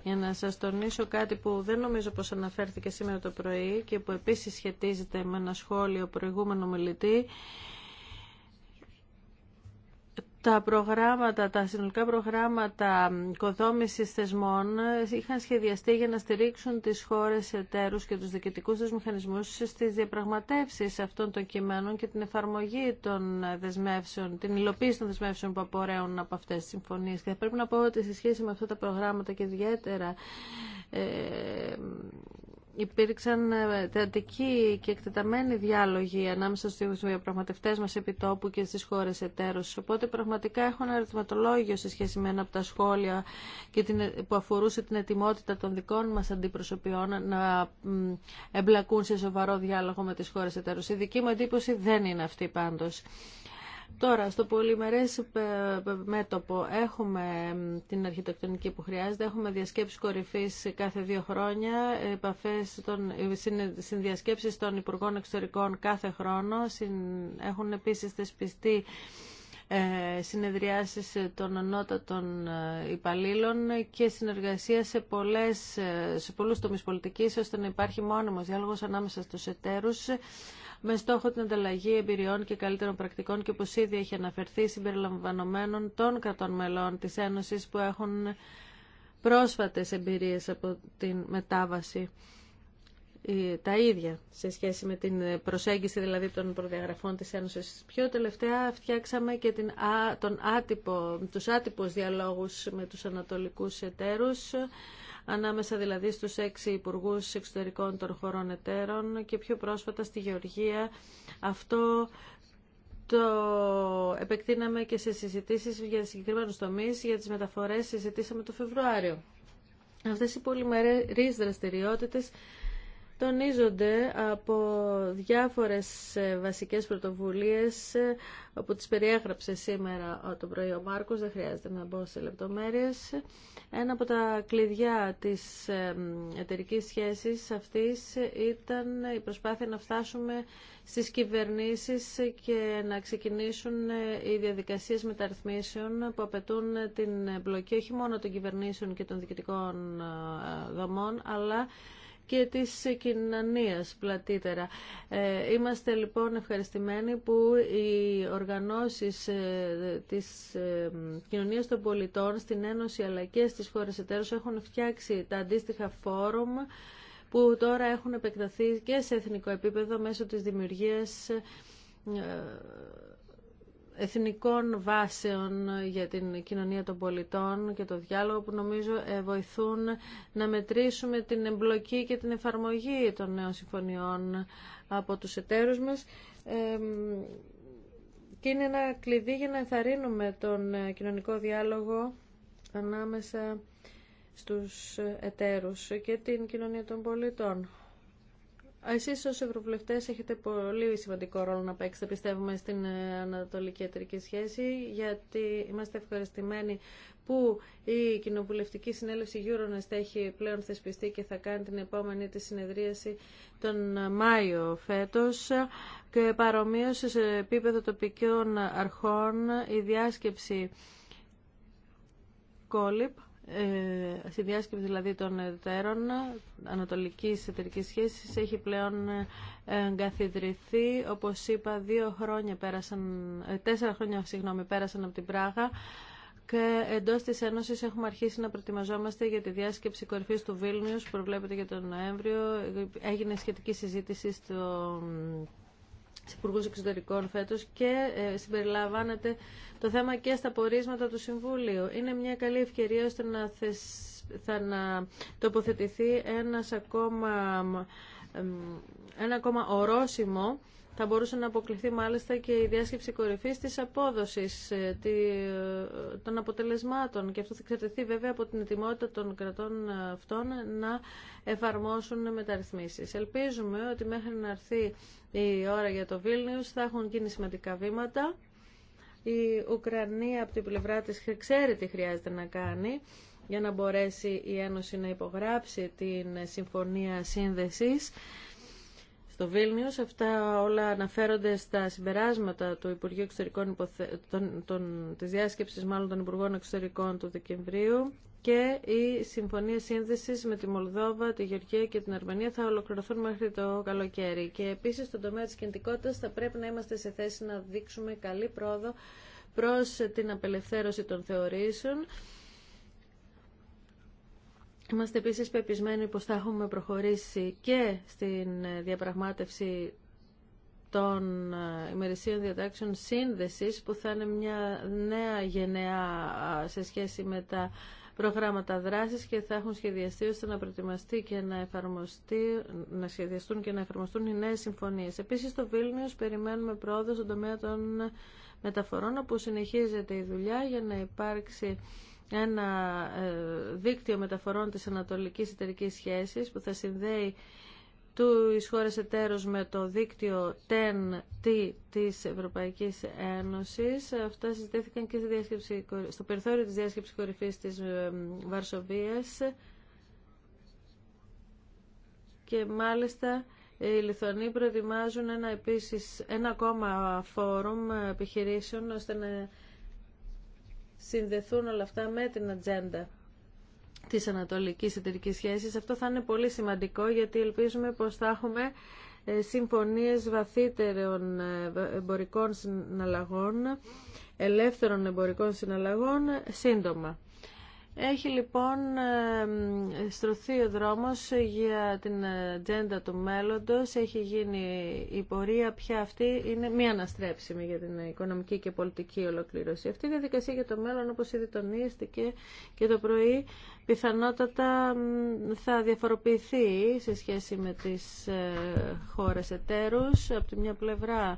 Για να σας τονίσω κάτι που δεν νομίζω πως αναφέρθηκε σήμερα το πρωί και που επίσης σχετίζεται με ένα σχόλιο προηγούμενο μιλητή, τα προγράμματα, τα συνολικά προγράμματα οικοδόμηση θεσμών είχαν σχεδιαστεί για να στηρίξουν τις χώρες εταίρου και τους διοικητικού του μηχανισμού στι διαπραγματεύσεις αυτών των κειμένων και την εφαρμογή των δεσμεύσεων, την υλοποίηση των δεσμεύσεων που απορρέουν από αυτέ τι συμφωνίες. Και θα πρέπει να πω ότι σε σχέση με αυτά τα προγράμματα και ιδιαίτερα ε, υπήρξαν ε, θεατικοί και εκτεταμένοι διάλογοι ανάμεσα στους διαπραγματευτές μας επιτόπου και στις χώρες εταίρους. Οπότε πραγματικά έχω ένα αριθματολόγιο σε σχέση με ένα από τα σχόλια και την, που αφορούσε την ετοιμότητα των δικών μας αντιπροσωπιών να εμπλακούν σε σοβαρό διάλογο με τις χώρες εταίρους. Η δική μου εντύπωση δεν είναι αυτή πάντως. Τώρα, στο πολυμερές μέτωπο έχουμε την αρχιτεκτονική που χρειάζεται, έχουμε διασκέψεις κορυφής κάθε δύο χρόνια, επαφές των, συνδιασκέψεις των Υπουργών Εξωτερικών κάθε χρόνο, έχουν επίσης θεσπιστεί ε, συνεδριάσεις των ανώτατων ε, υπαλλήλων και συνεργασία σε, πολλές, ε, σε πολλούς τομείς πολιτικής, ώστε να υπάρχει μόνιμος διάλογος ανάμεσα στους εταίρους με στόχο την ανταλλαγή εμπειριών και καλύτερων πρακτικών και όπως ήδη έχει αναφερθεί συμπεριλαμβανομένων των κρατών μελών της Ένωσης που έχουν πρόσφατες εμπειρίες από την μετάβαση τα ίδια σε σχέση με την προσέγγιση δηλαδή των προδιαγραφών της Ένωσης. Πιο τελευταία φτιάξαμε και την, τον άτυπο, τους άτυπους διαλόγους με τους ανατολικούς εταίρους ανάμεσα δηλαδή στους έξι υπουργούς εξωτερικών των χωρών εταίρων και πιο πρόσφατα στη Γεωργία. Αυτό το επεκτείναμε και σε συζητήσεις για συγκεκριμένους τομείς, για τις μεταφορές συζητήσαμε το Φεβρουάριο. Αυτές οι πολυμερείς δραστηριότητες τονίζονται από διάφορες ε, βασικές πρωτοβουλίες ε, που τις περιέγραψε σήμερα ε, το πρωί ο Μάρκος, δεν χρειάζεται να μπω σε λεπτομέρειες. Ένα από τα κλειδιά της εταιρικής σχέσης αυτής ήταν η προσπάθεια να φτάσουμε στις κυβερνήσεις και να ξεκινήσουν οι διαδικασίες μεταρρυθμίσεων που απαιτούν την εμπλοκή όχι μόνο των κυβερνήσεων και των διοικητικών δομών, αλλά και της κοινωνίας πλατύτερα. Ε, είμαστε λοιπόν ευχαριστημένοι που οι οργανώσεις ε, της ε, κοινωνίας των πολιτών στην Ένωση αλλά και στις χώρες εταίρους έχουν φτιάξει τα αντίστοιχα φόρουμ που τώρα έχουν επεκταθεί και σε εθνικό επίπεδο μέσω της δημιουργίας εθνικών βάσεων για την κοινωνία των πολιτών και το διάλογο που νομίζω ε, βοηθούν να μετρήσουμε την εμπλοκή και την εφαρμογή των νέων συμφωνιών από τους εταίρους μας και είναι ένα κλειδί για να ενθαρρύνουμε τον ε, κοινωνικό διάλογο ανάμεσα στους ε, εταίρους και την κοινωνία των πολιτών. Εσείς ως ευρωβουλευτές έχετε πολύ σημαντικό ρόλο να παίξετε, πιστεύουμε, στην ε, Ανατολική Εταιρική Σχέση, γιατί είμαστε ευχαριστημένοι που η Κοινοβουλευτική Συνέλευση Euronest έχει πλέον θεσπιστεί και θα κάνει την επόμενη τη συνεδρίαση τον Μάιο φέτος και παρομοίως σε επίπεδο τοπικών αρχών η διάσκεψη Κόλυπ ε, στη διάσκεψη δηλαδή των εταίρων ανατολικής εταιρικής σχέσης έχει πλέον ε, εγκαθιδρυθεί. Όπως είπα, δύο χρόνια πέρασαν, ε, τέσσερα χρόνια συγγνώμη, πέρασαν από την Πράγα και εντός της Ένωσης έχουμε αρχίσει να προετοιμαζόμαστε για τη διάσκεψη κορυφής του Βίλνιους που προβλέπεται για τον Νοέμβριο. Έγινε σχετική συζήτηση στο Υπουργού Εξωτερικών φέτο, και ε, συμπεριλαμβάνεται το θέμα και στα πορίσματα του Συμβούλιο. Είναι μια καλή ευκαιρία ώστε να, θα τοποθετηθεί ένας ακόμα, ένα ακόμα ορόσημο θα μπορούσε να αποκλειθεί μάλιστα και η διάσκεψη κορυφή ε, τη απόδοση ε, των αποτελεσμάτων και αυτό θα εξαρτηθεί βέβαια από την ετοιμότητα των κρατών ε, αυτών να εφαρμόσουν μεταρρυθμίσεις. Ελπίζουμε ότι μέχρι να έρθει η ώρα για το Βίλνιους θα έχουν γίνει σημαντικά βήματα. Η Ουκρανία από την πλευρά της ξέρει τι χρειάζεται να κάνει για να μπορέσει η Ένωση να υπογράψει την Συμφωνία Σύνδεσης στο Βίλνιους. Αυτά όλα αναφέρονται στα συμπεράσματα του Υπουργείου Εξωτερικών υποθε... των... της διάσκεψης μάλλον των Υπουργών Εξωτερικών του Δεκεμβρίου και η συμφωνία σύνδεσης με τη Μολδόβα, τη Γεωργία και την Αρμενία θα ολοκληρωθούν μέχρι το καλοκαίρι. Και επίσης στον τομέα της κινητικότητας θα πρέπει να είμαστε σε θέση να δείξουμε καλή πρόοδο προς την απελευθέρωση των θεωρήσεων Είμαστε επίση πεπισμένοι πως θα έχουμε προχωρήσει και στην ε, διαπραγμάτευση των ε, ημερησίων διατάξεων σύνδεσης που θα είναι μια νέα γενεά σε σχέση με τα προγράμματα δράσης και θα έχουν σχεδιαστεί ώστε να προετοιμαστεί και να, εφαρμοστεί, να σχεδιαστούν και να εφαρμοστούν οι νέες συμφωνίες. Επίσης στο Βίλνιος περιμένουμε πρόοδο στον τομέα των μεταφορών όπου συνεχίζεται η δουλειά για να υπάρξει ένα ε, δίκτυο μεταφορών της ανατολικής εταιρικής σχέσης που θα συνδέει του χώρες εταίρους με το δίκτυο TEN-T της Ευρωπαϊκής Ένωσης. Αυτά συζητήθηκαν και στη στο περιθώριο της διάσκεψης κορυφής της ε, Βαρσοβίας και μάλιστα οι Λιθωνοί προετοιμάζουν ένα, επίσης, ένα ακόμα φόρουμ επιχειρήσεων ώστε να συνδεθούν όλα αυτά με την ατζέντα της ανατολικής εταιρικής σχέσης. Αυτό θα είναι πολύ σημαντικό γιατί ελπίζουμε πως θα έχουμε ε, συμφωνίες βαθύτερων ε, εμπορικών συναλλαγών, ελεύθερων εμπορικών συναλλαγών σύντομα. Έχει λοιπόν στρωθεί ο δρόμος για την ατζέντα του μέλλοντος. Έχει γίνει η πορεία πια αυτή είναι μία αναστρέψιμη για την οικονομική και πολιτική ολοκλήρωση. Αυτή η διαδικασία για το μέλλον όπως ήδη τονίστηκε και το πρωί πιθανότατα θα διαφοροποιηθεί σε σχέση με τις ε, χώρες εταίρους. Από τη μια πλευρά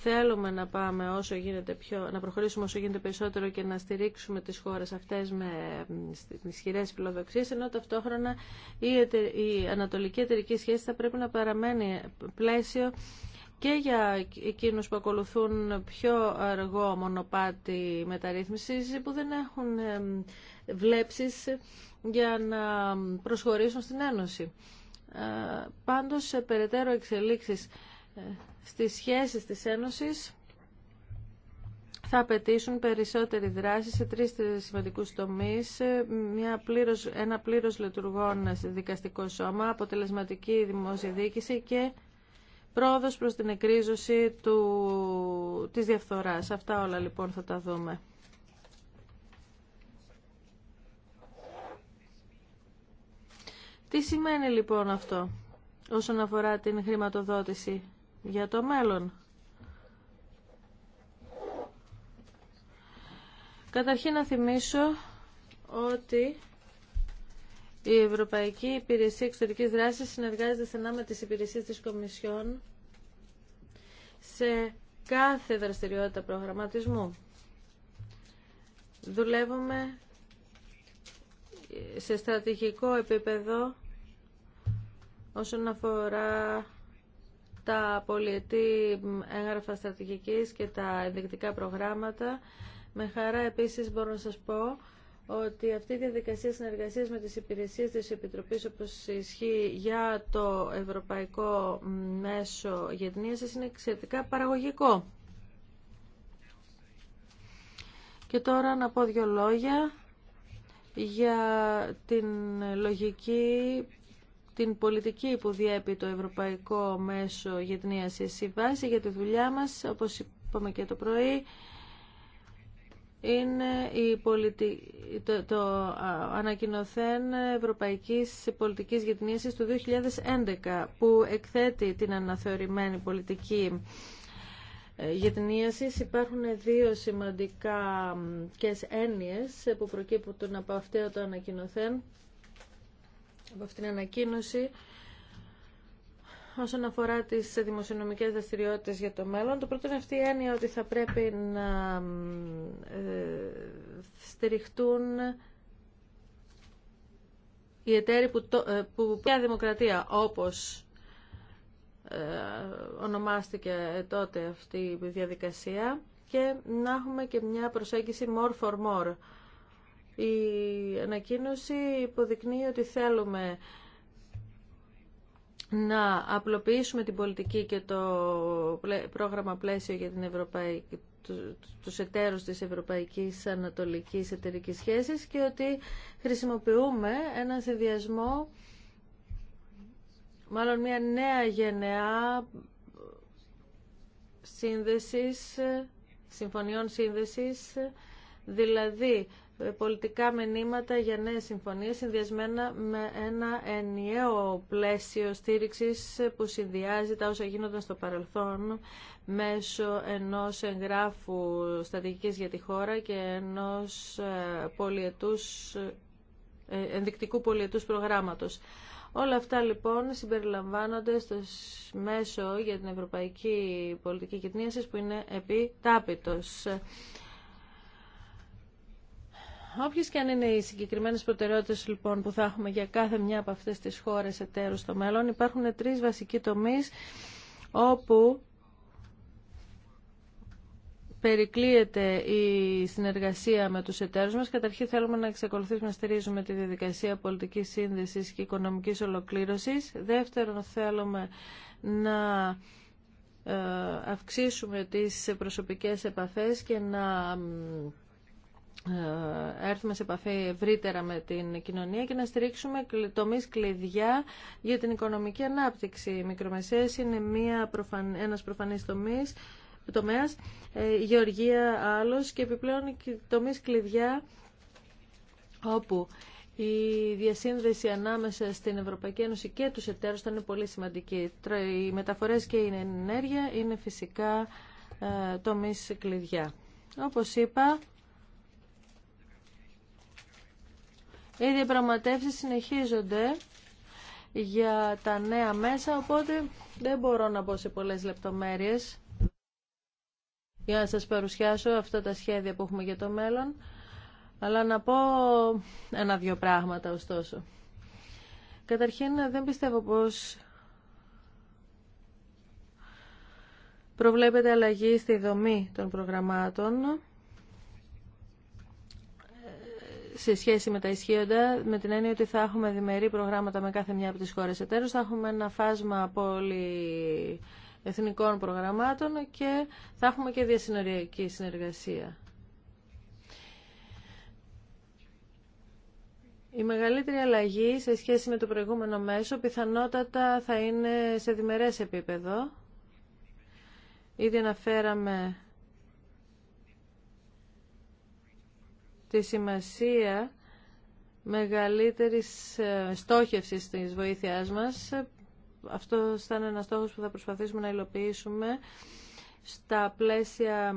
Θέλουμε να πάμε όσο γίνεται πιο, να προχωρήσουμε όσο γίνεται περισσότερο και να στηρίξουμε τις χώρες αυτές με ισχυρέ φιλοδοξίε, ενώ ταυτόχρονα η, ανατολική εταιρική σχέση θα πρέπει να παραμένει πλαίσιο και για εκείνους που ακολουθούν πιο αργό μονοπάτι μεταρρύθμισης που δεν έχουν βλέψεις για να προσχωρήσουν στην Ένωση. Πάντως, σε περαιτέρω εξελίξεις ε, στις σχέσεις της Ένωσης θα απαιτήσουν περισσότερη δράση σε τρεις σημαντικούς τομείς, ε, μια πλήρως, ένα πλήρως λειτουργών δικαστικό σώμα, αποτελεσματική δημόσια και πρόοδος προς την εκρίζωση του, της διαφθοράς. Αυτά όλα λοιπόν θα τα δούμε. Τι σημαίνει λοιπόν αυτό όσον αφορά την χρηματοδότηση για το μέλλον. Καταρχήν να θυμίσω ότι η Ευρωπαϊκή Υπηρεσία Εξωτερικής Δράσης συνεργάζεται στενά με τις υπηρεσίες της Κομισιόν σε κάθε δραστηριότητα προγραμματισμού. Δουλεύουμε σε στρατηγικό επίπεδο όσον αφορά τα πολιετή έγγραφα στρατηγικής και τα ενδεικτικά προγράμματα. Με χαρά επίσης μπορώ να σας πω ότι αυτή η διαδικασία συνεργασίας με τις υπηρεσίες της Επιτροπής όπως ισχύει για το Ευρωπαϊκό Μέσο Γεννίασης είναι εξαιρετικά παραγωγικό. Και τώρα να πω δύο λόγια για την λογική την πολιτική που διέπει το Ευρωπαϊκό Μέσο Γετνίαση Η βάση για τη δουλειά μας, όπως είπαμε και το πρωί, είναι η το, το ανακοινωθέν Ευρωπαϊκής Πολιτικής Γετνίασης του 2011 που εκθέτει την αναθεωρημένη πολιτική ε, γετνίασης. Υπάρχουν δύο σημαντικά και έννοιες που προκύπτουν από αυτό το ανακοινωθέν αυτήν την ανακοίνωση όσον αφορά τις δημοσιονομικές δραστηριότητε για το μέλλον. Το πρώτο είναι αυτή η έννοια ότι θα πρέπει να ε, στηριχτούν οι εταίροι που, το, ε, που δημοκρατία όπως ε, ονομάστηκε τότε αυτή η διαδικασία και να έχουμε και μια προσέγγιση more for more. Η ανακοίνωση υποδεικνύει ότι θέλουμε να απλοποιήσουμε την πολιτική και το πρόγραμμα πλαίσιο για την Ευρωπαϊκή τους εταίρους της Ευρωπαϊκής Ανατολικής Εταιρικής Σχέσης και ότι χρησιμοποιούμε ένα συνδυασμό, μάλλον μια νέα γενεά σύνδεσης, συμφωνιών σύνδεσης, δηλαδή πολιτικά μηνύματα για νέες συμφωνίες συνδυασμένα με ένα ενιαίο πλαίσιο στήριξης που συνδυάζει τα όσα γίνονταν στο παρελθόν μέσω ενός εγγράφου στρατηγικής για τη χώρα και ενός ε, πολιετούς, ε, ενδεικτικού πολιετούς προγράμματος. Όλα αυτά λοιπόν συμπεριλαμβάνονται στο μέσο για την ευρωπαϊκή πολιτική κοινωνία που είναι επιτάπητος. Όποιε και αν είναι οι συγκεκριμένε προτεραιότητε λοιπόν, που θα έχουμε για κάθε μια από αυτέ τι χώρε εταίρου στο μέλλον, υπάρχουν τρει βασικοί τομεί όπου περικλείεται η συνεργασία με τους εταίρους μας. Καταρχήν θέλουμε να εξακολουθήσουμε να στηρίζουμε τη διαδικασία πολιτικής σύνδεσης και οικονομικής ολοκλήρωσης. Δεύτερον, θέλουμε να ε, αυξήσουμε τις προσωπικές επαφές και να ε, έρθουμε σε επαφή ευρύτερα με την κοινωνία και να στηρίξουμε τομείς κλειδιά για την οικονομική ανάπτυξη. Οι μικρομεσαίες είναι μία προφαν... ένας προφανής τομής, τομέας, ε, η γεωργία άλλος και επιπλέον τομείς κλειδιά όπου η διασύνδεση ανάμεσα στην Ευρωπαϊκή Ένωση και τους εταίρους θα είναι πολύ σημαντική. Οι μεταφορές και η ενέργεια είναι φυσικά ε, τομείς κλειδιά. Όπως είπα, Οι διαπραγματεύσεις συνεχίζονται για τα νέα μέσα, οπότε δεν μπορώ να μπω σε πολλές λεπτομέρειες για να σας παρουσιάσω αυτά τα σχέδια που έχουμε για το μέλλον, αλλά να πω ένα-δυο πράγματα ωστόσο. Καταρχήν δεν πιστεύω πως προβλέπεται αλλαγή στη δομή των προγραμμάτων σε σχέση με τα ισχύοντα, με την έννοια ότι θα έχουμε διμερεί προγράμματα με κάθε μια από τις χώρες εταίρους, θα έχουμε ένα φάσμα εθνικών προγραμμάτων και θα έχουμε και διασυνοριακή συνεργασία. Η μεγαλύτερη αλλαγή σε σχέση με το προηγούμενο μέσο πιθανότατα θα είναι σε διμερές επίπεδο. Ήδη αναφέραμε τη σημασία μεγαλύτερης ε, στόχευσης της βοήθειάς μας. Αυτό θα είναι ένας στόχος που θα προσπαθήσουμε να υλοποιήσουμε στα πλαίσια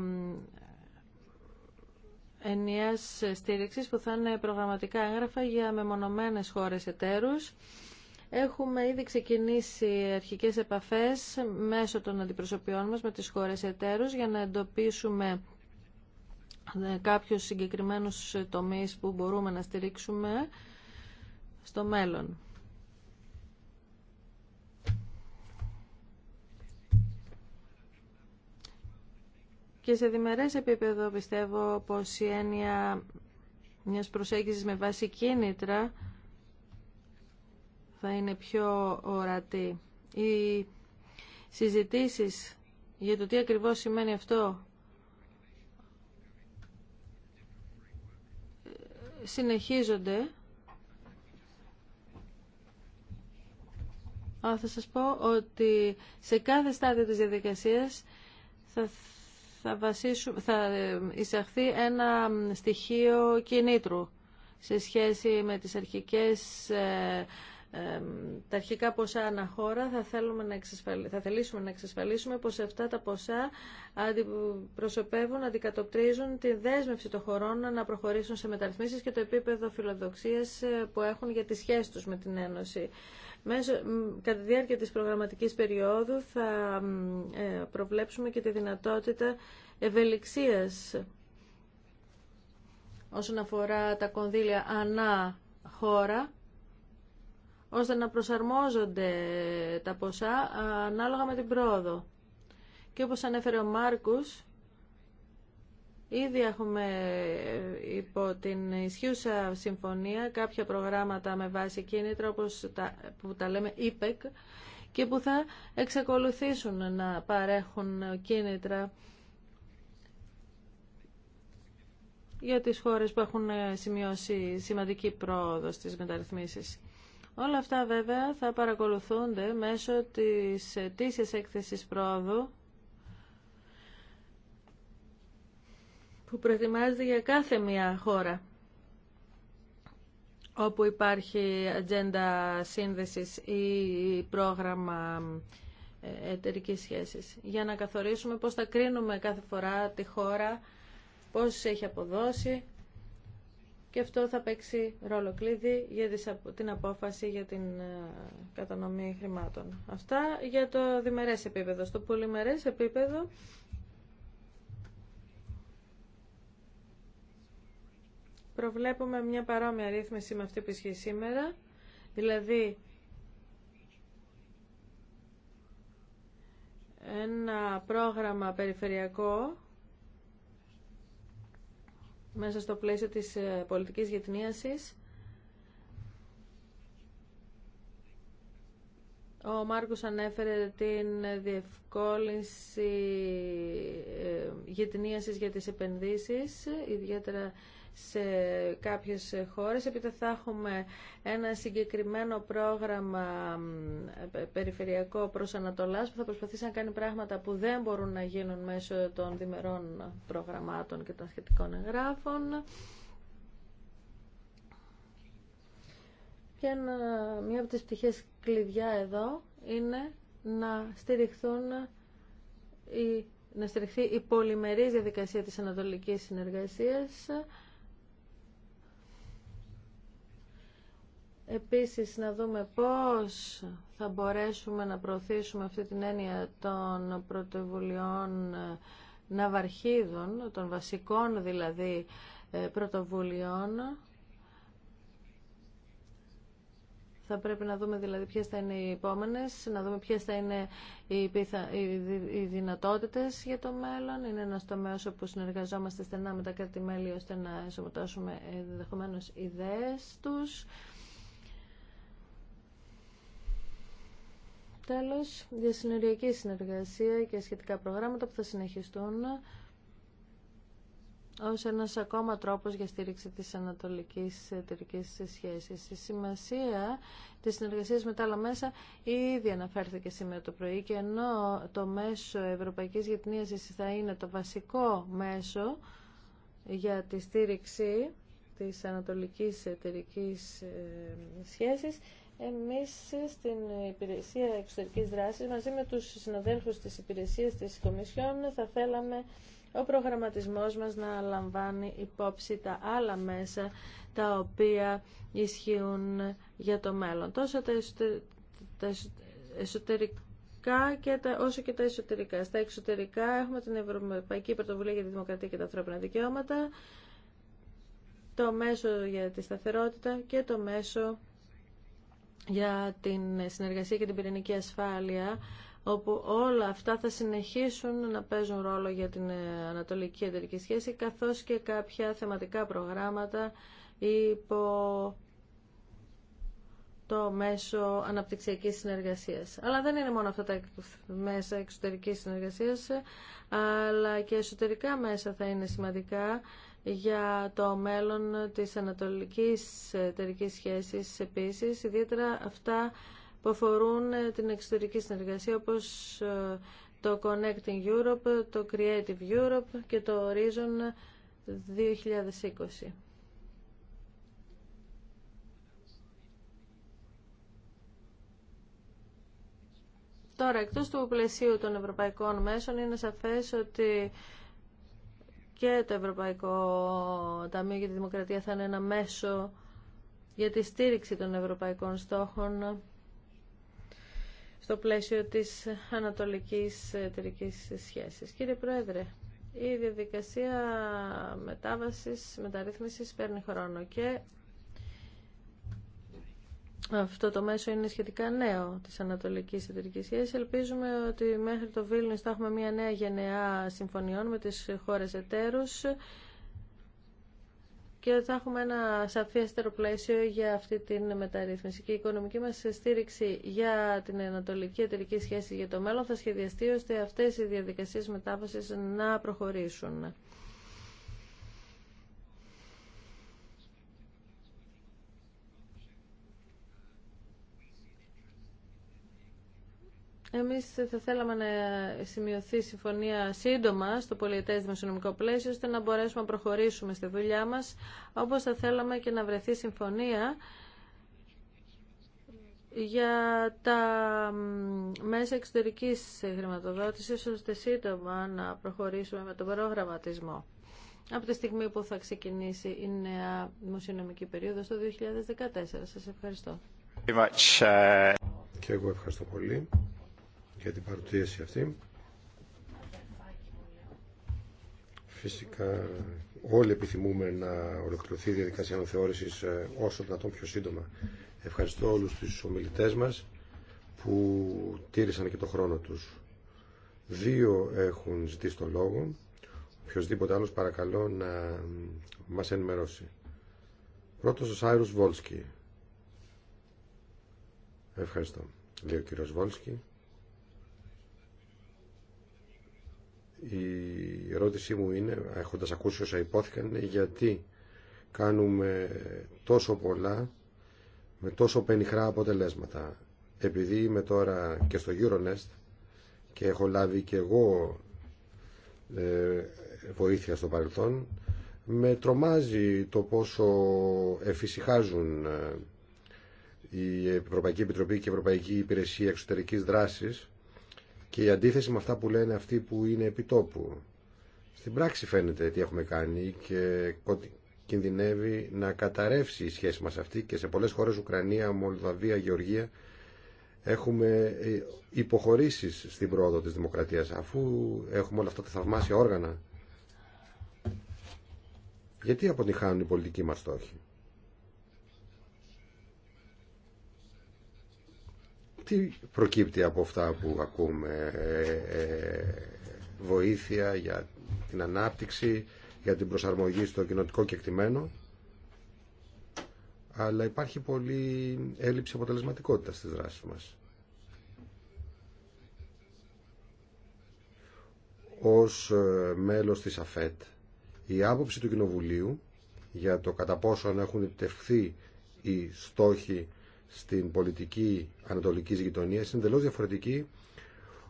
ενιαίας στήριξης που θα είναι προγραμματικά έγγραφα για μεμονωμένες χώρες εταίρους. Έχουμε ήδη ξεκινήσει αρχικές επαφές μέσω των αντιπροσωπιών μας με τις χώρες εταίρους για να εντοπίσουμε ναι, κάποιους συγκεκριμένους τομείς που μπορούμε να στηρίξουμε στο μέλλον. Και σε διμερές επίπεδο πιστεύω πως η έννοια μιας προσέγγισης με βάση κίνητρα θα είναι πιο ορατή. Οι συζητήσεις για το τι ακριβώς σημαίνει αυτό συνεχίζονται. Α, θα σας πω ότι σε κάθε στάδιο της διαδικασίας θα, θα, θα ε, εισαχθεί ένα στοιχείο κινήτρου σε σχέση με τις αρχικές ε, τα αρχικά ποσά αναχώρα θα, θέλουμε να θα θελήσουμε να εξασφαλίσουμε πως αυτά τα ποσά προσωπεύουν, αντικατοπτρίζουν τη δέσμευση των χωρών να προχωρήσουν σε μεταρρυθμίσεις και το επίπεδο φιλοδοξίας ε, που έχουν για τις σχέσεις τους με την Ένωση. Μέσω, κατά τη διάρκεια της προγραμματικής περίοδου θα ε, προβλέψουμε και τη δυνατότητα ευελιξίας όσον αφορά τα κονδύλια ανά χώρα ώστε να προσαρμόζονται τα ποσά ανάλογα με την πρόοδο. Και όπως ανέφερε ο Μάρκους, Ήδη έχουμε υπό την ισχύουσα συμφωνία κάποια προγράμματα με βάση κίνητρα όπως τα, που τα λέμε ΙΠΕΚ, και που θα εξακολουθήσουν να παρέχουν κίνητρα για τις χώρες που έχουν σημειώσει σημαντική πρόοδο στις μεταρρυθμίσεις. Όλα αυτά βέβαια θα παρακολουθούνται μέσω της αιτήσιας έκθεσης πρόοδου που προετοιμάζεται για κάθε μία χώρα όπου υπάρχει ατζέντα σύνδεσης ή πρόγραμμα ε, εταιρικής σχέσης. Για να καθορίσουμε πώς θα κρίνουμε κάθε φορά τη χώρα, πώς έχει αποδώσει και αυτό θα παίξει ρόλο κλειδί για την απόφαση για την ε, κατανομή χρημάτων. Αυτά για το διμερές επίπεδο. Στο πολυμερές επίπεδο προβλέπουμε μια παρόμοια ρύθμιση με αυτή που ισχύει σήμερα, δηλαδή ένα πρόγραμμα περιφερειακό μέσα στο πλαίσιο της ε, πολιτικής γετνίασης. Ο Μάρκος ανέφερε την διευκόλυνση ε, γετνίασης για τις επενδύσεις, ιδιαίτερα σε κάποιες χώρες. Επειδή θα έχουμε ένα συγκεκριμένο πρόγραμμα περιφερειακό προς Ανατολάς που θα προσπαθήσει να κάνει πράγματα που δεν μπορούν να γίνουν μέσω των διμερών προγραμμάτων και των σχετικών εγγράφων. Και μία από τις πτυχές κλειδιά εδώ είναι να στηριχθούν η, να στηριχθεί η πολυμερής διαδικασία της ανατολικής συνεργασίας Επίσης να δούμε πώς θα μπορέσουμε να προωθήσουμε αυτή την έννοια των πρωτοβουλειών ε, ναυαρχίδων, των βασικών δηλαδή ε, πρωτοβουλειών. Θα πρέπει να δούμε δηλαδή ποιες θα είναι οι επόμενες, να δούμε ποιες θα είναι οι, δυνατότητες για το μέλλον. Είναι ένας τομέας όπου συνεργαζόμαστε στενά με τα κράτη-μέλη ώστε να ενσωματώσουμε ενδεχομένω ιδέες τους. Τέλος, διασυνοριακή συνεργασία και σχετικά προγράμματα που θα συνεχιστούν ως ένας ακόμα τρόπος για στήριξη της ανατολικής εταιρικής σχέσης. Η σημασία της συνεργασίας με τα άλλα μέσα ήδη αναφέρθηκε σήμερα το πρωί και ενώ το μέσο Ευρωπαϊκής Γετνίασης θα είναι το βασικό μέσο για τη στήριξη της ανατολικής εταιρικής ε, σχέσης, εμείς στην Υπηρεσία Εξωτερικής Δράσης μαζί με τους συναδέλφους της Υπηρεσίας της Κομισιόν θα θέλαμε ο προγραμματισμός μας να λαμβάνει υπόψη τα άλλα μέσα τα οποία ισχύουν για το μέλλον. Τόσο τα, εσωτερικά και τα, όσο και τα εσωτερικά. Στα εξωτερικά έχουμε την Ευρωπαϊκή Πρωτοβουλία για τη Δημοκρατία και τα Ανθρώπινα Δικαιώματα, το μέσο για τη σταθερότητα και το μέσο για την συνεργασία και την πυρηνική ασφάλεια όπου όλα αυτά θα συνεχίσουν να παίζουν ρόλο για την ε, ανατολική εταιρική σχέση καθώς και κάποια θεματικά προγράμματα υπό το μέσο αναπτυξιακής συνεργασίας. Αλλά δεν είναι μόνο αυτά τα μέσα εξωτερικής συνεργασίας, ε, αλλά και εσωτερικά μέσα θα είναι σημαντικά για το μέλλον της ανατολικής εταιρικής σχέσης επίσης, ιδιαίτερα αυτά που αφορούν την εξωτερική συνεργασία όπως ε, το Connecting Europe, το Creative Europe και το Horizon 2020. Τώρα, εκτός του πλαισίου των ευρωπαϊκών μέσων, είναι σαφές ότι και το Ευρωπαϊκό Ταμείο για τη Δημοκρατία θα είναι ένα μέσο για τη στήριξη των ευρωπαϊκών στόχων στο πλαίσιο της ανατολικής εταιρικής σχέσης. Κύριε Πρόεδρε, η διαδικασία μετάβασης, μεταρρύθμισης παίρνει χρόνο και αυτό το μέσο είναι σχετικά νέο της Ανατολικής Εταιρικής Σχέσης. Ελπίζουμε ότι μέχρι το Βίλνιος θα έχουμε μια νέα γενεά συμφωνιών με τις χώρες εταίρους και θα έχουμε ένα σαφέστερο πλαίσιο για αυτή την μεταρρύθμιση. Και η οικονομική μας στήριξη για την Ανατολική Εταιρική Σχέση για το μέλλον θα σχεδιαστεί ώστε αυτές οι διαδικασίες μετάβασης να προχωρήσουν. Εμείς θα θέλαμε να σημειωθεί συμφωνία σύντομα στο πολιτεύσιο δημοσιονομικό πλαίσιο, ώστε να μπορέσουμε να προχωρήσουμε στη δουλειά μας, όπως θα θέλαμε και να βρεθεί συμφωνία για τα μέσα εξωτερικής χρηματοδότησης, ώστε σύντομα να προχωρήσουμε με τον προγραμματισμό από τη στιγμή που θα ξεκινήσει η νέα δημοσιονομική περίοδος το 2014. Σας ευχαριστώ. Uh, εγώ ευχαριστώ πολύ για την παρουσίαση αυτή. Φυσικά όλοι επιθυμούμε να ολοκληρωθεί η διαδικασία αναθεώρησης ε, όσο δυνατόν πιο σύντομα. Ευχαριστώ όλους τους ομιλητές μας που τήρησαν και το χρόνο τους. Δύο έχουν ζητήσει τον λόγο. Οποιοςδήποτε άλλος παρακαλώ να μας ενημερώσει. Πρώτος ο Σάιρους Βόλσκι. Ευχαριστώ. Λέει ο Βόλσκι. Η ερώτησή μου είναι, έχοντας ακούσει όσα υπόθηκαν, γιατί κάνουμε τόσο πολλά με τόσο πενιχρά αποτελέσματα. Επειδή είμαι τώρα και στο Euronest και έχω λάβει και εγώ ε, βοήθεια στο παρελθόν, με τρομάζει το πόσο εφησυχάζουν ε, η Ευρωπαϊκή Επιτροπή και η Ευρωπαϊκή Υπηρεσία Εξωτερικής Δράσης και η αντίθεση με αυτά που λένε αυτοί που είναι επιτόπου. Στην πράξη φαίνεται τι έχουμε κάνει και κινδυνεύει να καταρρεύσει η σχέση μας αυτή και σε πολλές χώρες Ουκρανία, Μολδαβία, Γεωργία έχουμε ε, υποχωρήσεις στην πρόοδο της δημοκρατίας αφού έχουμε όλα αυτά τα θαυμάσια όργανα. Γιατί αποτυχάνουν οι πολιτικοί μας στόχοι. Τι προκύπτει από αυτά που ακούμε, ε, ε, βοήθεια για την ανάπτυξη, για την προσαρμογή στο κοινοτικό κεκτημένο, αλλά υπάρχει πολύ έλλειψη αποτελεσματικότητας στις δράσεις μας. Ως ε, μέλος της ΑΦΕΤ, η άποψη του Κοινοβουλίου για το κατά πόσο έχουν επιτευχθεί οι στόχοι στην πολιτική ανατολική γειτονία είναι τελώς διαφορετική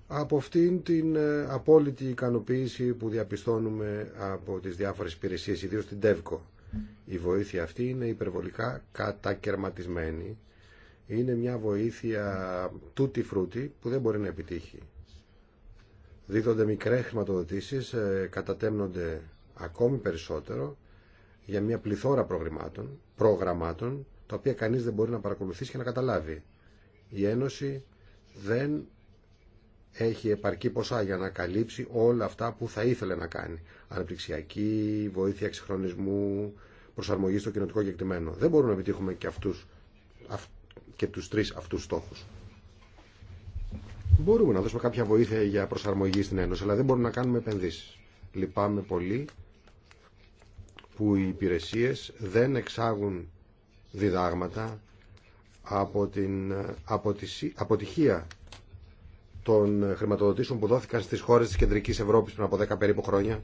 από αυτήν την ε, απόλυτη ικανοποίηση που διαπιστώνουμε από τις διάφορες υπηρεσίε, ιδίως την ΤΕΒΚΟ. Η βοήθεια αυτή είναι υπερβολικά κατακαιρματισμένη. Είναι μια βοήθεια τούτη φρούτη που δεν μπορεί να επιτύχει. Δίδονται μικρέ χρηματοδοτήσει ε, κατατέμνονται ακόμη περισσότερο για μια πληθώρα προγραμμάτων, προγραμμάτων τα οποία κανείς δεν μπορεί να παρακολουθήσει και να καταλάβει. Η Ένωση δεν έχει επαρκή ποσά για να καλύψει όλα αυτά που θα ήθελε να κάνει. Αναπτυξιακή, βοήθεια εξυγχρονισμού, προσαρμογή στο κοινοτικό κεκτημένο. Δεν μπορούμε να επιτύχουμε και, αυτούς, αυ, και τους τρεις αυτούς στόχους. Μπορούμε να δώσουμε κάποια βοήθεια για προσαρμογή στην Ένωση, αλλά δεν μπορούμε να κάνουμε επενδύσεις. Λυπάμαι πολύ που οι υπηρεσίες δεν εξάγουν διδάγματα από την αποτυχία των χρηματοδοτήσεων που δόθηκαν στις χώρες της Κεντρικής Ευρώπης πριν από 10 περίπου χρόνια.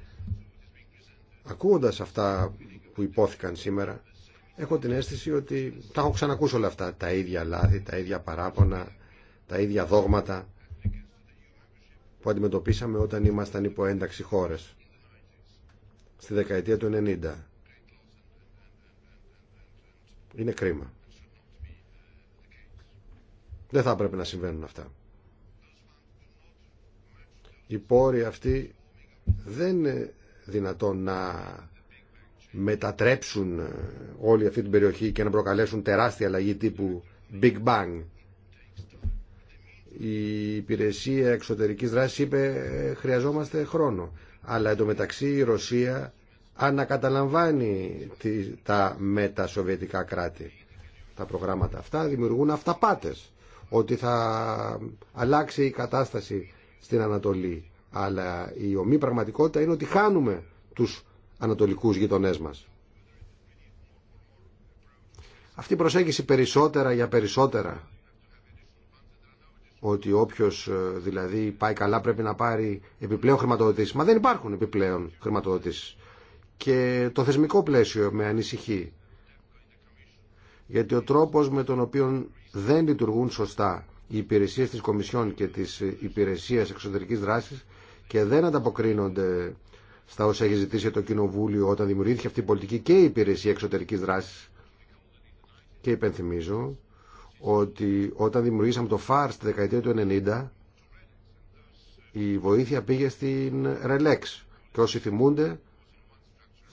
Ακούγοντας αυτά που υπόθηκαν σήμερα, έχω την αίσθηση ότι τα έχω ξανακούσει όλα αυτά. Τα ίδια λάθη, τα ίδια παράπονα, τα ίδια δόγματα που αντιμετωπίσαμε όταν ήμασταν υπό ένταξη χώρες στη δεκαετία του 90. Είναι κρίμα. Δεν θα έπρεπε να συμβαίνουν αυτά. Οι πόροι αυτοί δεν είναι δυνατόν να μετατρέψουν όλη αυτή την περιοχή και να προκαλέσουν τεράστια αλλαγή τύπου Big Bang. Η υπηρεσία εξωτερικής δράσης είπε «Ε, χρειαζόμαστε χρόνο. Αλλά εντωμεταξύ η Ρωσία ανακαταλαμβάνει τα μετασοβιετικά κράτη. Τα προγράμματα αυτά δημιουργούν αυταπάτες ότι θα αλλάξει η κατάσταση στην Ανατολή. Αλλά η ομή πραγματικότητα είναι ότι χάνουμε τους ανατολικούς γειτονές μας. Αυτή η προσέγγιση περισσότερα για περισσότερα ότι όποιος ε, δηλαδή πάει καλά πρέπει να πάρει επιπλέον χρηματοδοτήσεις. Μα δεν υπάρχουν επιπλέον χρηματοδοτήσεις. Και το θεσμικό πλαίσιο με ανησυχεί. Γιατί ο τρόπος με τον οποίο δεν λειτουργούν σωστά οι υπηρεσίες της Κομισιόν και της υπηρεσίας εξωτερικής δράσης και δεν ανταποκρίνονται στα όσα έχει ζητήσει το Κοινοβούλιο όταν δημιουργήθηκε αυτή η πολιτική και η υπηρεσία εξωτερικής δράσης. Και υπενθυμίζω ότι όταν δημιουργήσαμε το ΦΑΡ στη δεκαετία του 90 η βοήθεια πήγε στην ΡΕΛΕΞ και όσοι θυμούνται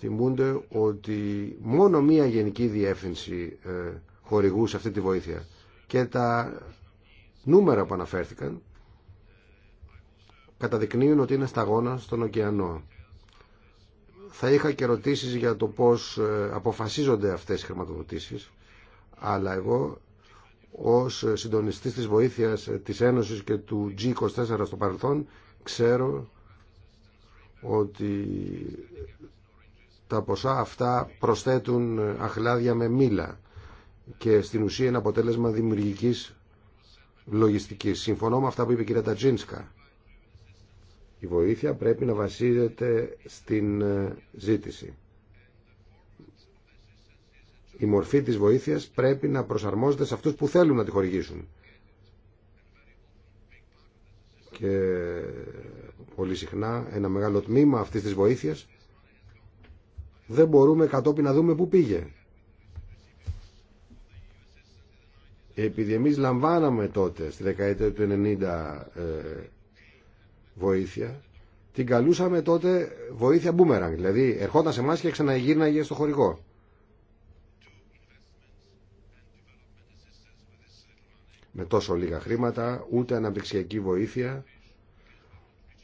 θυμούνται ότι μόνο μία γενική διεύθυνση ε, χορηγούσε αυτή τη βοήθεια και τα νούμερα που αναφέρθηκαν καταδεικνύουν ότι είναι σταγόνα στον ωκεανό. Θα είχα και ερωτήσει για το πώς ε, αποφασίζονται αυτές οι χρηματοδοτήσεις, αλλά εγώ ως συντονιστής της βοήθειας ε, της Ένωσης και του G24 στο παρελθόν ξέρω ότι τα ποσά αυτά προσθέτουν αχλάδια με μήλα και στην ουσία είναι αποτέλεσμα δημιουργικής λογιστικής. Συμφωνώ με αυτά που είπε η κυρία Τατζίνσκα. Η βοήθεια πρέπει να βασίζεται στην ε, ζήτηση. Η μορφή της βοήθειας πρέπει να προσαρμόζεται σε αυτούς που θέλουν να τη χορηγήσουν. Και πολύ συχνά ένα μεγάλο τμήμα αυτής της βοήθειας δεν μπορούμε κατόπιν να δούμε πού πήγε. Επειδή εμείς λαμβάναμε τότε, στη δεκαετία του 90, ε, βοήθεια, την καλούσαμε τότε βοήθεια μπούμεραγκ. Δηλαδή, ερχόταν σε εμά και ξαναγύρναγε στο χωρικό. Με τόσο λίγα χρήματα, ούτε αναπτυξιακή βοήθεια,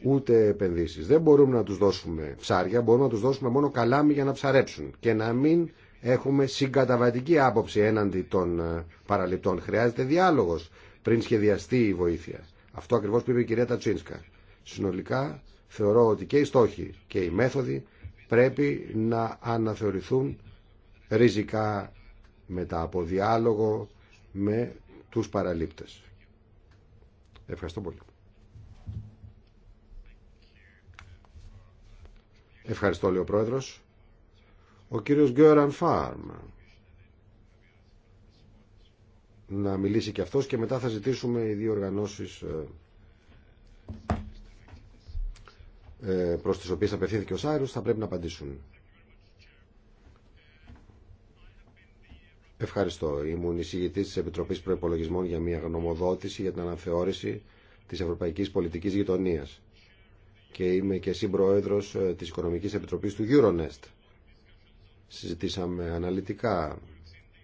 ούτε επενδύσεις. Δεν μπορούμε να τους δώσουμε ψάρια, μπορούμε να τους δώσουμε μόνο καλάμι για να ψαρέψουν και να μην έχουμε συγκαταβατική άποψη έναντι των ε, παραληπτών. Χρειάζεται διάλογος πριν σχεδιαστεί η βοήθεια. Αυτό ακριβώς που είπε η κυρία Τατσίνσκα. Συνολικά θεωρώ ότι και οι στόχοι και οι μέθοδοι πρέπει να αναθεωρηθούν ριζικά μετά από διάλογο με τους παραλήπτες. Ευχαριστώ πολύ. Ευχαριστώ, λέει ο Πρόεδρος. Ο κύριος Γκέραν Φάρμ. Να μιλήσει και αυτός και μετά θα ζητήσουμε οι δύο οργανώσεις ε, ε, προς τις οποίες απευθύνθηκε ο Σάιρους θα πρέπει να απαντήσουν. Ευχαριστώ. Ήμουν εισηγητής της Επιτροπής Προϋπολογισμών για μια γνωμοδότηση για την αναθεώρηση της Ευρωπαϊκής Πολιτικής Γειτονίας και είμαι και συμπροέδρος ε, της Οικονομικής Επιτροπής του Euronest. Συζητήσαμε αναλυτικά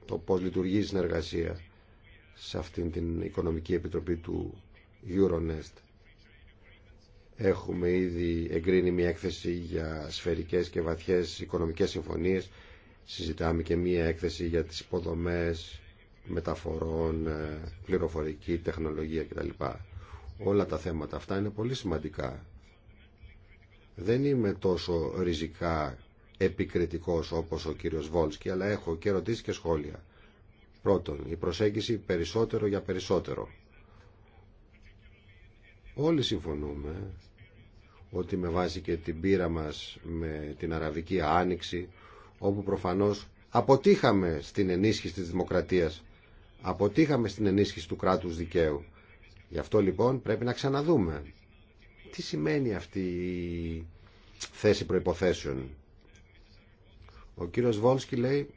το πώς λειτουργεί η συνεργασία σε αυτήν την Οικονομική Επιτροπή του Euronest. Έχουμε ήδη εγκρίνει μια έκθεση για σφαιρικές και βαθιές οικονομικές συμφωνίες. Συζητάμε και μια έκθεση για τις υποδομές μεταφορών, ε, πληροφορική, τεχνολογία κτλ. Όλα τα θέματα αυτά είναι πολύ σημαντικά δεν είμαι τόσο ριζικά επικριτικός όπως ο κύριος Βόλσκι, αλλά έχω και ερωτήσει και σχόλια. Πρώτον, η προσέγγιση περισσότερο για περισσότερο. Όλοι συμφωνούμε ότι με βάση και την πείρα μας με την Αραβική Άνοιξη, όπου προφανώς αποτύχαμε στην ενίσχυση της δημοκρατίας, αποτύχαμε στην ενίσχυση του κράτους δικαίου. Γι' αυτό λοιπόν πρέπει να ξαναδούμε τι σημαίνει αυτή η θέση προϋποθέσεων. Ο κύριος Βόλσκι λέει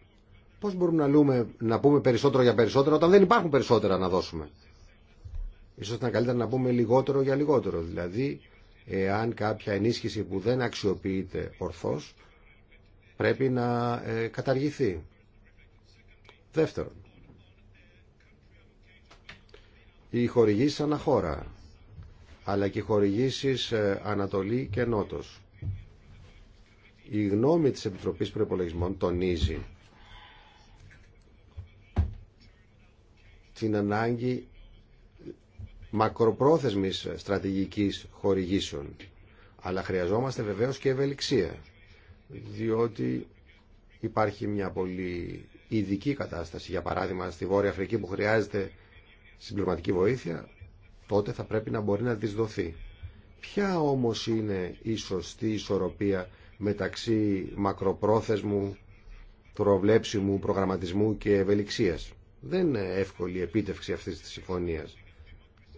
πώς μπορούμε να, λούμε, να πούμε περισσότερο για περισσότερο όταν δεν υπάρχουν περισσότερα να δώσουμε. Ίσως ήταν καλύτερα να πούμε λιγότερο για λιγότερο. Δηλαδή, εάν κάποια ενίσχυση που δεν αξιοποιείται ορθώς, πρέπει να ε, καταργηθεί. Δεύτερον, οι σαν αναχώρα αλλά και χορηγήσεις ε, Ανατολή και Νότος. Η γνώμη της Επιτροπής Προπολογισμών τονίζει την ανάγκη μακροπρόθεσμης στρατηγικής χορηγήσεων. Αλλά χρειαζόμαστε βεβαίως και ευελιξία, διότι υπάρχει μια πολύ ειδική κατάσταση, για παράδειγμα στη Βόρεια Αφρική που χρειάζεται συμπληρωματική βοήθεια, τότε θα πρέπει να μπορεί να δοθεί. Ποια όμως είναι η σωστή ισορροπία μεταξύ μακροπρόθεσμου, προβλέψιμου προγραμματισμού και ευελιξίας. Δεν είναι εύκολη η επίτευξη αυτής της συμφωνίας.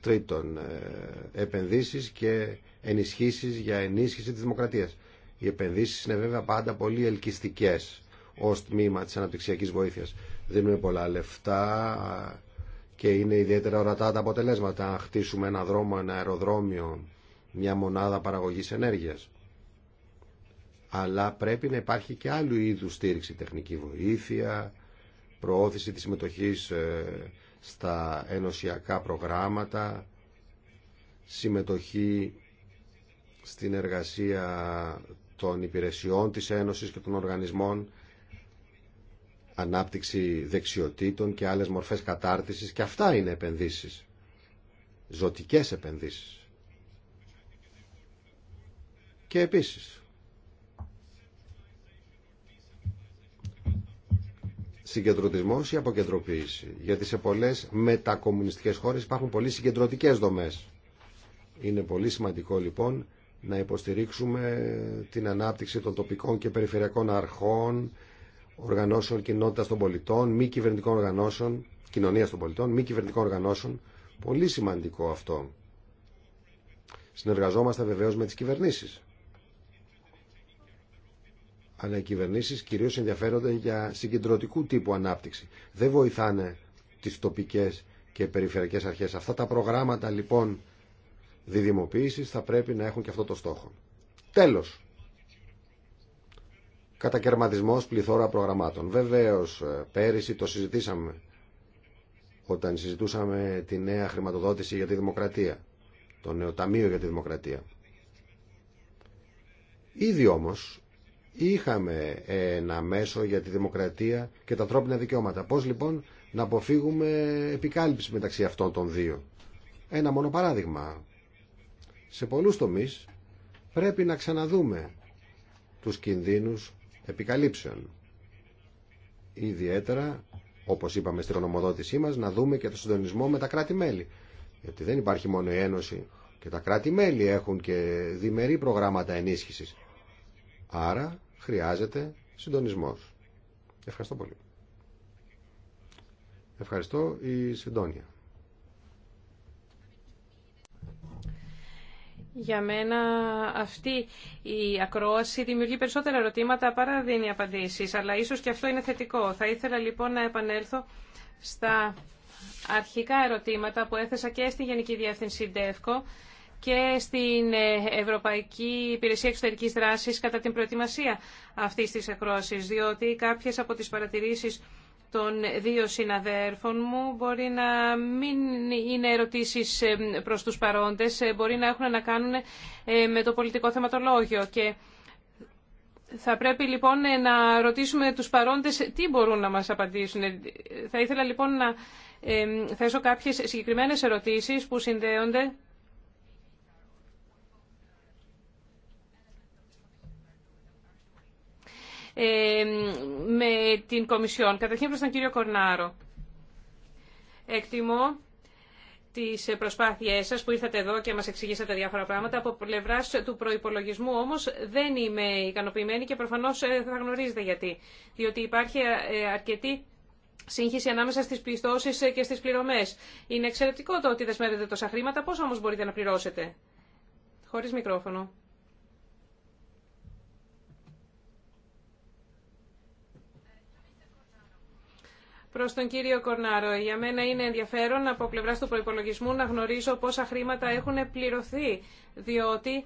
Τρίτον, ε, επενδύσεις και ενισχύσεις για ενίσχυση της δημοκρατίας. Οι επενδύσεις είναι βέβαια πάντα πολύ ελκυστικές ως τμήμα της αναπτυξιακής βοήθειας. Δίνουμε πολλά λεφτά και είναι ιδιαίτερα ορατά τα αποτελέσματα. Αν χτίσουμε ένα δρόμο, ένα αεροδρόμιο, μια μονάδα παραγωγής ενέργειας. Αλλά πρέπει να υπάρχει και άλλου είδου στήριξη, τεχνική βοήθεια, προώθηση της συμμετοχής ε, στα ενωσιακά προγράμματα, συμμετοχή στην εργασία των υπηρεσιών της Ένωσης και των οργανισμών ανάπτυξη δεξιοτήτων και άλλες μορφές κατάρτισης και αυτά είναι επενδύσεις, ζωτικές επενδύσεις. Και επίσης, συγκεντρωτισμός ή αποκεντροποίηση, γιατί σε πολλές μετακομμουνιστικές χώρες υπάρχουν πολύ συγκεντρωτικές δομές. Είναι πολύ σημαντικό λοιπόν να υποστηρίξουμε την ανάπτυξη των τοπικών και περιφερειακών αρχών, οργανώσεων κοινότητα των πολιτών, μη κυβερνητικών οργανώσεων, κοινωνία των πολιτών, μη κυβερνητικών οργανώσεων. Πολύ σημαντικό αυτό. Συνεργαζόμαστε βεβαίω με τι κυβερνήσει. Αλλά οι κυβερνήσει κυρίω ενδιαφέρονται για συγκεντρωτικού τύπου ανάπτυξη. Δεν βοηθάνε τι τοπικέ και περιφερειακέ αρχέ. Αυτά τα προγράμματα λοιπόν διδημοποίηση θα πρέπει να έχουν και αυτό το στόχο. Τέλος, κατακαιρματισμό πληθώρα προγραμμάτων. Βεβαίω ε, πέρυσι το συζητήσαμε όταν συζητούσαμε τη νέα χρηματοδότηση για τη δημοκρατία, το νέο ταμείο για τη δημοκρατία. Ήδη όμως είχαμε ένα μέσο για τη δημοκρατία και τα ανθρώπινα δικαιώματα. Πώς λοιπόν να αποφύγουμε επικάλυψη μεταξύ αυτών των δύο. Ένα μόνο παράδειγμα. Σε πολλούς τομείς πρέπει να ξαναδούμε τους κινδύνους επικαλύψεων. Ιδιαίτερα, όπως είπαμε στην ονομοδότησή μας, να δούμε και το συντονισμό με τα κράτη-μέλη. Γιατί δεν υπάρχει μόνο η Ένωση και τα κράτη-μέλη έχουν και διμερεί προγράμματα ενίσχυσης. Άρα χρειάζεται συντονισμός. Ευχαριστώ πολύ. Ευχαριστώ η Συντόνια. Για μένα αυτή η ακρόαση δημιουργεί περισσότερα ερωτήματα παρά δίνει απαντήσεις, αλλά ίσως και αυτό είναι θετικό. Θα ήθελα λοιπόν να επανέλθω στα αρχικά ερωτήματα που έθεσα και στην Γενική Διεύθυνση ΔΕΦΚΟ και στην ε, Ευρωπαϊκή Υπηρεσία Εξωτερικής Δράσης κατά την προετοιμασία αυτής της ακρόασης, διότι κάποιες από τις παρατηρήσεις των δύο συναδέρφων μου μπορεί να μην είναι ερωτήσεις ε, προς τους παρόντες, ε, μπορεί να έχουν να κάνουν ε, με το πολιτικό θεματολόγιο και θα πρέπει λοιπόν να ρωτήσουμε τους παρόντες τι μπορούν να μας απαντήσουν. Θα ήθελα λοιπόν να θέσω κάποιες συγκεκριμένες ερωτήσεις που συνδέονται Ε, με την Κομισιόν. Καταρχήν προς τον κύριο Κορνάρο. Εκτιμώ τις προσπάθειές σας που ήρθατε εδώ και μας εξηγήσατε διάφορα πράγματα. Από πλευρά του προϋπολογισμού όμως δεν είμαι ικανοποιημένη και προφανώς ε, θα γνωρίζετε γιατί. Διότι υπάρχει ε, αρκετή σύγχυση ανάμεσα στις πιστώσει και στις πληρωμές. Είναι εξαιρετικό το ότι δεσμεύετε τόσα χρήματα. Πώ όμω μπορείτε να πληρώσετε. Χωρί μικρόφωνο. Προ τον κύριο Κορνάρο, για μένα είναι ενδιαφέρον από πλευρά του προπολογισμού να γνωρίζω πόσα χρήματα έχουν πληρωθεί, διότι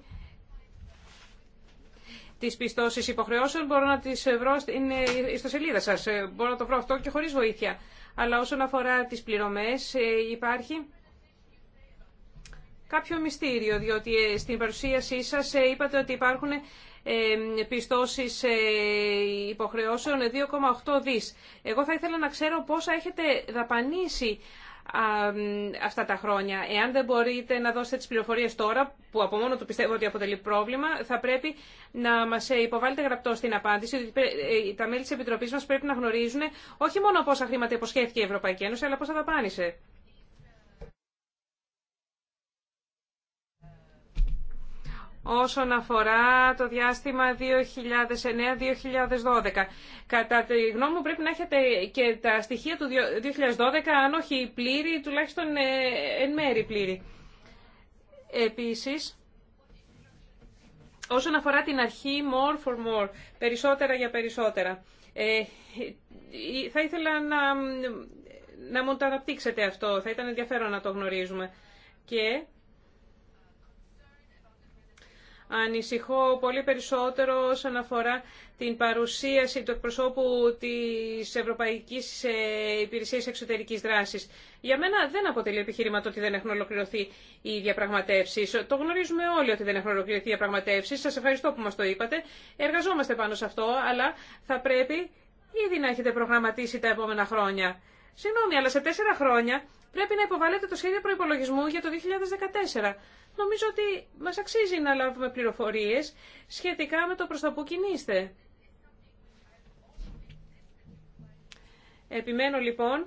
τι πιστώσει υποχρεώσεων μπορώ να τι βρω στην ιστοσελίδα ε, σα. Ε, μπορώ να το βρω αυτό και χωρί βοήθεια. Αλλά όσον αφορά τι πληρωμέ, ε, υπάρχει κάποιο μυστήριο, διότι στην παρουσίασή σα είπατε ότι υπάρχουν πιστώσεις ε, υποχρεώσεων 2,8 δις. Εγώ θα ήθελα να ξέρω πόσα έχετε δαπανίσει αυτά τα χρόνια. Εάν δεν μπορείτε να δώσετε τις πληροφορίες τώρα, που από μόνο του πιστεύω ότι αποτελεί πρόβλημα, θα πρέπει να μας ε, υποβάλλετε γραπτό στην απάντηση ότι ε, τα μέλη της Επιτροπής μας πρέπει να γνωρίζουν όχι μόνο πόσα χρήματα υποσχέθηκε η Ευρωπαϊκή Ένωση, αλλά πόσα δαπάνησε. όσον αφορά το διάστημα 2009-2012. Κατά τη γνώμη μου πρέπει να έχετε και τα στοιχεία του 2012, αν όχι πλήρη, τουλάχιστον ε, εν μέρη πλήρη. Επίσης, όσον αφορά την αρχή more for more, περισσότερα για περισσότερα, ε, ε, θα ήθελα να, να μου το αναπτύξετε αυτό, θα ήταν ενδιαφέρον να το γνωρίζουμε. Και Ανησυχώ πολύ περισσότερο όσον αφορά την παρουσίαση του εκπροσώπου της Ευρωπαϊκής ε, Υπηρεσίας Εξωτερικής Δράσης. Για μένα δεν αποτελεί επιχείρημα το ότι δεν έχουν ολοκληρωθεί οι διαπραγματεύσει. Το γνωρίζουμε όλοι ότι δεν έχουν ολοκληρωθεί οι διαπραγματεύσεις. Σας ευχαριστώ που μας το είπατε. Εργαζόμαστε πάνω σε αυτό, αλλά θα πρέπει ήδη να έχετε προγραμματίσει τα επόμενα χρόνια. Συγγνώμη, αλλά σε τέσσερα χρόνια πρέπει να υποβάλλετε το σχέδιο προπολογισμού για το 2014. Νομίζω ότι μα αξίζει να λάβουμε πληροφορίε σχετικά με το προ τα που κινείστε. Επιμένω λοιπόν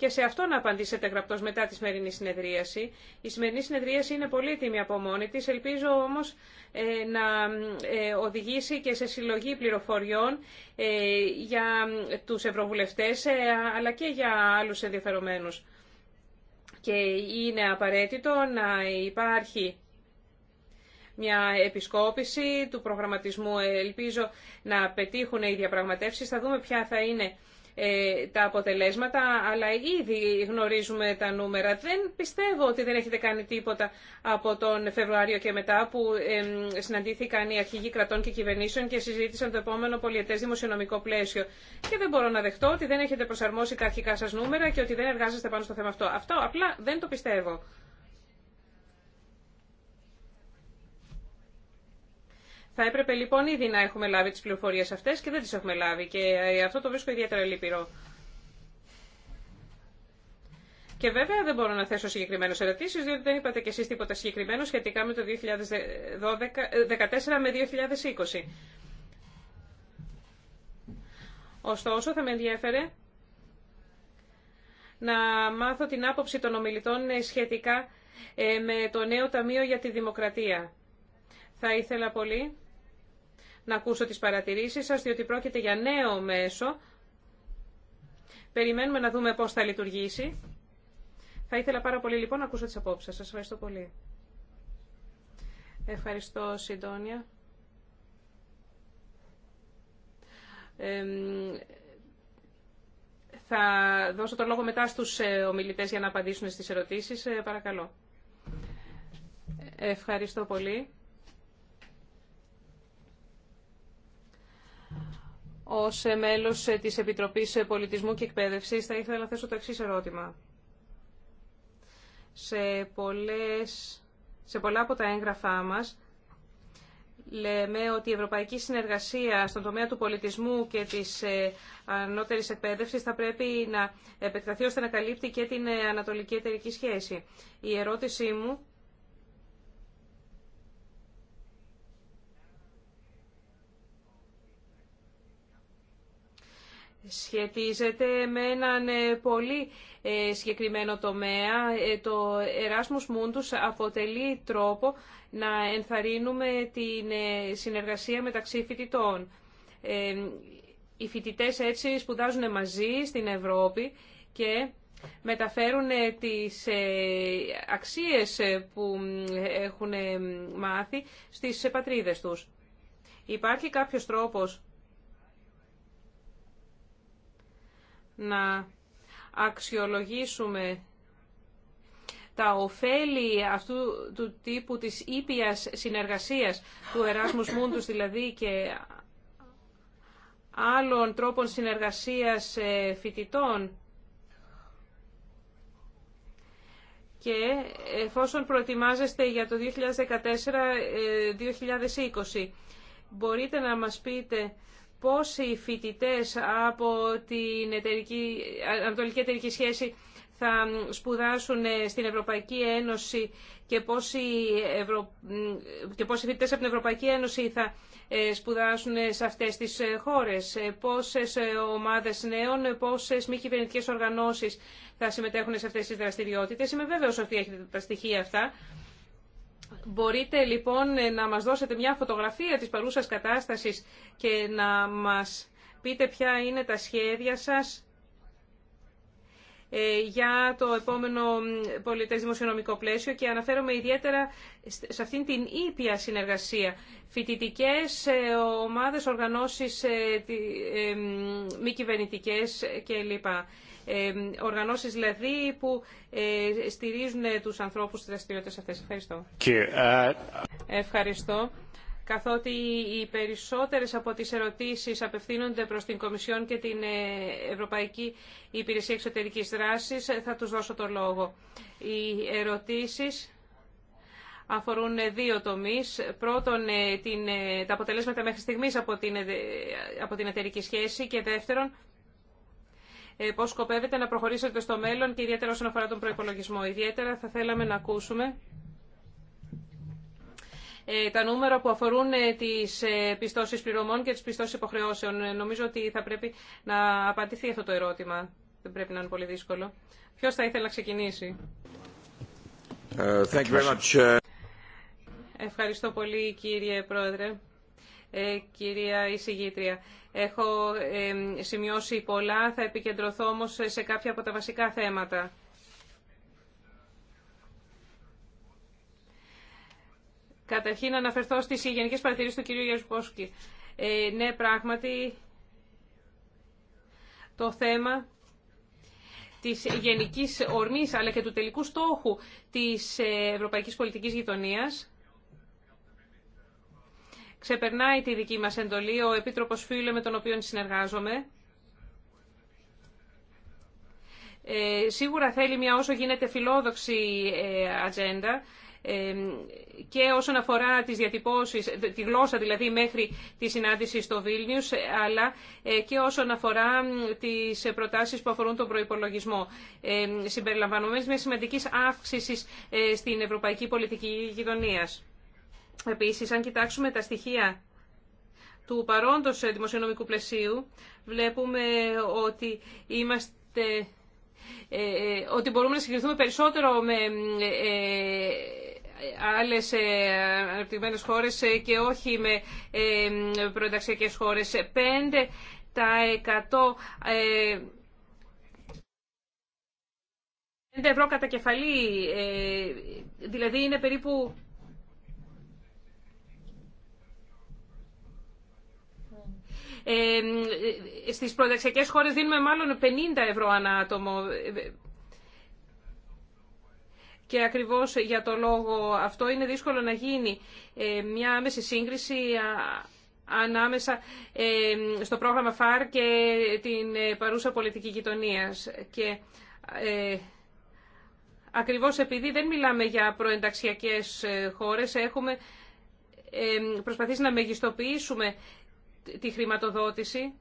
και σε αυτό να απαντήσετε γραπτό μετά τη σημερινή συνεδρίαση. Η σημερινή συνεδρίαση είναι πολύτιμη από μόνη τη, ελπίζω όμως ε, να ε, οδηγήσει και σε συλλογή πληροφοριών ε, για τους ευρωβουλευτές αλλά και για άλλους ενδιαφερομένους. Και είναι απαραίτητο να υπάρχει μια επισκόπηση του προγραμματισμού. Ελπίζω να πετύχουν οι διαπραγματεύσεις. Θα δούμε ποια θα είναι ε, τα αποτελέσματα, αλλά ήδη γνωρίζουμε τα νούμερα. Δεν πιστεύω ότι δεν έχετε κάνει τίποτα από τον Φεβρουάριο και μετά που συναντήθηκαν οι αρχηγοί κρατών και κυβερνήσεων και συζήτησαν το επόμενο πολιετέ δημοσιονομικό πλαίσιο. Και δεν μπορώ να δεχτώ ότι δεν έχετε προσαρμόσει τα αρχικά σα νούμερα και ότι δεν εργάζεστε πάνω στο θέμα αυτό. Αυτό απλά δεν το πιστεύω. Θα έπρεπε λοιπόν ήδη να έχουμε λάβει τι πληροφορίε αυτέ και δεν τι έχουμε λάβει και ε, αυτό το βρίσκω ιδιαίτερα λύπηρο. Και βέβαια δεν μπορώ να θέσω συγκεκριμένε ερωτήσει, διότι δεν είπατε κι εσεί τίποτα συγκεκριμένο σχετικά με το 2014 ε, με 2020. Ωστόσο, θα με ενδιέφερε να μάθω την άποψη των ομιλητών ε, σχετικά με το νέο Ταμείο για τη Δημοκρατία. Θα ήθελα πολύ να ακούσω τις παρατηρήσεις σας, διότι πρόκειται για νέο μέσο. Περιμένουμε να δούμε πώς θα λειτουργήσει. Θα ήθελα πάρα πολύ λοιπόν να ακούσω τις απόψεις σας. Σας ευχαριστώ πολύ. Ευχαριστώ, Συντόνια. θα δώσω το λόγο μετά στους ε, ομιλητές για να απαντήσουν στις ερωτήσεις. Ε, παρακαλώ. Ευχαριστώ πολύ. Ω μέλο της επιτροπή Πολιτισμού και εκπαίδευση θα ήθελα να θέσω το εξή ερώτημα. Σε, πολλές, σε πολλά από τα έγγραφά μα, λέμε ότι η ευρωπαϊκή συνεργασία στον τομέα του πολιτισμού και της ε, ανώτερη εκπαίδευση θα πρέπει να επεκταθεί ώστε να καλύπτει και την ε, ανατολική εταιρική σχέση. Η ερώτησή μου σχετίζεται με έναν ε, πολύ ε, συγκεκριμένο τομέα. Ε, το Erasmus Mundus αποτελεί τρόπο να ενθαρρύνουμε την συνεργασία μεταξύ φοιτητών. Οι φοιτητές έτσι σπουδάζουν μαζί στην Ευρώπη και μεταφέρουν τις αξίες που έχουν μάθει στις πατρίδες τους. Υπάρχει κάποιος τρόπος να αξιολογήσουμε τα ωφέλη αυτού του τύπου της ήπιας συνεργασίας του Εράσμους Μούντους δηλαδή και άλλων τρόπων συνεργασίας ε, φοιτητών και εφόσον προετοιμάζεστε για το 2014-2020 ε, μπορείτε να μας πείτε πώς οι φοιτητέ από την εταιρική, ανατολική εταιρική σχέση θα σπουδάσουν στην Ευρωπαϊκή Ένωση και πόσοι οι, και πώς φοιτητές από την Ευρωπαϊκή Ένωση θα ε, σπουδάσουν σε αυτές τις ε, χώρες. Ε, πόσες ομάδες νέων, πόσες μη κυβερνητικές οργανώσεις θα συμμετέχουν σε αυτές τις δραστηριότητες. Είμαι βέβαιος ότι έχετε τα στοιχεία αυτά. Μπορείτε λοιπόν να μας δώσετε μια φωτογραφία της παρούσας κατάστασης και να μας πείτε ποια είναι τα σχέδια σας ε, για το επόμενο πολιτές δημοσιονομικό πλαίσιο και αναφέρομαι ιδιαίτερα σε αυτήν την ήπια συνεργασία. Φοιτητικέ ε, ομάδες, οργανώσεις ε, μη κυβερνητικέ κλπ. Ε, οργανώσεις δηλαδή που ε, στηρίζουν ε, τους ανθρώπους στις δραστηριότητες αυτές. Ευχαριστώ. Ευχαριστώ. Καθότι οι περισσότερες από τις ερωτήσεις απευθύνονται προς την Κομισιόν και την Ευρωπαϊκή Υπηρεσία Εξωτερικής Δράσης, θα τους δώσω το λόγο. Οι ερωτήσεις αφορούν δύο τομείς. Πρώτον, την, τα αποτελέσματα μέχρι στιγμής από την, από την εταιρική σχέση και δεύτερον, ε, πώς σκοπεύετε να προχωρήσετε στο μέλλον και ιδιαίτερα όσον αφορά τον προϋπολογισμό. Ιδιαίτερα θα θέλαμε να ακούσουμε ε, τα νούμερα που αφορούν ε, τις πιστώσεις πληρωμών και τις πιστώσεις υποχρεώσεων. Νομίζω ότι θα πρέπει να απαντηθεί αυτό το ερώτημα. Δεν πρέπει να είναι πολύ δύσκολο. Ποιος θα ήθελε να ξεκινήσει. Ευχαριστώ πολύ κύριε Πρόεδρε, κυρία Εισηγήτρια. Έχω σημειώσει πολλά, θα επικεντρωθώ όμως σε κάποια από τα βασικά θέματα. Καταρχήν, αναφερθώ στις γενικές παρατηρήσεις του κυρίου Γερσπόσκη. Ε, ναι, πράγματι, το θέμα της γενικής ορμής, αλλά και του τελικού στόχου της ε, ευρωπαϊκής πολιτικής γειτονίας ξεπερνάει τη δική μας εντολή. Ο Επίτροπος Φίλε με τον οποίο συνεργάζομαι ε, σίγουρα θέλει μια όσο γίνεται φιλόδοξη ε, ατζέντα ε, και όσον αφορά τις διατυπώσεις, τη γλώσσα δηλαδή μέχρι τη συνάντηση στο Βίλνιους, ε, αλλά και όσον αφορά τις προτάσεις που αφορούν τον προϋπολογισμό. Συμπεριλαμβανομένης μια σημαντικής αύξησης στην ευρωπαϊκή πολιτική γειτονίας. Επίσης, αν κοιτάξουμε τα στοιχεία του παρόντος δημοσιονομικού πλαισίου, βλέπουμε ότι είμαστε ε, ε, ότι μπορούμε να συγκριθούμε περισσότερο με ε, άλλες αναπτυγμένες χώρες και όχι με προενταξιακές χώρες. 5 τα 100 5 ευρώ κατά κεφαλή, δηλαδή είναι περίπου στις προενταξιακές χώρες δίνουμε μάλλον 50 ευρώ ανά άτομο. Και ακριβώς για το λόγο αυτό είναι δύσκολο να γίνει ε, μια άμεση σύγκριση ανάμεσα ε, στο πρόγραμμα ΦΑΡ και την ε, παρούσα πολιτική γειτονία. Και ε, ακριβώς επειδή δεν μιλάμε για προενταξιακές χώρες, έχουμε προσπαθήσει να μεγιστοποιήσουμε τη χρηματοδότηση.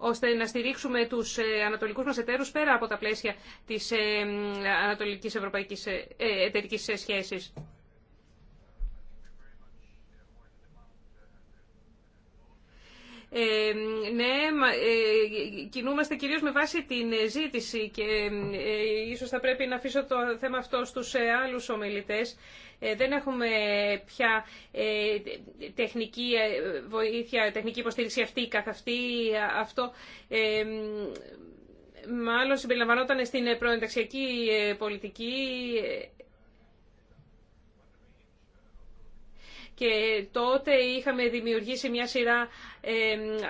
ώστε να στηρίξουμε τους ε, ανατολικούς μας εταίρους πέρα από τα πλαίσια της ε, ανατολικής ευρωπαϊκής ε, εταιρικής σχέσης. Ε, ναι, ε, κινούμαστε κυρίως με βάση την ε, ζήτηση και ίσως θα πρέπει να αφήσω το θέμα αυτό στους άλλους ομιλητές. Δεν έχουμε πια τεχνική βοήθεια, τεχνική υποστήριξη αυτή καθ' αυτή. Αυτό μάλλον συμπεριλαμβανόταν στην προενταξιακή πολιτική και τότε είχαμε δημιουργήσει μια σειρά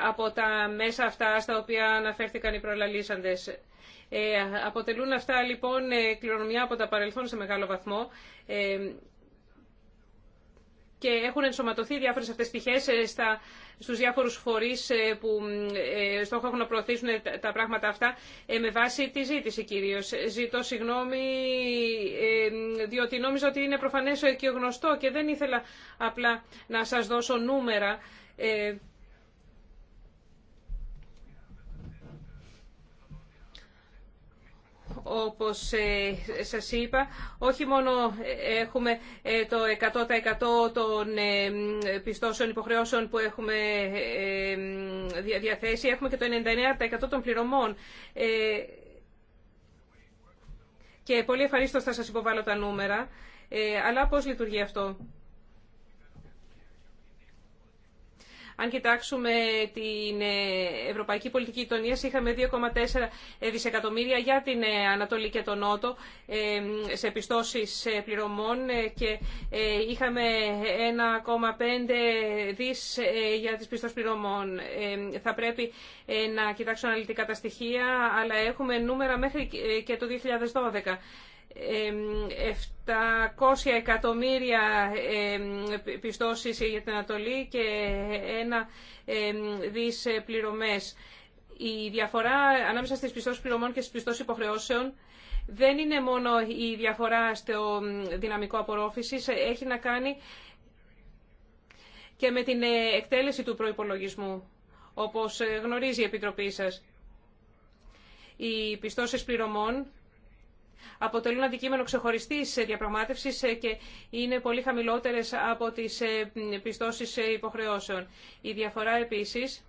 από τα μέσα αυτά στα οποία αναφέρθηκαν οι προλαλήσαντες. Ε, αποτελούν αυτά λοιπόν ε, κληρονομιά από τα παρελθόν σε μεγάλο βαθμό ε, και έχουν ενσωματωθεί διάφορες αυτές πτυχέ ε, στα, στους διάφορους φορείς ε, που ε, στόχο έχουν να προωθήσουν τα πράγματα αυτά με βάση τη ζήτηση κυρίω. Ζητώ συγγνώμη διότι νόμιζα ότι είναι προφανές και γνωστό και δεν ήθελα απλά να σας δώσω νούμερα όπως ε, σας είπα, όχι μόνο έχουμε ε, το 100% των ε, πιστώσεων υποχρεώσεων που έχουμε διαθέσει, έχουμε και το 99% των πληρωμών. Και πολύ ευχαριστώ, θα σας υποβάλω τα νούμερα. Αλλά πώς λειτουργεί αυτό. Αν κοιτάξουμε την ε, ευρωπαϊκή πολιτική γειτονία, είχαμε 2,4 δισεκατομμύρια για την ε, Ανατολή και τον Νότο ε, σε πιστώσεις πληρωμών και είχαμε 1,5 δις για τις πιστώσεις πληρωμών. Θα πρέπει να κοιτάξω αναλυτικά τα στοιχεία, αλλά έχουμε νούμερα μέχρι και το 2012. 700 εκατομμύρια πιστώσεις για την Ανατολή και ένα δις ε, πληρωμές. Η διαφορά ανάμεσα στις πιστώσεις πληρωμών και στις πιστώσεις υποχρεώσεων δεν είναι μόνο η διαφορά στο δυναμικό απορρόφησης, έχει να κάνει και με την ε, εκτέλεση του προϋπολογισμού, όπως ε, γνωρίζει η Επιτροπή σας. Οι πιστώσεις πληρωμών αποτελούν αντικείμενο ξεχωριστή διαπραγματεύση ε, και είναι πολύ χαμηλότερες από τις ε, πιστώσει ε, υποχρεώσεων. Η διαφορά επίσης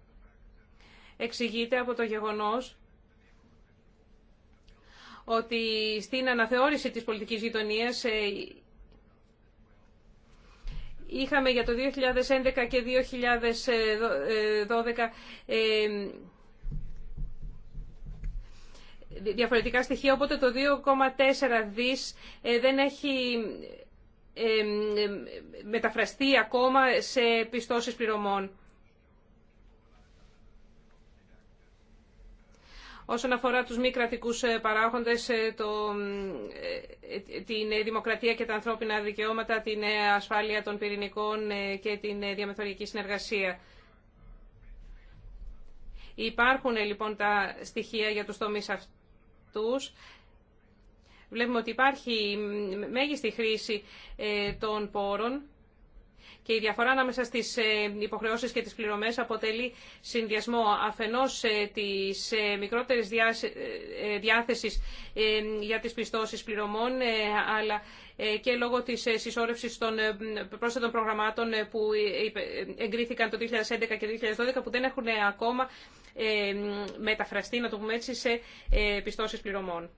εξηγείται από το γεγονός ότι στην αναθεώρηση της πολιτικής γειτονίας είχαμε για το 2011 και 2012 διαφορετικά στοιχεία, οπότε το 2,4 δις ε, δεν έχει ε, ε, μεταφραστεί ακόμα σε πιστώσεις πληρωμών. Όσον αφορά τους μη κρατικού παράγοντες, το, την δημοκρατία και τα ανθρώπινα δικαιώματα, την ασφάλεια των πυρηνικών και την διαμεθοριακή συνεργασία. Υπάρχουν λοιπόν τα στοιχεία για τους τομείς αυτούς βλέπουμε ότι υπάρχει μέγιστη χρήση ε, των πόρων και η διαφορά ανάμεσα στις ε, υποχρεώσεις και τις πληρωμές αποτελεί συνδυασμό αφενός ε, της μικρότερης διάθεσης για τις πιστώσεις πληρωμών αλλά ε, και λόγω τη ε, συσσόρευση των ε, πρόσθετων προγραμμάτων που εγκρίθηκαν το 2011 και το 2012 που δεν έχουν ακόμα μεταφραστεί, να το πούμε έτσι, σε πιστώσεις πληρωμών.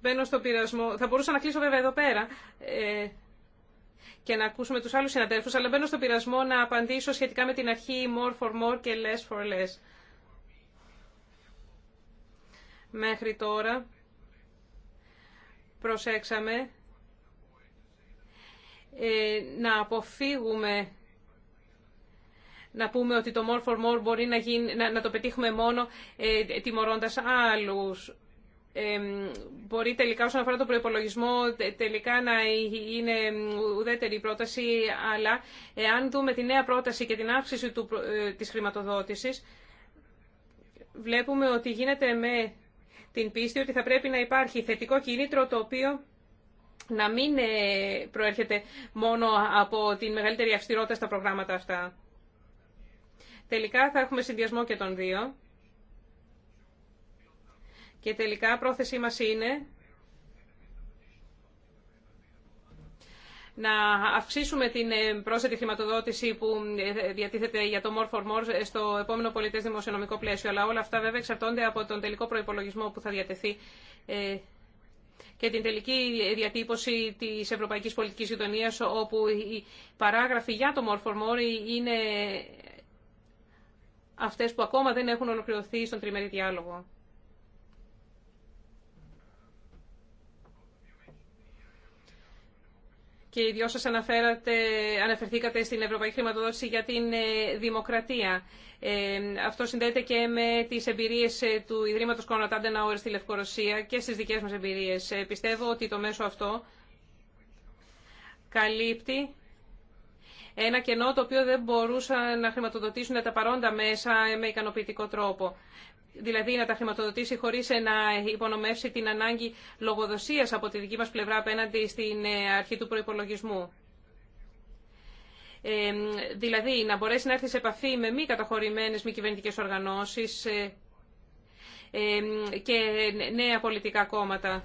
Μπαίνω στο πειρασμό. Θα μπορούσα να κλείσω βέβαια εδώ πέρα και να ακούσουμε τους άλλους συναδέλφους, αλλά μπαίνω στο πειρασμό να απαντήσω σχετικά με την αρχή more for more και less for less. Μέχρι τώρα προσέξαμε ε, να αποφύγουμε να πούμε ότι το more for more μπορεί να, γίνει, να, το πετύχουμε μόνο ε, τιμωρώντας άλλους. Ε, μπορεί τελικά όσον αφορά το προϋπολογισμό τελικά να είναι ουδέτερη η πρόταση, αλλά εάν δούμε τη νέα πρόταση και την αύξηση του, ε, της χρηματοδότησης, βλέπουμε ότι γίνεται με την πίστη ότι θα πρέπει να υπάρχει θετικό κίνητρο το οποίο να μην ε, προέρχεται μόνο από την μεγαλύτερη αυστηρότητα στα προγράμματα αυτά. Τελικά θα έχουμε συνδυασμό και των δύο. Και τελικά πρόθεσή μας είναι να αυξήσουμε την ε, πρόσθετη χρηματοδότηση που ε, διατίθεται για το More for More στο επόμενο πολιτές δημοσιονομικό πλαίσιο. Αλλά όλα αυτά βέβαια εξαρτώνται από τον τελικό προϋπολογισμό που θα διατεθεί ε, και την τελική διατύπωση της Ευρωπαϊκής Πολιτικής Γειτονίας όπου οι παράγραφοι για το More for More είναι αυτές που ακόμα δεν έχουν ολοκληρωθεί στον τριμερή διάλογο. και οι δυο σας αναφέρατε, αναφερθήκατε στην Ευρωπαϊκή Χρηματοδότηση για την ε, Δημοκρατία. Ε, αυτό συνδέεται και με τις εμπειρίες ε, του Ιδρύματος Κονοτάντε Ναόρ στη Λευκορωσία και στις δικές μας εμπειρίες. Ε, πιστεύω ότι το μέσο αυτό καλύπτει ένα κενό το οποίο δεν μπορούσαν να χρηματοδοτήσουν τα παρόντα μέσα με ικανοποιητικό τρόπο δηλαδή να τα χρηματοδοτήσει χωρί να υπονομεύσει την ανάγκη λογοδοσία από τη δική μα πλευρά απέναντι στην ε, αρχή του προπολογισμού. Ε, δηλαδή να μπορέσει να έρθει σε επαφή με μη καταχωρημένες μη κυβερνητικέ οργανώσει ε, και νέα πολιτικά κόμματα.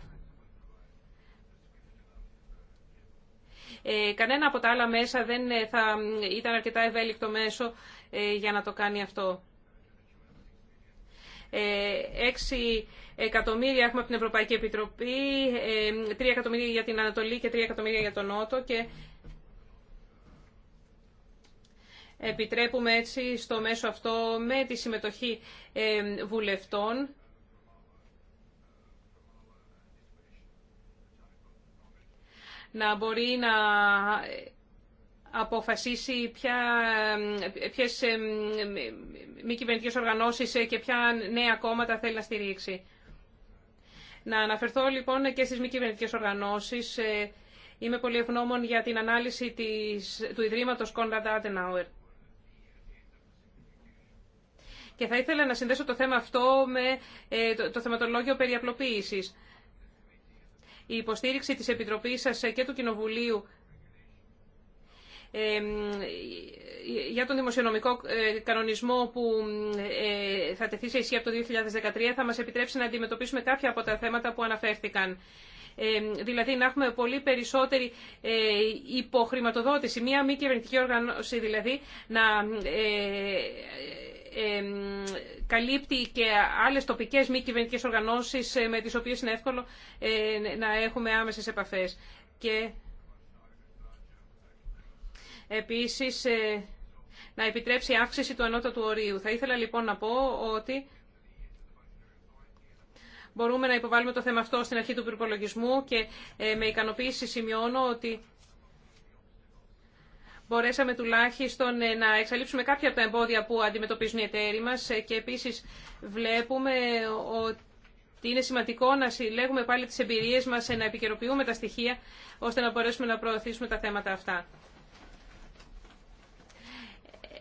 Κανένα από τα άλλα μέσα δεν θα ήταν αρκετά ευέλικτο μέσο για να το κάνει αυτό. 6 ε, εκατομμύρια έχουμε από την Ευρωπαϊκή Επιτροπή, 3 ε, εκατομμύρια για την Ανατολή και 3 εκατομμύρια για τον Νότο και επιτρέπουμε έτσι στο μέσο αυτό με τη συμμετοχή ε, βουλευτών να μπορεί να αποφασίσει ποια, ε, ποιες ε, μη κυβερνητικές οργανώσεις ε, και ποια νέα κόμματα θέλει να στηρίξει. Να αναφερθώ λοιπόν και στις μη κυβερνητικέ οργανώσεις. Είμαι πολύ ευγνώμων για την ανάλυση της, του Ιδρύματος Conrad Adenauer. Και θα ήθελα να συνδέσω το θέμα αυτό με το, το θεματολόγιο περί απλοποίησης. Η υποστήριξη της Επιτροπής σας και του Κοινοβουλίου για τον δημοσιονομικό ε, κανονισμό που ε, θα τεθεί σε ισχύ από το 2013 θα μας επιτρέψει να αντιμετωπίσουμε κάποια από τα θέματα που αναφέρθηκαν. Δηλαδή να έχουμε πολύ περισσότερη ε, υποχρηματοδότηση, μία μη κυβερνητική οργανώση δηλαδή να καλύπτει και άλλες τοπικές μη κυβερνητικές οργανώσεις με τις οποίες είναι εύκολο να έχουμε άμεσες επαφές. Και επίσης ε, να επιτρέψει αύξηση του του ορίου. Θα ήθελα λοιπόν να πω ότι μπορούμε να υποβάλουμε το θέμα αυτό στην αρχή του προπολογισμού και ε, με ικανοποίηση σημειώνω ότι μπορέσαμε τουλάχιστον ε, να εξαλείψουμε κάποια από τα εμπόδια που αντιμετωπίζουν οι εταίροι μας και επίσης βλέπουμε ότι είναι σημαντικό να συλλέγουμε πάλι τις εμπειρίες μας, να επικαιροποιούμε τα στοιχεία, ώστε να μπορέσουμε να προωθήσουμε τα θέματα αυτά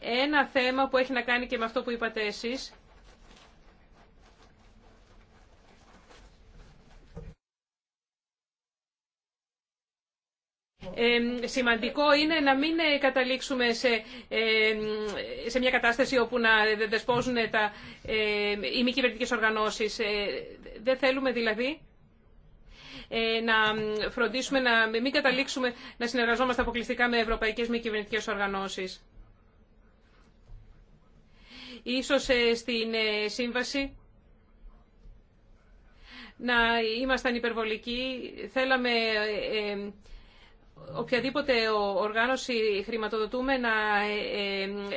ένα θέμα που έχει να κάνει και με αυτό που είπατε εσείς. σημαντικό είναι να μην ε, καταλήξουμε σε, σε μια κατάσταση όπου να δεσπόζουν τα, ε, οι μη κυβερνητικέ οργανώσεις. Ε, δεν θέλουμε δηλαδή ε, να φροντίσουμε να μην καταλήξουμε να συνεργαζόμαστε αποκλειστικά με ευρωπαϊκές μη κυβερνητικέ οργανώσεις. Ίσως ε, στην ε, σύμβαση να ήμασταν υπερβολικοί. Θέλαμε ε, οποιαδήποτε οργάνωση χρηματοδοτούμε να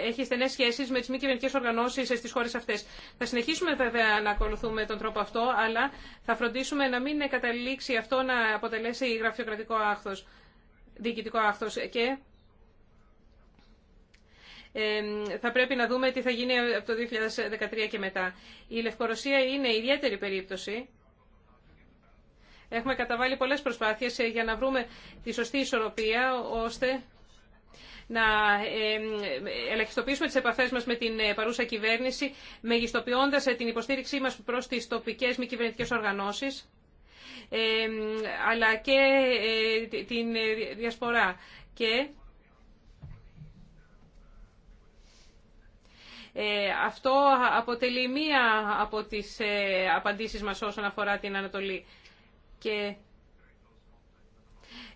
έχει στενές σχέσεις με τις μη κυβερνητικέ οργανώσεις στις χώρες αυτές. Θα συνεχίσουμε βέβαια να ακολουθούμε τον τρόπο αυτό, αλλά θα φροντίσουμε να μην καταλήξει αυτό να αποτελέσει γραφειοκρατικό άχθος, διοικητικό άχθος. Και θα πρέπει να δούμε τι θα γίνει από το 2013 και μετά. Η Λευκορωσία είναι ιδιαίτερη περίπτωση. Έχουμε καταβάλει πολλές προσπάθειες ε, για να βρούμε τη σωστή ισορροπία ώστε να ελαχιστοποιήσουμε τις επαφές μας με την ε, παρούσα κυβέρνηση, μεγιστοποιώντας ε, την υποστήριξή μας προς τις τοπικές μη κυβερνητικές οργανώσεις, αλλά και την διασπορά. Και Ε, αυτό αποτελεί μία από τις ε, απαντήσεις μας όσον αφορά την Ανατολή. Και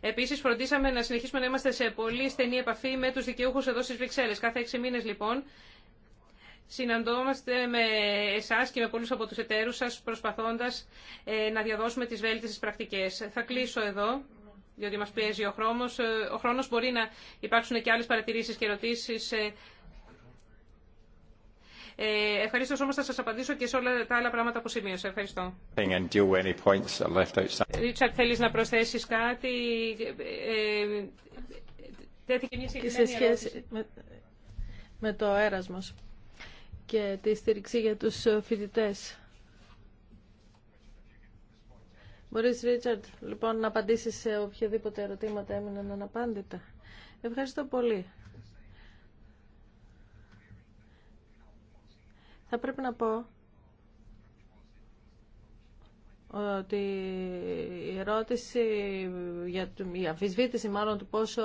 Επίση, φροντίσαμε να συνεχίσουμε να είμαστε σε πολύ στενή επαφή με του δικαιούχου εδώ στι Βρυξέλλε. Κάθε έξι μήνε, λοιπόν, συναντώμαστε με εσά και με πολλού από του εταίρου σα, προσπαθώντα ε, να διαδώσουμε τι βέλτιστε πρακτικέ. Θα κλείσω εδώ, διότι μα πιέζει ο χρόνο. Ο χρόνο μπορεί να υπάρξουν και άλλε παρατηρήσει και ερωτήσει ε, ευχαριστώ όμω θα σας απαντήσω και σε όλα τα άλλα πράγματα που σημείωσα. Ευχαριστώ. Ρίτσαρτ, θέλεις να προσθέσεις κάτι. Ε, ε Τέθηκε μια σε σχέση με, με το έρασμα και τη στήριξη για τους ε, φοιτητές. Μπορείς, Ρίτσαρντ, λοιπόν, να απαντήσεις σε οποιαδήποτε ερωτήματα έμειναν αναπάντητα. Ευχαριστώ πολύ. Θα πρέπει να πω ότι η ερώτηση για η αμφισβήτηση μάλλον του πόσο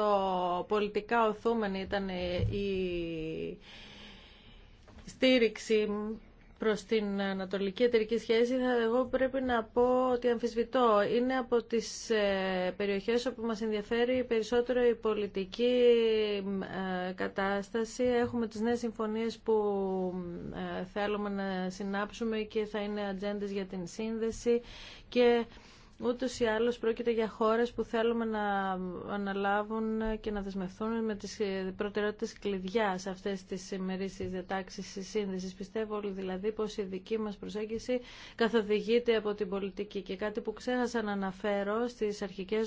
πολιτικά οθούμενη ήταν η στήριξη προς την ανατολική εταιρική σχέση, εγώ πρέπει να πω ότι αμφισβητώ. Είναι από τις ε, περιοχές όπου μας ενδιαφέρει περισσότερο η πολιτική ε, κατάσταση. Έχουμε τις νέες συμφωνίες που ε, θέλουμε να συνάψουμε και θα είναι ατζέντες για την σύνδεση και Ούτως ή άλλως πρόκειται για χώρες που θέλουμε να αναλάβουν και να δεσμευθούν με τις προτεραιότητες κλειδιά σε αυτές τις τη διατάξεις της σύνδεσης. Πιστεύω δηλαδή πως η δική μας προσέγγιση καθοδηγείται από την πολιτική και κάτι που ξέχασα να αναφέρω στις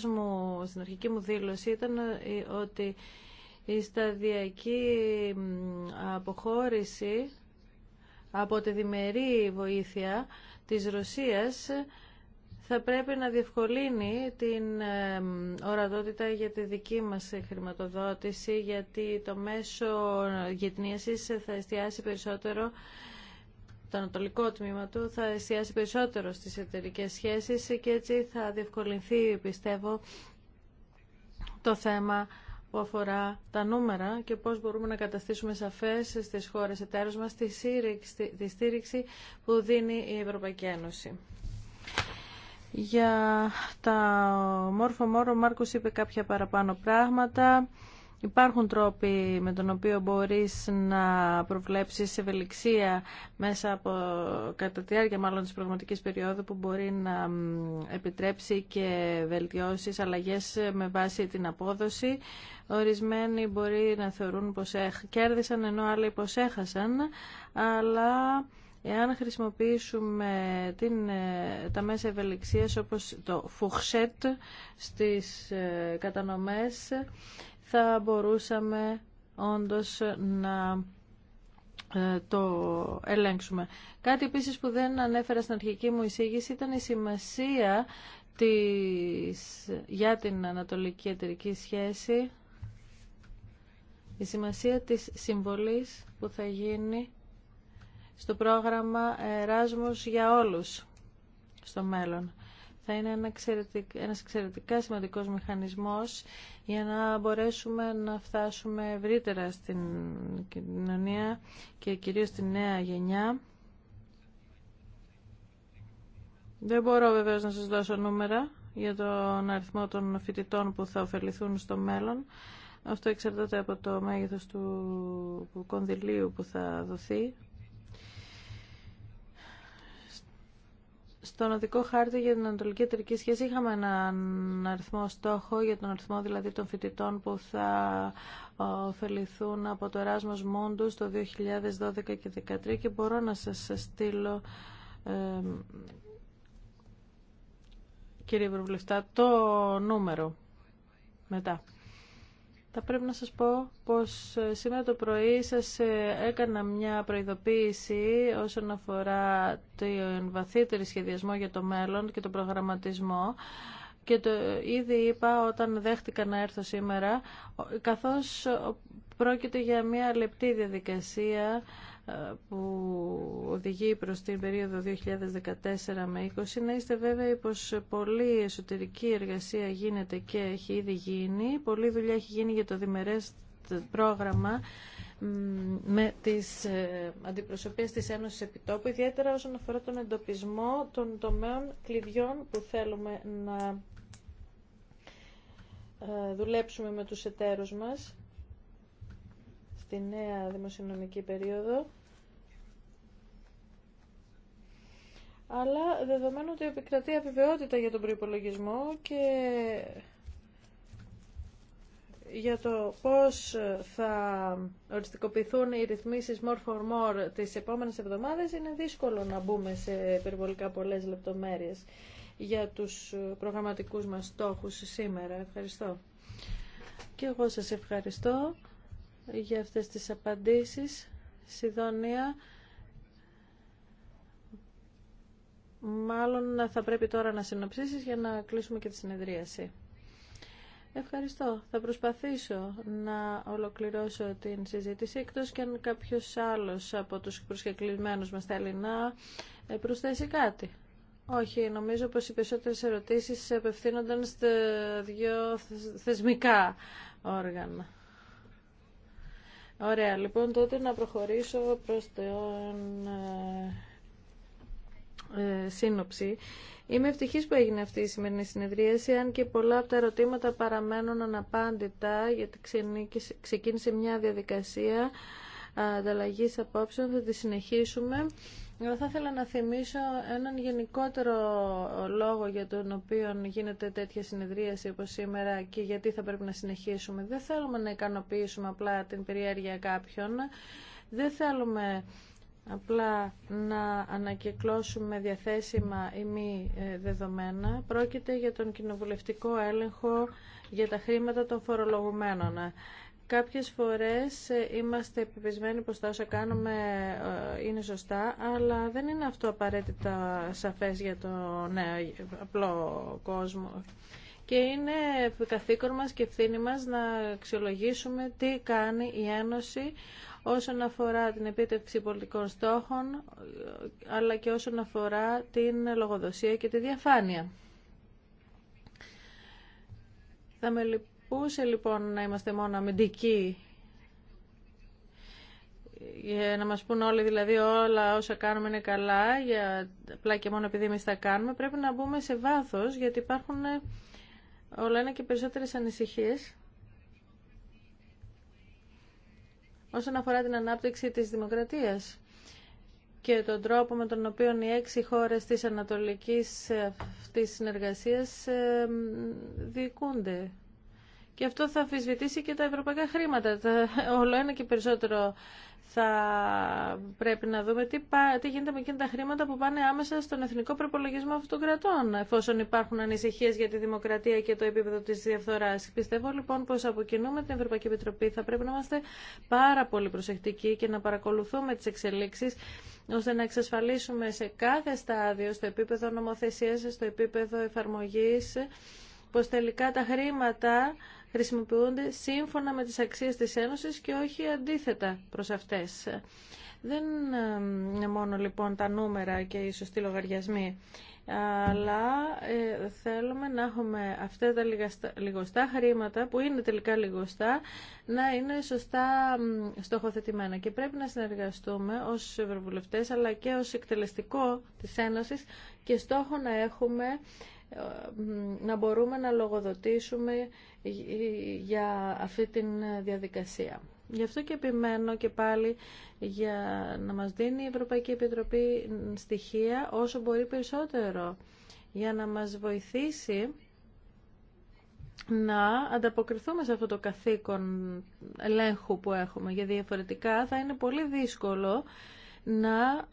μου, στην αρχική μου δήλωση ήταν ε, ότι η σταδιακή αποχώρηση από τη διμερή βοήθεια της Ρωσίας θα πρέπει να διευκολύνει την ορατότητα για τη δική μας χρηματοδότηση γιατί το μέσο γετνίασης θα εστιάσει περισσότερο το ανατολικό τμήμα του θα εστιάσει περισσότερο στις εταιρικές σχέσεις και έτσι θα διευκολυνθεί πιστεύω το θέμα που αφορά τα νούμερα και πώς μπορούμε να καταστήσουμε σαφές στις χώρες εταίρους μας τη στήριξη που δίνει η Ευρωπαϊκή Ένωση. Για τα μόρφο μόρο, ο Μάρκος είπε κάποια παραπάνω πράγματα. Υπάρχουν τρόποι με τον οποίο μπορείς να προβλέψεις ευελιξία μέσα από, κατά τη διάρκεια μάλλον της προγραμματικής περίοδου που μπορεί να επιτρέψει και βελτιώσεις, αλλαγές με βάση την απόδοση. Ορισμένοι μπορεί να θεωρούν πως κέρδισαν ενώ άλλοι πως έχασαν, αλλά... Εάν χρησιμοποιήσουμε την, ε, τα μέσα ευελιξίας όπως το φουχσέτ στις ε, κατανομές, θα μπορούσαμε όντως να ε, το ελέγξουμε. Κάτι επίσης που δεν ανέφερα στην αρχική μου εισήγηση ήταν η σημασία της, για την ανατολική εταιρική σχέση η σημασία της συμβολής που θα γίνει στο πρόγραμμα ράσμους για όλους στο μέλλον. Θα είναι ένα ένας εξαιρετικά σημαντικός μηχανισμός για να μπορέσουμε να φτάσουμε ευρύτερα στην κοινωνία και κυρίως στη νέα γενιά. Δεν μπορώ βεβαίως να σας δώσω νούμερα για τον αριθμό των φοιτητών που θα ωφεληθούν στο μέλλον. Αυτό εξαρτάται από το μέγεθος του κονδυλίου που θα δοθεί Στον οδικό χάρτη για την Ανατολική Εταιρική Σχέση είχαμε έναν αριθμό στόχο για τον αριθμό δηλαδή των φοιτητών που θα ωφεληθούν από το Erasmus Mundus το 2012 και 2013 και μπορώ να σας στείλω κύριε Ευρωβουλευτά το νούμερο μετά. Θα πρέπει να σας πω πως ε, σήμερα το πρωί σας ε, έκανα μια προειδοποίηση όσον αφορά τον βαθύτερη σχεδιασμό για το μέλλον και τον προγραμματισμό και το ήδη είπα όταν δέχτηκα να έρθω σήμερα καθώς πρόκειται για μια λεπτή διαδικασία που οδηγεί προς την περίοδο 2014 με 20 να είστε βέβαιοι πως πολλή εσωτερική εργασία γίνεται και έχει ήδη γίνει πολλή δουλειά έχει γίνει για το διμερές πρόγραμμα με τις ε, αντιπροσωπείες της Ένωσης Επιτόπου, ιδιαίτερα όσον αφορά τον εντοπισμό των τομέων κλειδιών που θέλουμε να ε, δουλέψουμε με τους εταίρους μας τη νέα δημοσιονομική περίοδο. Αλλά δεδομένου ότι επικρατεί αβεβαιότητα για τον προϋπολογισμό και για το πώς θα οριστικοποιηθούν οι ρυθμίσεις more for more τις επόμενες εβδομάδες είναι δύσκολο να μπούμε σε περιβολικά πολλές λεπτομέρειες για τους προγραμματικούς μας στόχους σήμερα. Ευχαριστώ. Και εγώ σας ευχαριστώ για αυτές τις απαντήσεις. Σιδωνία, μάλλον θα πρέπει τώρα να συνοψίσεις για να κλείσουμε και τη συνεδρίαση. Ευχαριστώ. Θα προσπαθήσω να ολοκληρώσω την συζήτηση, εκτός και αν κάποιος άλλος από τους προσκεκλημένους μας θέλει να ε, προσθέσει κάτι. Όχι, νομίζω πως οι περισσότερες ερωτήσεις απευθύνονταν στα δύο θεσμικά όργανα. Ωραία, λοιπόν, τότε να προχωρήσω προς την ε, ε, σύνοψη. Είμαι ευτυχής που έγινε αυτή η σημερινή συνεδρίαση, αν και πολλά από τα ερωτήματα παραμένουν αναπάντητα, γιατί ξεκίνησε μια διαδικασία ε, ανταλλαγής απόψεων, θα τη συνεχίσουμε. Εγώ θα ήθελα να θυμίσω έναν γενικότερο λόγο για τον οποίο γίνεται τέτοια συνεδρίαση όπως σήμερα και γιατί θα πρέπει να συνεχίσουμε. Δεν θέλουμε να ικανοποιήσουμε απλά την περιέργεια κάποιων. Δεν θέλουμε απλά να ανακυκλώσουμε διαθέσιμα ή μη ε, δεδομένα. Πρόκειται για τον κοινοβουλευτικό έλεγχο για τα χρήματα των φορολογουμένων. Κάποιες φορές ε, είμαστε επιπισμένοι πως τα όσα κάνουμε ε, είναι σωστά, αλλά δεν είναι αυτό απαραίτητα σαφές για τον ναι, απλό κόσμο. Και είναι καθήκον μας και ευθύνη μας να αξιολογήσουμε τι κάνει η Ένωση όσον αφορά την επίτευξη πολιτικών στόχων, αλλά και όσον αφορά την λογοδοσία και τη διαφάνεια. Θα με λοιπόν να είμαστε μόνο αμυντικοί για να μας πούν όλοι δηλαδή όλα όσα κάνουμε είναι καλά για, απλά και μόνο επειδή εμείς τα κάνουμε πρέπει να μπούμε σε βάθος γιατί υπάρχουν ε, όλα ένα και περισσότερες ανησυχίες όσον αφορά την ανάπτυξη της δημοκρατίας και τον τρόπο με τον οποίο οι έξι χώρες της ανατολικής ε, αυτής συνεργασίας ε, διοικούνται. Και αυτό θα αφισβητήσει και τα ευρωπαϊκά χρήματα. Τα, όλο ένα και περισσότερο θα πρέπει να δούμε τι, τι γίνεται με εκείνα τα χρήματα που πάνε άμεσα στον εθνικό προπολογισμό αυτών των κρατών, εφόσον υπάρχουν ανησυχίε για τη δημοκρατία και το επίπεδο τη διαφθορά. Πιστεύω λοιπόν πω από κοινού με την Ευρωπαϊκή Επιτροπή θα πρέπει να είμαστε πάρα πολύ προσεκτικοί και να παρακολουθούμε τι εξελίξει ώστε να εξασφαλίσουμε σε κάθε στάδιο, στο επίπεδο νομοθεσίας, στο επίπεδο εφαρμογής, πως τελικά τα χρήματα χρησιμοποιούνται σύμφωνα με τις αξίες της Ένωσης και όχι αντίθετα προς αυτές. Δεν ε, είναι μόνο λοιπόν τα νούμερα και οι σωστοί λογαριασμοί, αλλά ε, θέλουμε να έχουμε αυτά τα λιγοστά χρήματα, που είναι τελικά λιγοστά, να είναι σωστά στοχοθετημένα. Και πρέπει να συνεργαστούμε ως ευρωβουλευτές, αλλά και ως εκτελεστικό της Ένωσης και στόχο να έχουμε να μπορούμε να λογοδοτήσουμε για αυτή τη διαδικασία. Γι' αυτό και επιμένω και πάλι για να μας δίνει η Ευρωπαϊκή Επιτροπή στοιχεία όσο μπορεί περισσότερο για να μας βοηθήσει να ανταποκριθούμε σε αυτό το καθήκον ελέγχου που έχουμε, Για διαφορετικά θα είναι πολύ δύσκολο να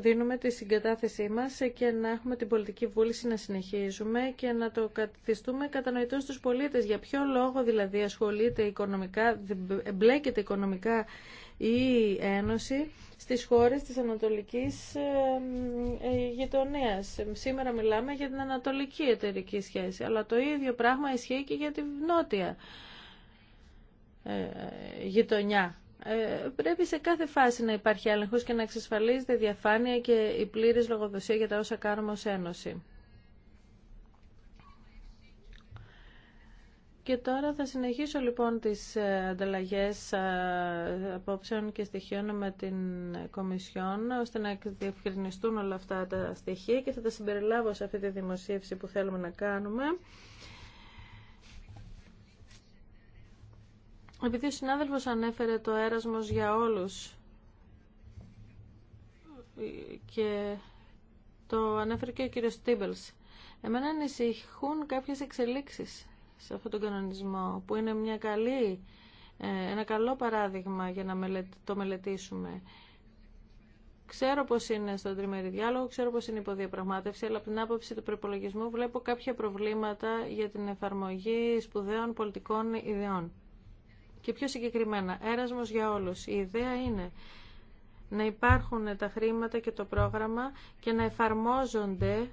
δίνουμε τη συγκατάθεσή μας και να έχουμε την πολιτική βούληση να συνεχίζουμε και να το καθιστούμε κατανοητό στους πολίτες. Για ποιο λόγο δηλαδή ασχολείται οικονομικά, εμπλέκεται οικονομικά η Ένωση στις χώρες της Ανατολικής ε, γειτονίας. Σήμερα μιλάμε για την Ανατολική εταιρική σχέση, αλλά το ίδιο πράγμα ισχύει και για τη Νότια ε, γειτονιά ε, πρέπει σε κάθε φάση να υπάρχει έλεγχος και να εξασφαλίζεται διαφάνεια και η πλήρης λογοδοσία για τα όσα κάνουμε ως Ένωση. Και τώρα θα συνεχίσω λοιπόν τις ε, ανταλλαγές ε, απόψεων και στοιχείων με την Κομισιόν ώστε να διευκρινιστούν όλα αυτά τα στοιχεία και θα τα συμπεριλάβω σε αυτή τη δημοσίευση που θέλουμε να κάνουμε Επειδή ο συνάδελφος ανέφερε το έρασμος για όλους και το ανέφερε και ο κύριος Τίμπελς, εμένα ανησυχούν κάποιες εξελίξεις σε αυτόν τον κανονισμό, που είναι μια καλή, ε, ένα καλό παράδειγμα για να το μελετήσουμε. Ξέρω πώς είναι στον τριμερή διάλογο, ξέρω πώς είναι η υποδιαπραγμάτευση, αλλά από την άποψη του προπολογισμού βλέπω κάποια προβλήματα για την εφαρμογή σπουδαίων πολιτικών ιδεών. Και πιο συγκεκριμένα, έρασμος για όλους. Η ιδέα είναι να υπάρχουν τα χρήματα και το πρόγραμμα και να εφαρμόζονται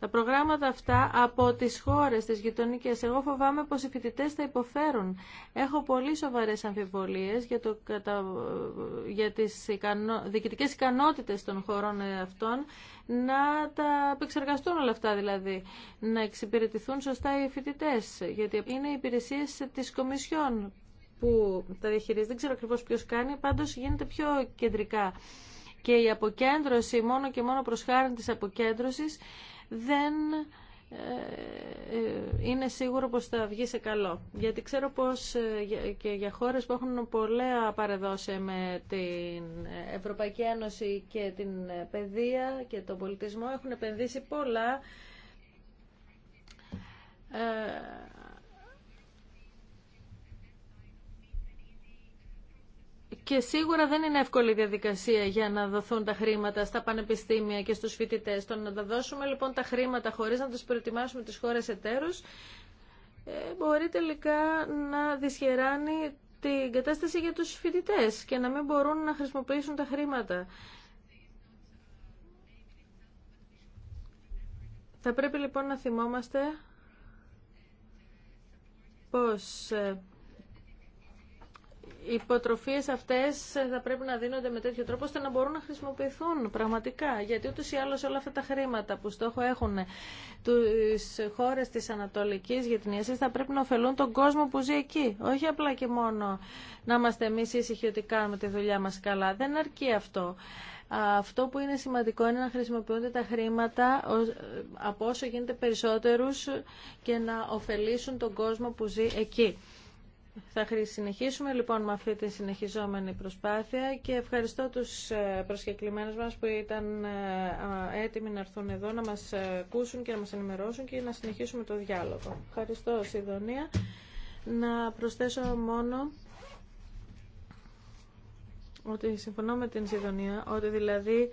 τα προγράμματα αυτά από τι χώρε τι γειτονικέ. Εγώ φοβάμαι πω οι φοιτητέ θα υποφέρουν. Έχω πολύ σοβαρέ αμφιβολίες για, το, για τις ικανο, ικανότητες των χωρών αυτών να τα επεξεργαστούν όλα αυτά δηλαδή, να εξυπηρετηθούν σωστά οι φοιτητέ, γιατί είναι οι υπηρεσίε τη Κομισιόν που τα διαχειρίζει. Δεν ξέρω ακριβώ ποιο κάνει, πάντω γίνεται πιο κεντρικά. Και η αποκέντρωση, μόνο και μόνο προς χάρη της αποκέντρωση δεν ε, ε, είναι σίγουρο πως θα βγει σε καλό. Γιατί ξέρω πως ε, και για χώρες που έχουν πολλά παρεδώσει με την Ευρωπαϊκή Ένωση και την παιδεία και τον πολιτισμό έχουν επενδύσει πολλά Και σίγουρα δεν είναι εύκολη η διαδικασία για να δοθούν τα χρήματα στα πανεπιστήμια και στους φοιτητές. Το να τα δώσουμε λοιπόν τα χρήματα χωρίς να τους προετοιμάσουμε τις χώρες εταίρους ε, μπορεί τελικά να δυσχεράνει την κατάσταση για τους φοιτητές και να μην μπορούν να χρησιμοποιήσουν τα χρήματα. Θα πρέπει λοιπόν να θυμόμαστε πως ε, οι υποτροφίε αυτέ θα πρέπει να δίνονται με τέτοιο τρόπο ώστε να μπορούν να χρησιμοποιηθούν πραγματικά. Γιατί ούτω ή άλλως όλα αυτά τα χρήματα που στόχο έχουν τις χώρες της Ανατολικής Γετνίασης θα πρέπει να ωφελούν τον κόσμο που ζει εκεί. Όχι απλά και μόνο να είμαστε εμεί ήσυχοι ότι κάνουμε τη δουλειά μα καλά. Δεν αρκεί αυτό. Αυτό που είναι σημαντικό είναι να χρησιμοποιούνται τα χρήματα από όσο γίνεται περισσότερους και να ωφελήσουν τον κόσμο που ζει εκεί. Θα συνεχίσουμε λοιπόν με αυτή τη συνεχιζόμενη προσπάθεια και ευχαριστώ τους ε, προσκεκλημένους μας που ήταν ε, ε, έτοιμοι να έρθουν εδώ να μας ακούσουν και να μας ενημερώσουν και να συνεχίσουμε το διάλογο. Ευχαριστώ Σιδωνία. Να προσθέσω μόνο ότι συμφωνώ με την Σιδωνία ότι δηλαδή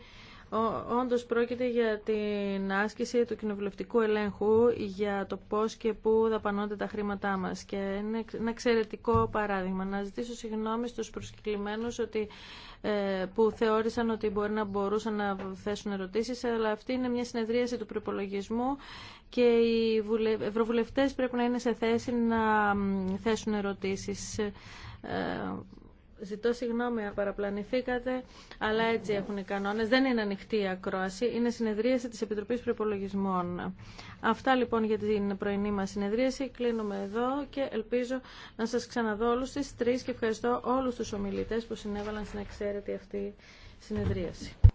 Όντω πρόκειται για την άσκηση του κοινοβουλευτικού ελέγχου για το πώς και πού δαπανώνται τα χρήματά μας. Και είναι ένα εξαιρετικό παράδειγμα. Να ζητήσω συγγνώμη στου προσκεκλημένους ότι, ε, που θεώρησαν ότι μπορεί να μπορούσαν να θέσουν ερωτήσεις, αλλά αυτή είναι μια συνεδρίαση του προπολογισμού και οι ευρωβουλευτές πρέπει να είναι σε θέση να θέσουν ερωτήσεις. Ε, Ζητώ συγγνώμη αν παραπλανηθήκατε, αλλά έτσι έχουν οι κανόνες. Δεν είναι ανοιχτή η ακρόαση, είναι συνεδρίαση της Επιτροπής Προπολογισμών. Αυτά λοιπόν για την πρωινή μας συνεδρίαση. Κλείνουμε εδώ και ελπίζω να σας ξαναδώ όλους τις τρεις και ευχαριστώ όλους τους ομιλητές που συνέβαλαν στην εξαίρετη αυτή συνεδρίαση.